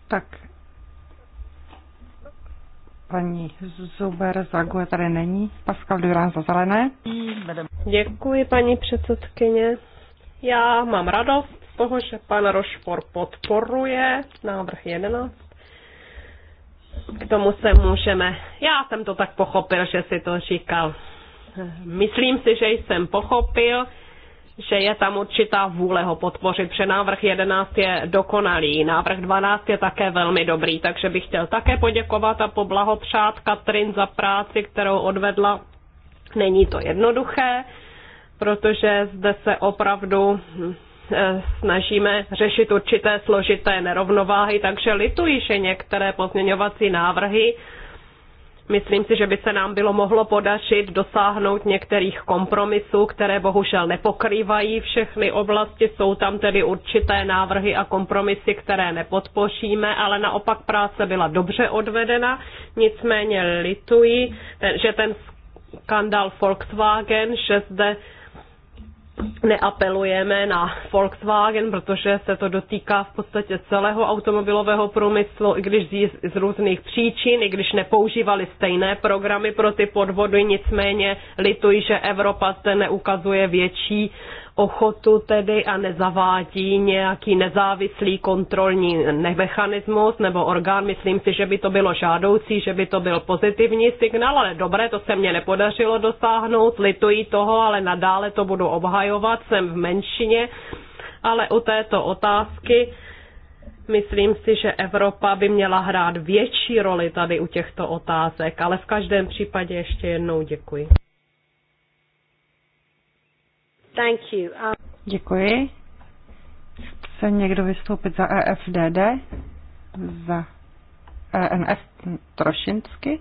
S1: Tak. Paní Zuber Zague tady není. Pascal Durán za zelené.
S4: Děkuji, paní předsedkyně. Já mám radost z toho, že pan Rošfor podporuje návrh 11. K tomu se můžeme. Já jsem to tak pochopil, že si to říkal. Myslím si, že jsem pochopil, že je tam určitá vůle ho podpořit, protože návrh 11 je dokonalý, návrh 12 je také velmi dobrý, takže bych chtěl také poděkovat a poblahopřát Katrin za práci, kterou odvedla. Není to jednoduché, protože zde se opravdu eh, snažíme řešit určité složité nerovnováhy, takže lituji, že některé pozměňovací návrhy Myslím si, že by se nám bylo mohlo podařit dosáhnout některých kompromisů, které bohužel nepokrývají všechny oblasti. Jsou tam tedy určité návrhy a kompromisy, které nepodpoříme, ale naopak práce byla dobře odvedena. Nicméně lituji, že ten skandal Volkswagen, že zde neapelujeme na Volkswagen, protože se to dotýká v podstatě celého automobilového průmyslu, i když z, z různých příčin, i když nepoužívali stejné programy pro ty podvody, nicméně litují, že Evropa zde neukazuje větší ochotu tedy a nezavádí nějaký nezávislý kontrolní mechanismus nebo orgán. Myslím si, že by to bylo žádoucí, že by to byl pozitivní signál, ale dobré, to se mně nepodařilo dosáhnout, lituji toho, ale nadále to budu obhajovat, jsem v menšině, ale u této otázky Myslím si, že Evropa by měla hrát větší roli tady u těchto otázek, ale v každém případě ještě jednou děkuji.
S2: Thank you. Um...
S4: Děkuji. Chce někdo vystoupit za
S1: EFDD? Za ENF Trošinsky?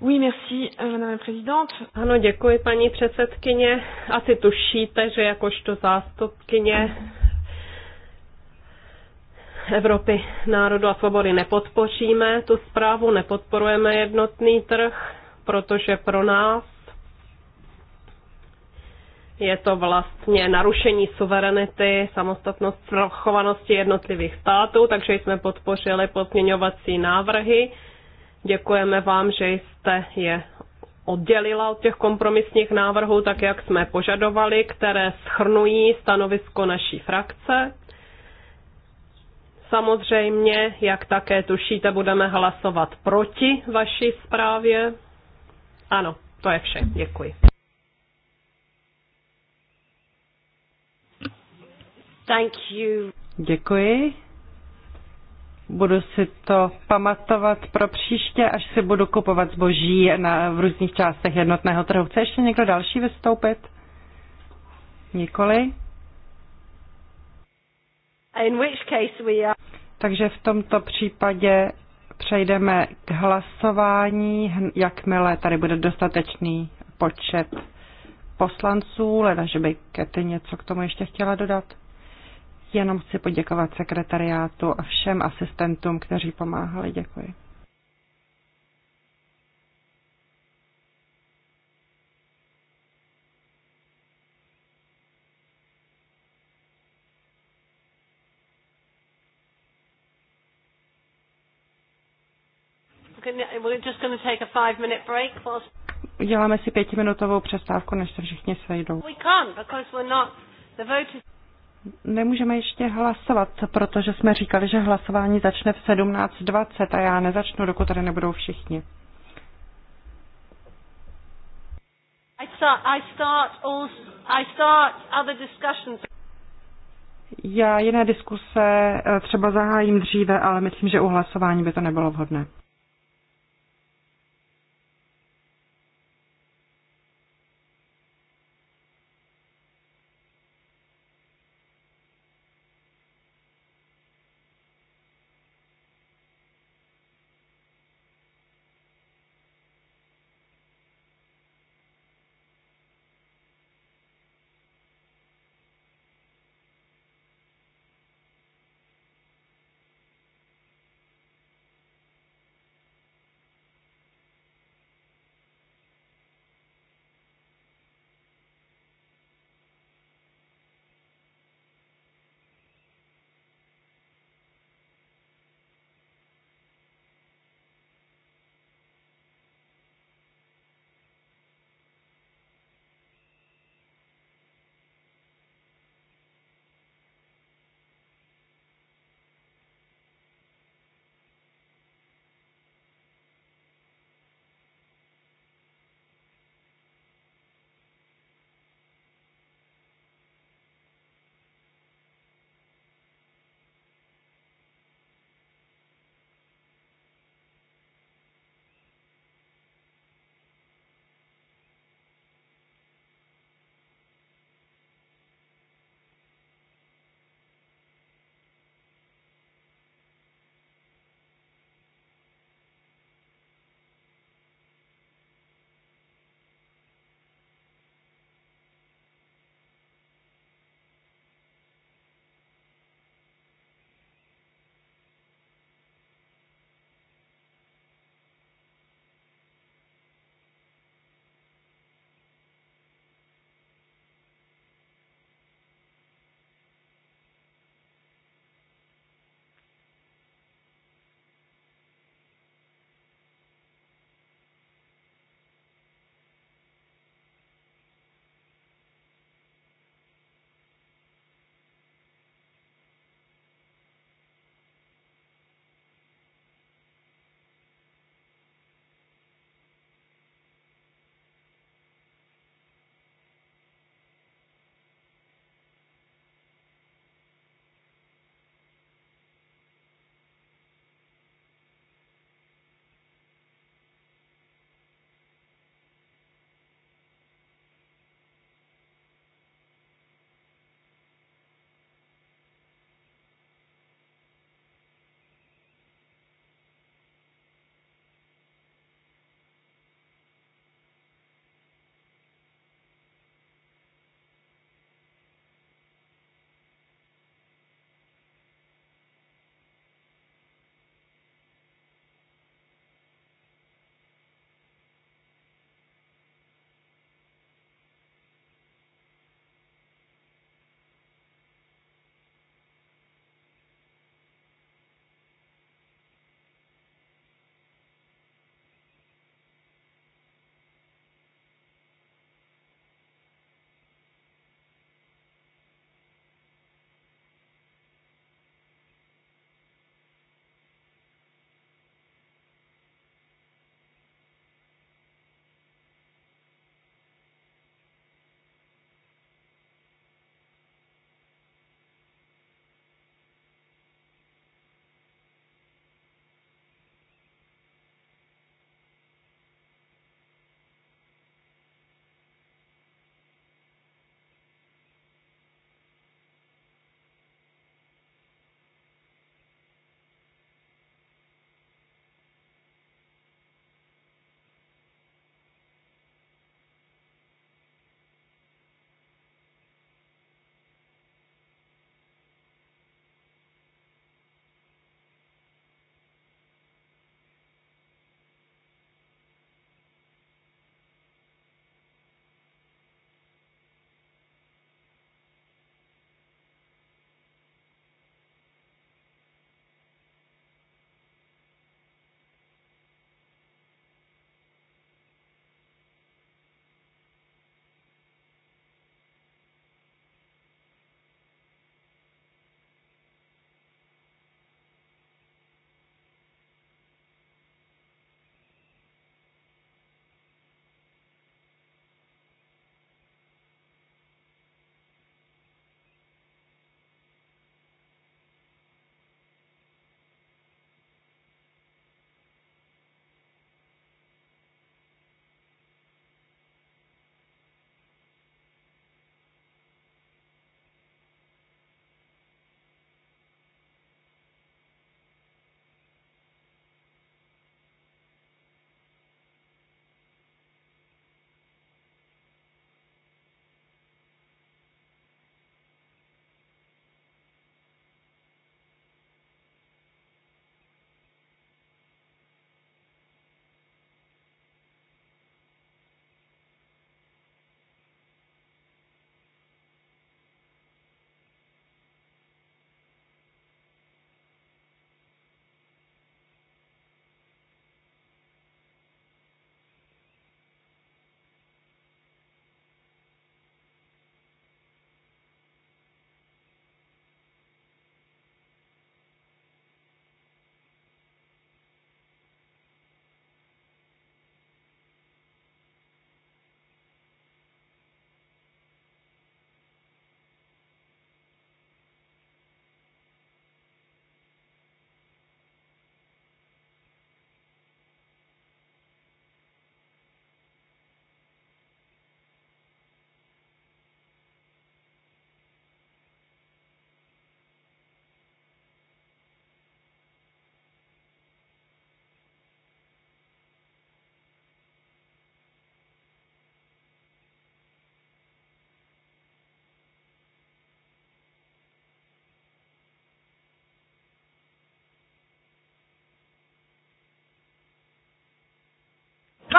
S4: Oui, merci, madame présidente. Ano, děkuji, paní předsedkyně. Asi tušíte, že jakožto zástupkyně Evropy národu a svobody nepodpoříme tu zprávu, nepodporujeme jednotný trh, protože pro nás je to vlastně narušení suverenity, samostatnost, svrchovanosti jednotlivých států, takže jsme podpořili pozměňovací návrhy. Děkujeme vám, že jste je oddělila od těch kompromisních návrhů, tak jak jsme požadovali, které schrnují stanovisko naší frakce. Samozřejmě, jak také tušíte, budeme hlasovat proti vaší zprávě. Ano, to je vše. Děkuji. Thank you.
S1: Děkuji. Budu si to pamatovat pro příště, až si budu kupovat zboží na, v různých částech jednotného trhu. Chce ještě někdo další vystoupit? Nikoli? In which case we are... Takže v tomto případě přejdeme k hlasování, jakmile tady bude dostatečný počet poslanců, leda, že by Kety něco k tomu ještě chtěla dodat. Jenom chci poděkovat sekretariátu a všem asistentům, kteří pomáhali. Děkuji. Uděláme si pětiminutovou přestávku, než se všichni sejdou. Nemůžeme ještě hlasovat, protože jsme říkali, že hlasování začne v 17.20 a já nezačnu, dokud tady nebudou všichni. Já jiné diskuse eh, třeba zahájím dříve, ale myslím, že u hlasování by to nebylo vhodné.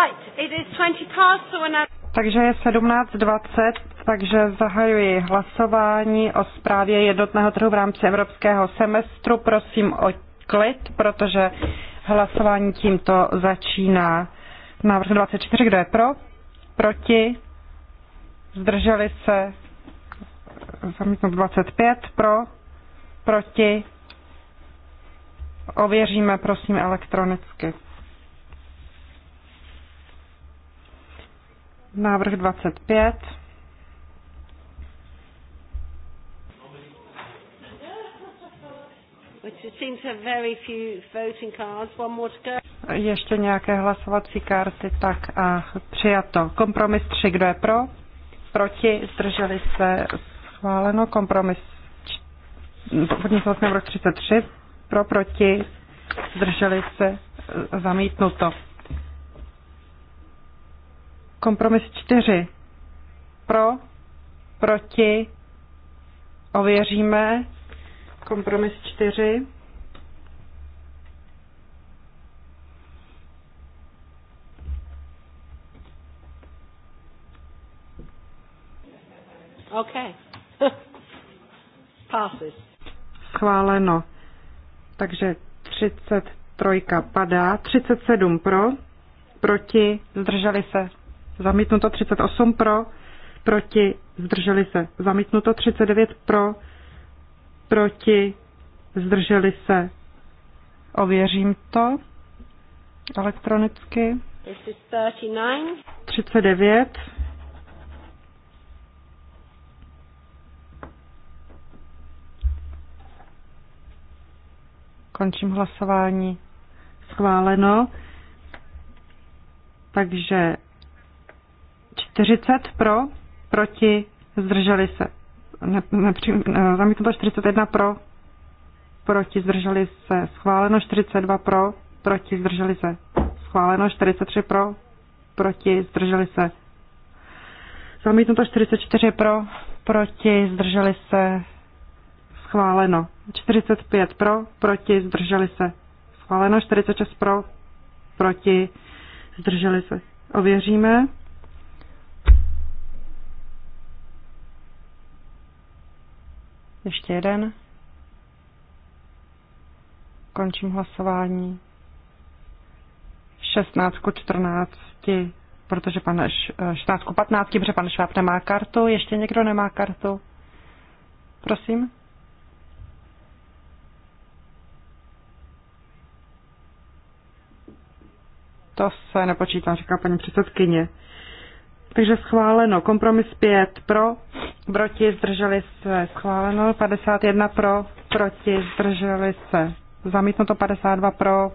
S2: Right, it is 20 past, so
S1: Takže je 17.20, takže zahajuji hlasování o zprávě jednotného trhu v rámci evropského semestru. Prosím o klid, protože hlasování tímto začíná. Návrh 24, kdo je pro? Proti? Zdrželi se? Zamítnout 25, pro? Proti? Ověříme, prosím, elektronicky. Návrh 25. Ještě nějaké hlasovací karty, tak a přijato. Kompromis 3, kdo je pro? Proti, zdrželi se, schváleno. Kompromis původní návrh 33, pro, proti, zdrželi se, zamítnuto. Kompromis 4. Pro, proti, ověříme. Kompromis 4.
S2: OK. <laughs> Passes.
S1: Schváleno. Takže 33 padá, 37 pro, proti, zdrželi se, zamítnuto 38 pro, proti, zdrželi se, zamítnuto 39 pro, proti, zdrželi se. Ověřím to elektronicky. 39. Končím hlasování. Schváleno. Takže 40 pro, proti, zdrželi se. Ne, nepřím, zamítnuto 41 pro, proti, zdrželi se. Schváleno 42 pro, proti, zdrželi se. Schváleno 43 pro, proti, zdrželi se. Zamítnuto 44 pro, proti, zdrželi se. Schváleno 45 pro, proti, zdrželi se. Schváleno 46 pro, proti, zdrželi se. Ověříme. Ještě jeden. Končím hlasování. 16 ku 14, protože pan, 16 ku 15, protože pan Šváb nemá kartu. Ještě někdo nemá kartu? Prosím. To se nepočítá, říká paní předsedkyně. Takže schváleno. Kompromis 5 pro, proti, zdrželi se. Schváleno. 51 pro, proti, zdrželi se. Zamítnuto 52 pro,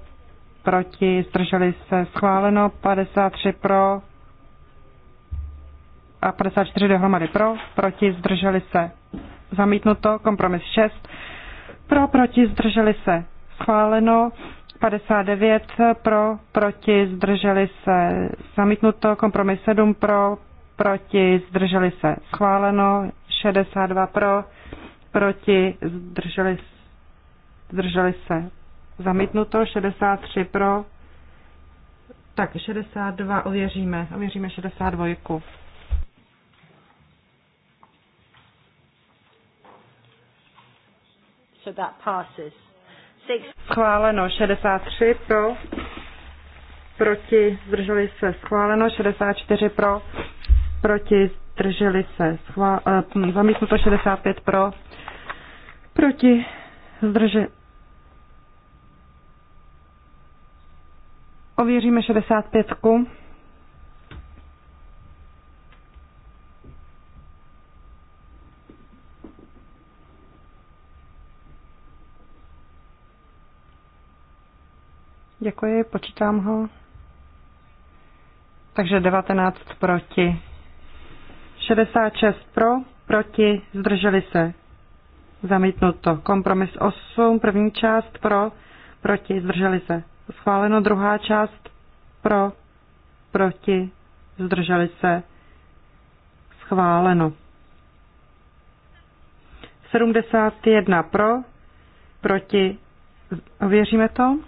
S1: proti, zdrželi se. Schváleno. 53 pro a 54 dohromady pro, proti, zdrželi se. Zamítnuto. Kompromis 6 pro, proti, zdrželi se. Schváleno. 59 pro, proti, zdrželi se. Zamítnuto kompromis 7 pro, proti, zdrželi se. Schváleno 62 pro, proti, zdrželi, zdrželi se. Zamítnuto 63 pro, tak 62 ověříme, ověříme 62. So that passes. Schváleno 63 pro, proti, zdrželi se. Schváleno 64 pro, proti, zdrželi se. Schvál, eh, hm, zamítnuto 65 pro, proti, zdrželi. Ověříme 65. -ku. Děkuji, počítám ho. Takže 19 proti. 66 pro, proti, zdrželi se. Zamítnuto. Kompromis 8, první část pro, proti, zdrželi se. Schváleno druhá část pro, proti, zdrželi se. Schváleno. 71 pro, proti, ověříme to.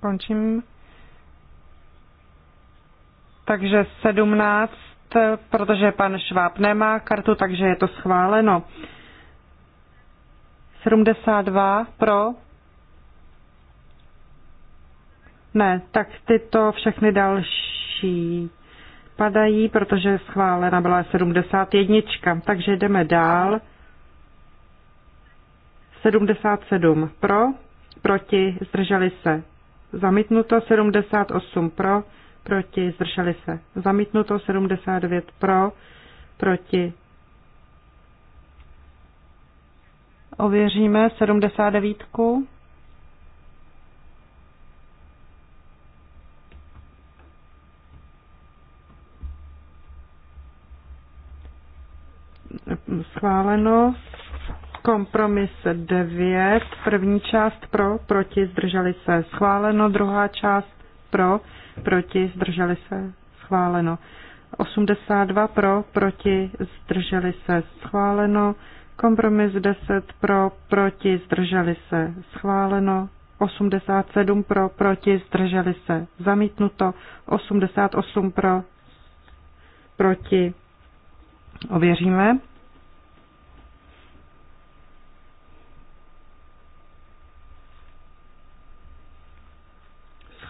S1: Končím. Takže 17, protože pan Šváb nemá kartu, takže je to schváleno. 72 pro. Ne, tak tyto všechny další padají, protože schválena byla 71. Takže jdeme dál. 77 pro, proti, zdrželi se Zamítnuto 78 pro, proti, zdrželi se. Zamítnuto 79 pro, proti. Ověříme 79. -ku. Schváleno Kompromis 9, první část pro, proti, zdrželi se, schváleno, druhá část pro, proti, zdrželi se, schváleno. 82 pro, proti, zdrželi se, schváleno. Kompromis 10 pro, proti, zdrželi se, schváleno. 87 pro, proti, zdrželi se, zamítnuto. 88 pro, proti, ověříme.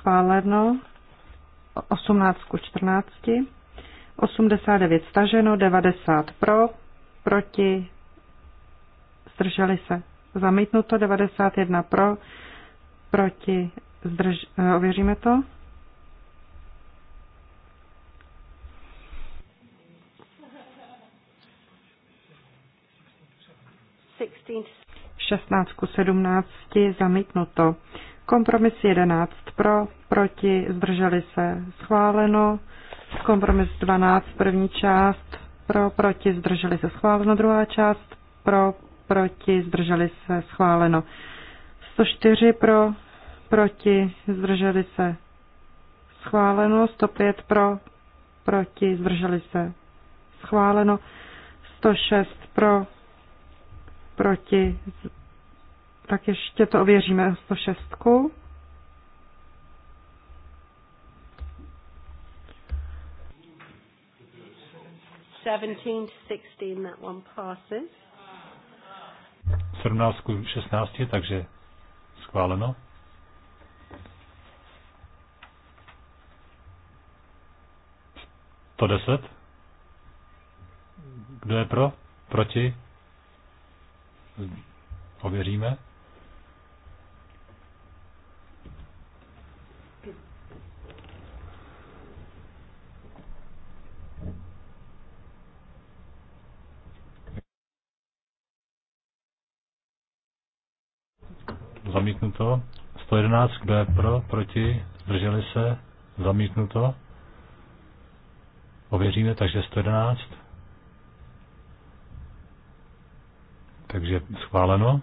S1: schváleno 18 ku 14, 89 staženo, 90 pro, proti, zdrželi se. Zamítnuto 91 pro, proti, zdrž, eh, ověříme to. Šestnáctku sedmnácti zamítnuto. Kompromis 11 pro, proti, zdrželi se, schváleno. Kompromis 12, první část, pro, proti, zdrželi se, schváleno. Druhá část, pro, proti, zdrželi se, schváleno. 104 pro, proti, zdrželi se, schváleno. 105 pro, proti, zdrželi se, schváleno. 106 pro, proti, tak ještě to ověříme 106.
S2: Seventeen
S3: to 16, takže schváleno. To deset. Kdo je pro? Proti? Ověříme. Zamítnuto. 111, kdo je pro, proti, zdrželi se, zamítnuto. Ověříme, takže 111. Takže schváleno.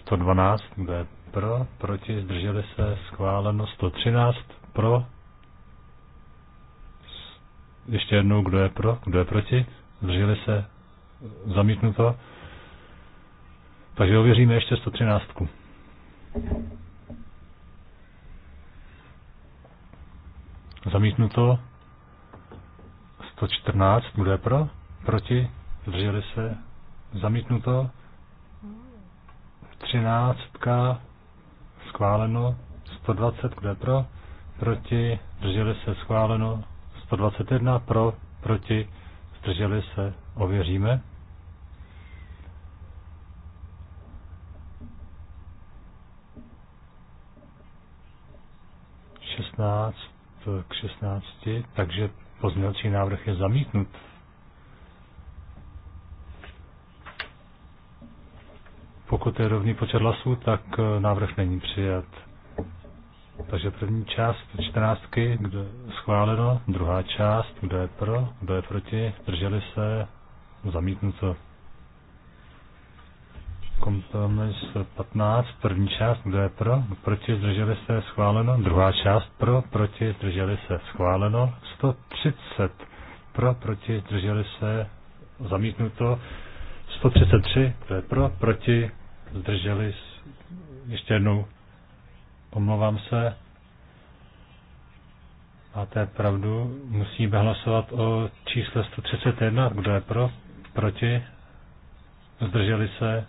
S3: 112, kdo je pro, proti, zdrželi se, schváleno. 113, pro. Ještě jednou, kdo je pro, kdo je proti, zdrželi se, zamítnuto. Takže ověříme ještě 113. Zamítnuto. 114. Kdo je pro? Proti? Zdrželi se? Zamítnuto. 13. Schváleno. 120. Kdo je pro? Proti? Zdrželi se? Schváleno. 121. Pro? Proti? Zdrželi se? Ověříme. 15 k 16, takže pozměňovací návrh je zamítnut. Pokud je rovný počet hlasů, tak eh, návrh není přijat. Takže první část 14. kde schváleno, druhá část, kdo je pro, kdo je proti, drželi se, zamítnuto. Kompromis 15, první část, kdo je pro, proti, zdrželi se, schváleno. Druhá část pro, proti, zdrželi se, schváleno. 130 pro, proti, zdrželi se, zamítnuto. 133, kdo je pro, proti, zdrželi se, ještě jednou, omlouvám se, máte pravdu, musíme hlasovat o čísle 131, kdo je pro, proti, zdrželi se,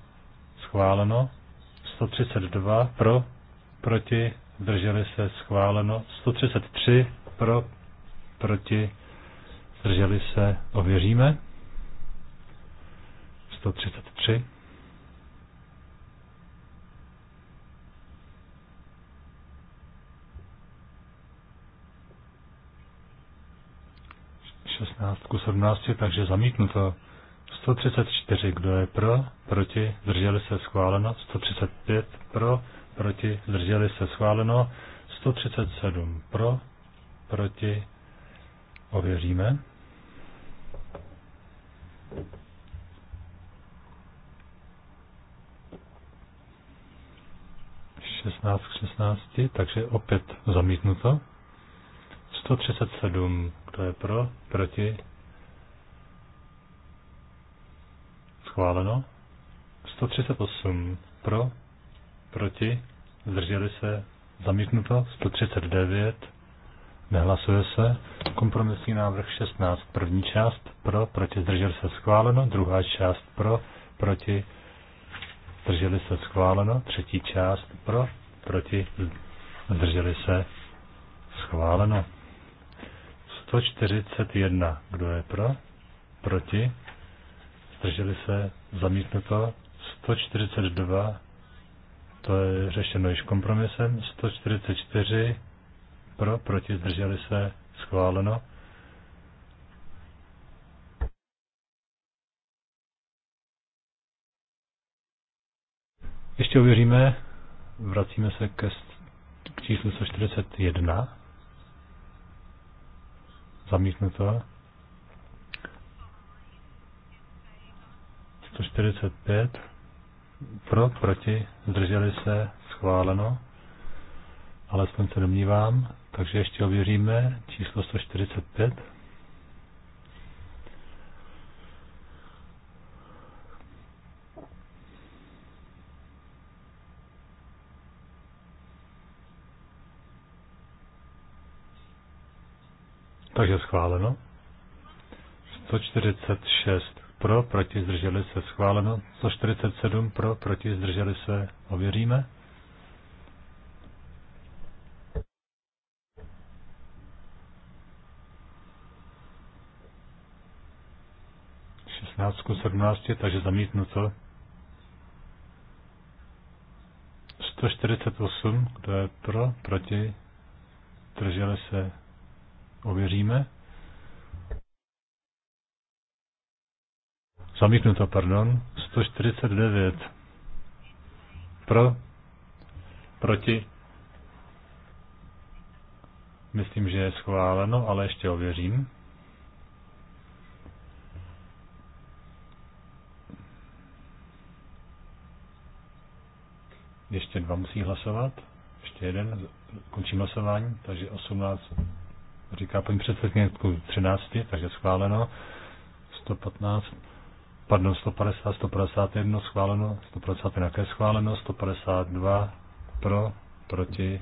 S3: schváleno. 132 pro, proti, zdrželi se, schváleno. 133 pro, proti, zdrželi se, ověříme. 133. šestnáctku, 17, takže zamítnuto. 134, kdo je pro, proti, zdrželi se schváleno, 135 pro, proti, zdrželi se schváleno, 137 pro, proti, ověříme. šestnáct k 16, takže opět zamítnuto. 137, kdo je pro, proti, Schváleno. 138 pro, proti, zdrželi se, zamítnuto. 139, nehlasuje se. Kompromisní návrh 16, první část pro, proti, zdrželi se, schváleno. Druhá část pro, proti, zdrželi se, schváleno. Třetí část pro, proti, zdrželi se, schváleno. 141, kdo je pro, proti, zdrželi se, to 142, to je řešeno již kompromisem. 144, pro, proti, zdrželi se, schváleno. Ještě uvěříme, vracíme se ke, k číslu 141. to. 145 pro, proti, zdrželi se, schváleno, ale alespoň se domnívám, takže ještě ověříme číslo 145. Takže schváleno. 146 pro, proti, zdrželi se, schváleno. 147 pro, proti, zdrželi se, ověříme. ku 17, takže to. 148, kdo je pro, proti, drželi se, ověříme. Zamítnuto, pardon. 149. Pro? Proti? Myslím, že je schváleno, ale ještě ověřím. Ještě dva musí hlasovat. Ještě jeden. Končím hlasování. Takže 18, říká paní předsedkyně, 13, takže schváleno. 115 pardon, 150, 151 schváleno, 151 také schváleno, 152 pro, proti.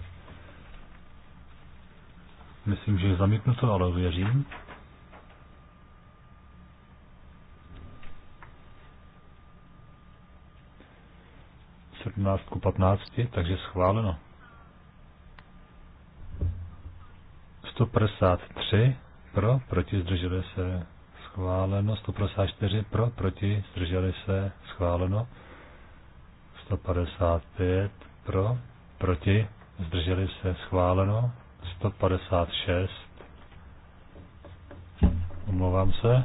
S3: Myslím, že je zamítnuto, ale věřím. ku 15, takže schváleno. 153 pro, proti zdrželi se schváleno, 154 pro, proti, zdrželi se, schváleno, 155 pro, proti, zdrželi se, schváleno, 156, omlouvám se,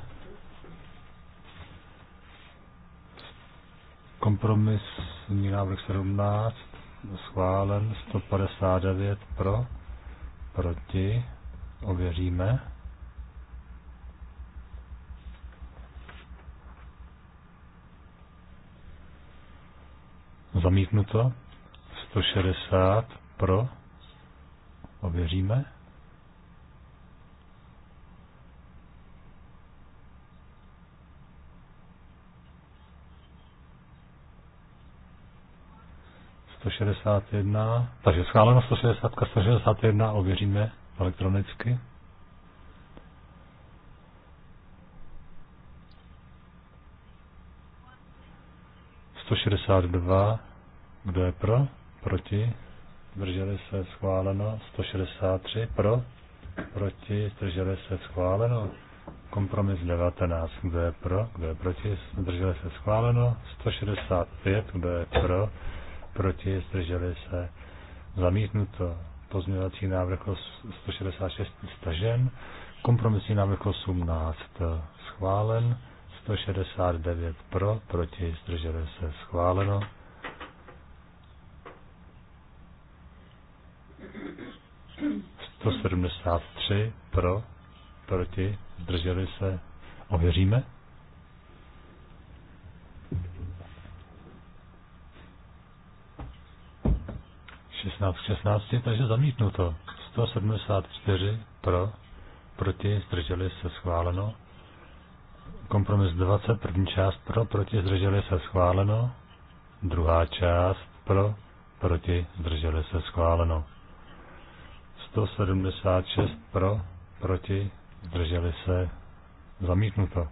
S3: kompromisní návrh 17, schválen, 159 pro, proti, ověříme. Zamítnuto. 160 pro. Ověříme. takže schváleno 160, 161 ověříme elektronicky. Sto šedesát dva. Kdo je pro? Proti? Zdrželi se schváleno. 163 pro? Proti? Zdrželi se schváleno. Kompromis 19. Kdo je pro? Kdo je proti? Zdrželi se schváleno. 165. Kdo je pro? Proti? Zdrželi se zamítnuto. Pozměňovací návrh 166 stažen. Kompromisní návrh 18 schválen. 169 pro, proti zdrželi se schváleno. 173 pro, proti, zdrželi se, ověříme. k 16, takže zamítnuto. 174 pro, proti, zdrželi se, schváleno. Kompromis 20, první část pro, proti, zdrželi se, schváleno. Druhá část pro, proti, zdrželi se, schváleno. 176 pro, proti, zdrželi se, zamítnuto.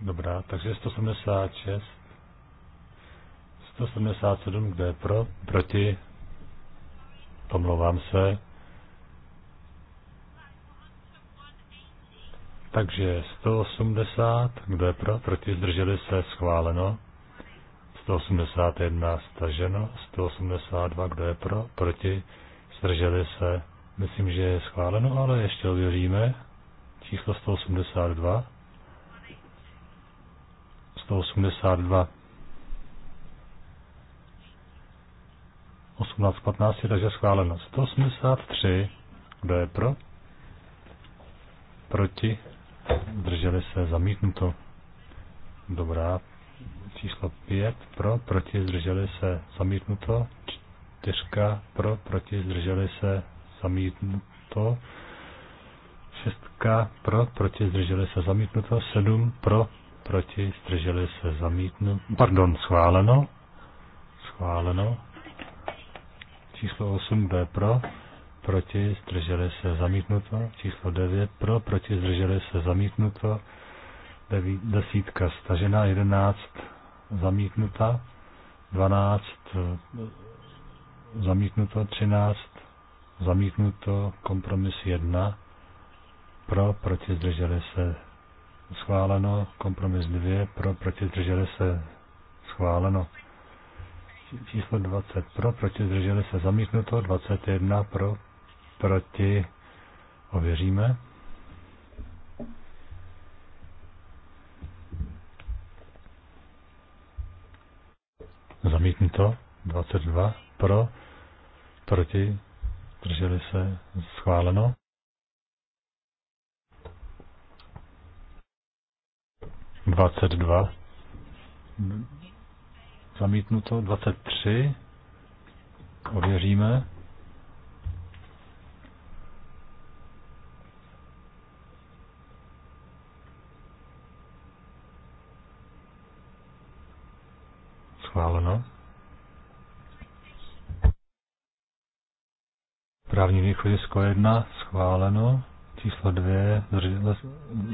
S3: Dobrá, takže 176, 177, kde je pro, proti, omlouvám se, Takže 180, kdo je pro, proti, zdrželi se, schváleno. 181 staženo, 182, kdo je pro, proti, zdrželi se, myslím, že je schváleno, ale ještě ověříme. Číslo 182. 182. 18.15 takže schváleno. 183, kdo je pro, proti, Drželi se zamítnuto. Dobrá. Číslo 5 pro, proti, zdrželi se zamítnuto. 4 pro, proti, zdrželi se zamítnuto. 6 pro, proti, zdrželi se zamítnuto. 7 pro, proti, zdrželi se zamítnuto. Pardon, schváleno. Schváleno. Číslo 8, kdo je pro? proti, zdrželi se zamítnuto, číslo 9 pro, proti, zdrželi se zamítnuto, Deví, desítka stažena, 11 zamítnuta, 12 zamítnuto, 13 zamítnuto, kompromis 1 pro, proti, zdrželi se schváleno, kompromis 2 pro, proti, zdrželi se schváleno číslo 20 pro, proti zdrželi se zamítnuto, 21 pro, proti, ověříme. to 22 pro, proti, drželi se, schváleno. Dvacet dva. Zamítnuto. Dvacet tři. Ověříme. schváleno. Právní východisko 1 schváleno, číslo 2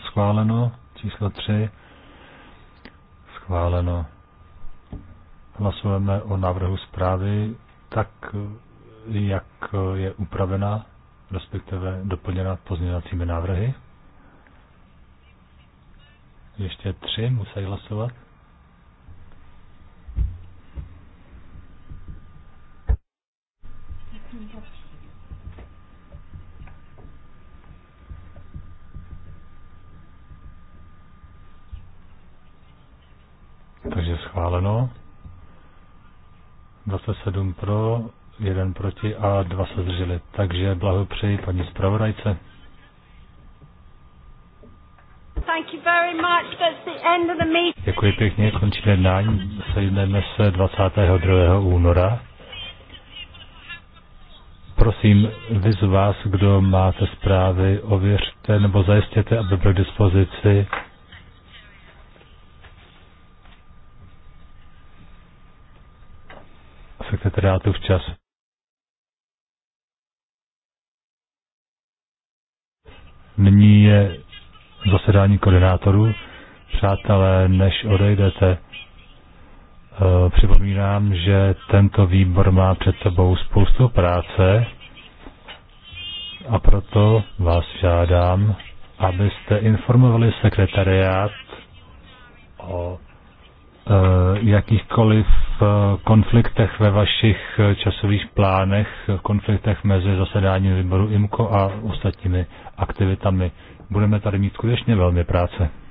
S3: schváleno, číslo 3 schváleno. Hlasujeme o návrhu zprávy tak, jak je upravena, respektive doplněna pozměňovacími návrhy. Ještě tři musí hlasovat. schváleno. 27 pro, 1 proti a 2 se zdrželi. Takže blahopřeji paní zpravodajce. Děkuji pěkně, končíme jednání. Sejdeme se 22. února. Prosím, vy z vás, kdo máte zprávy, ověřte nebo zajistěte, aby byly k dispozici sekretariátu včas. Nyní je zasedání koordinátorů. Přátelé, než odejdete, eh, připomínám, že tento výbor má před sebou spoustu práce a proto vás žádám, abyste informovali sekretariát o Eh, jakýchkoliv eh, konfliktech ve vašich eh, časových plánech, konfliktech mezi zasedáním výboru IMKO a ostatními aktivitami. Budeme tady mít skutečně velmi práce.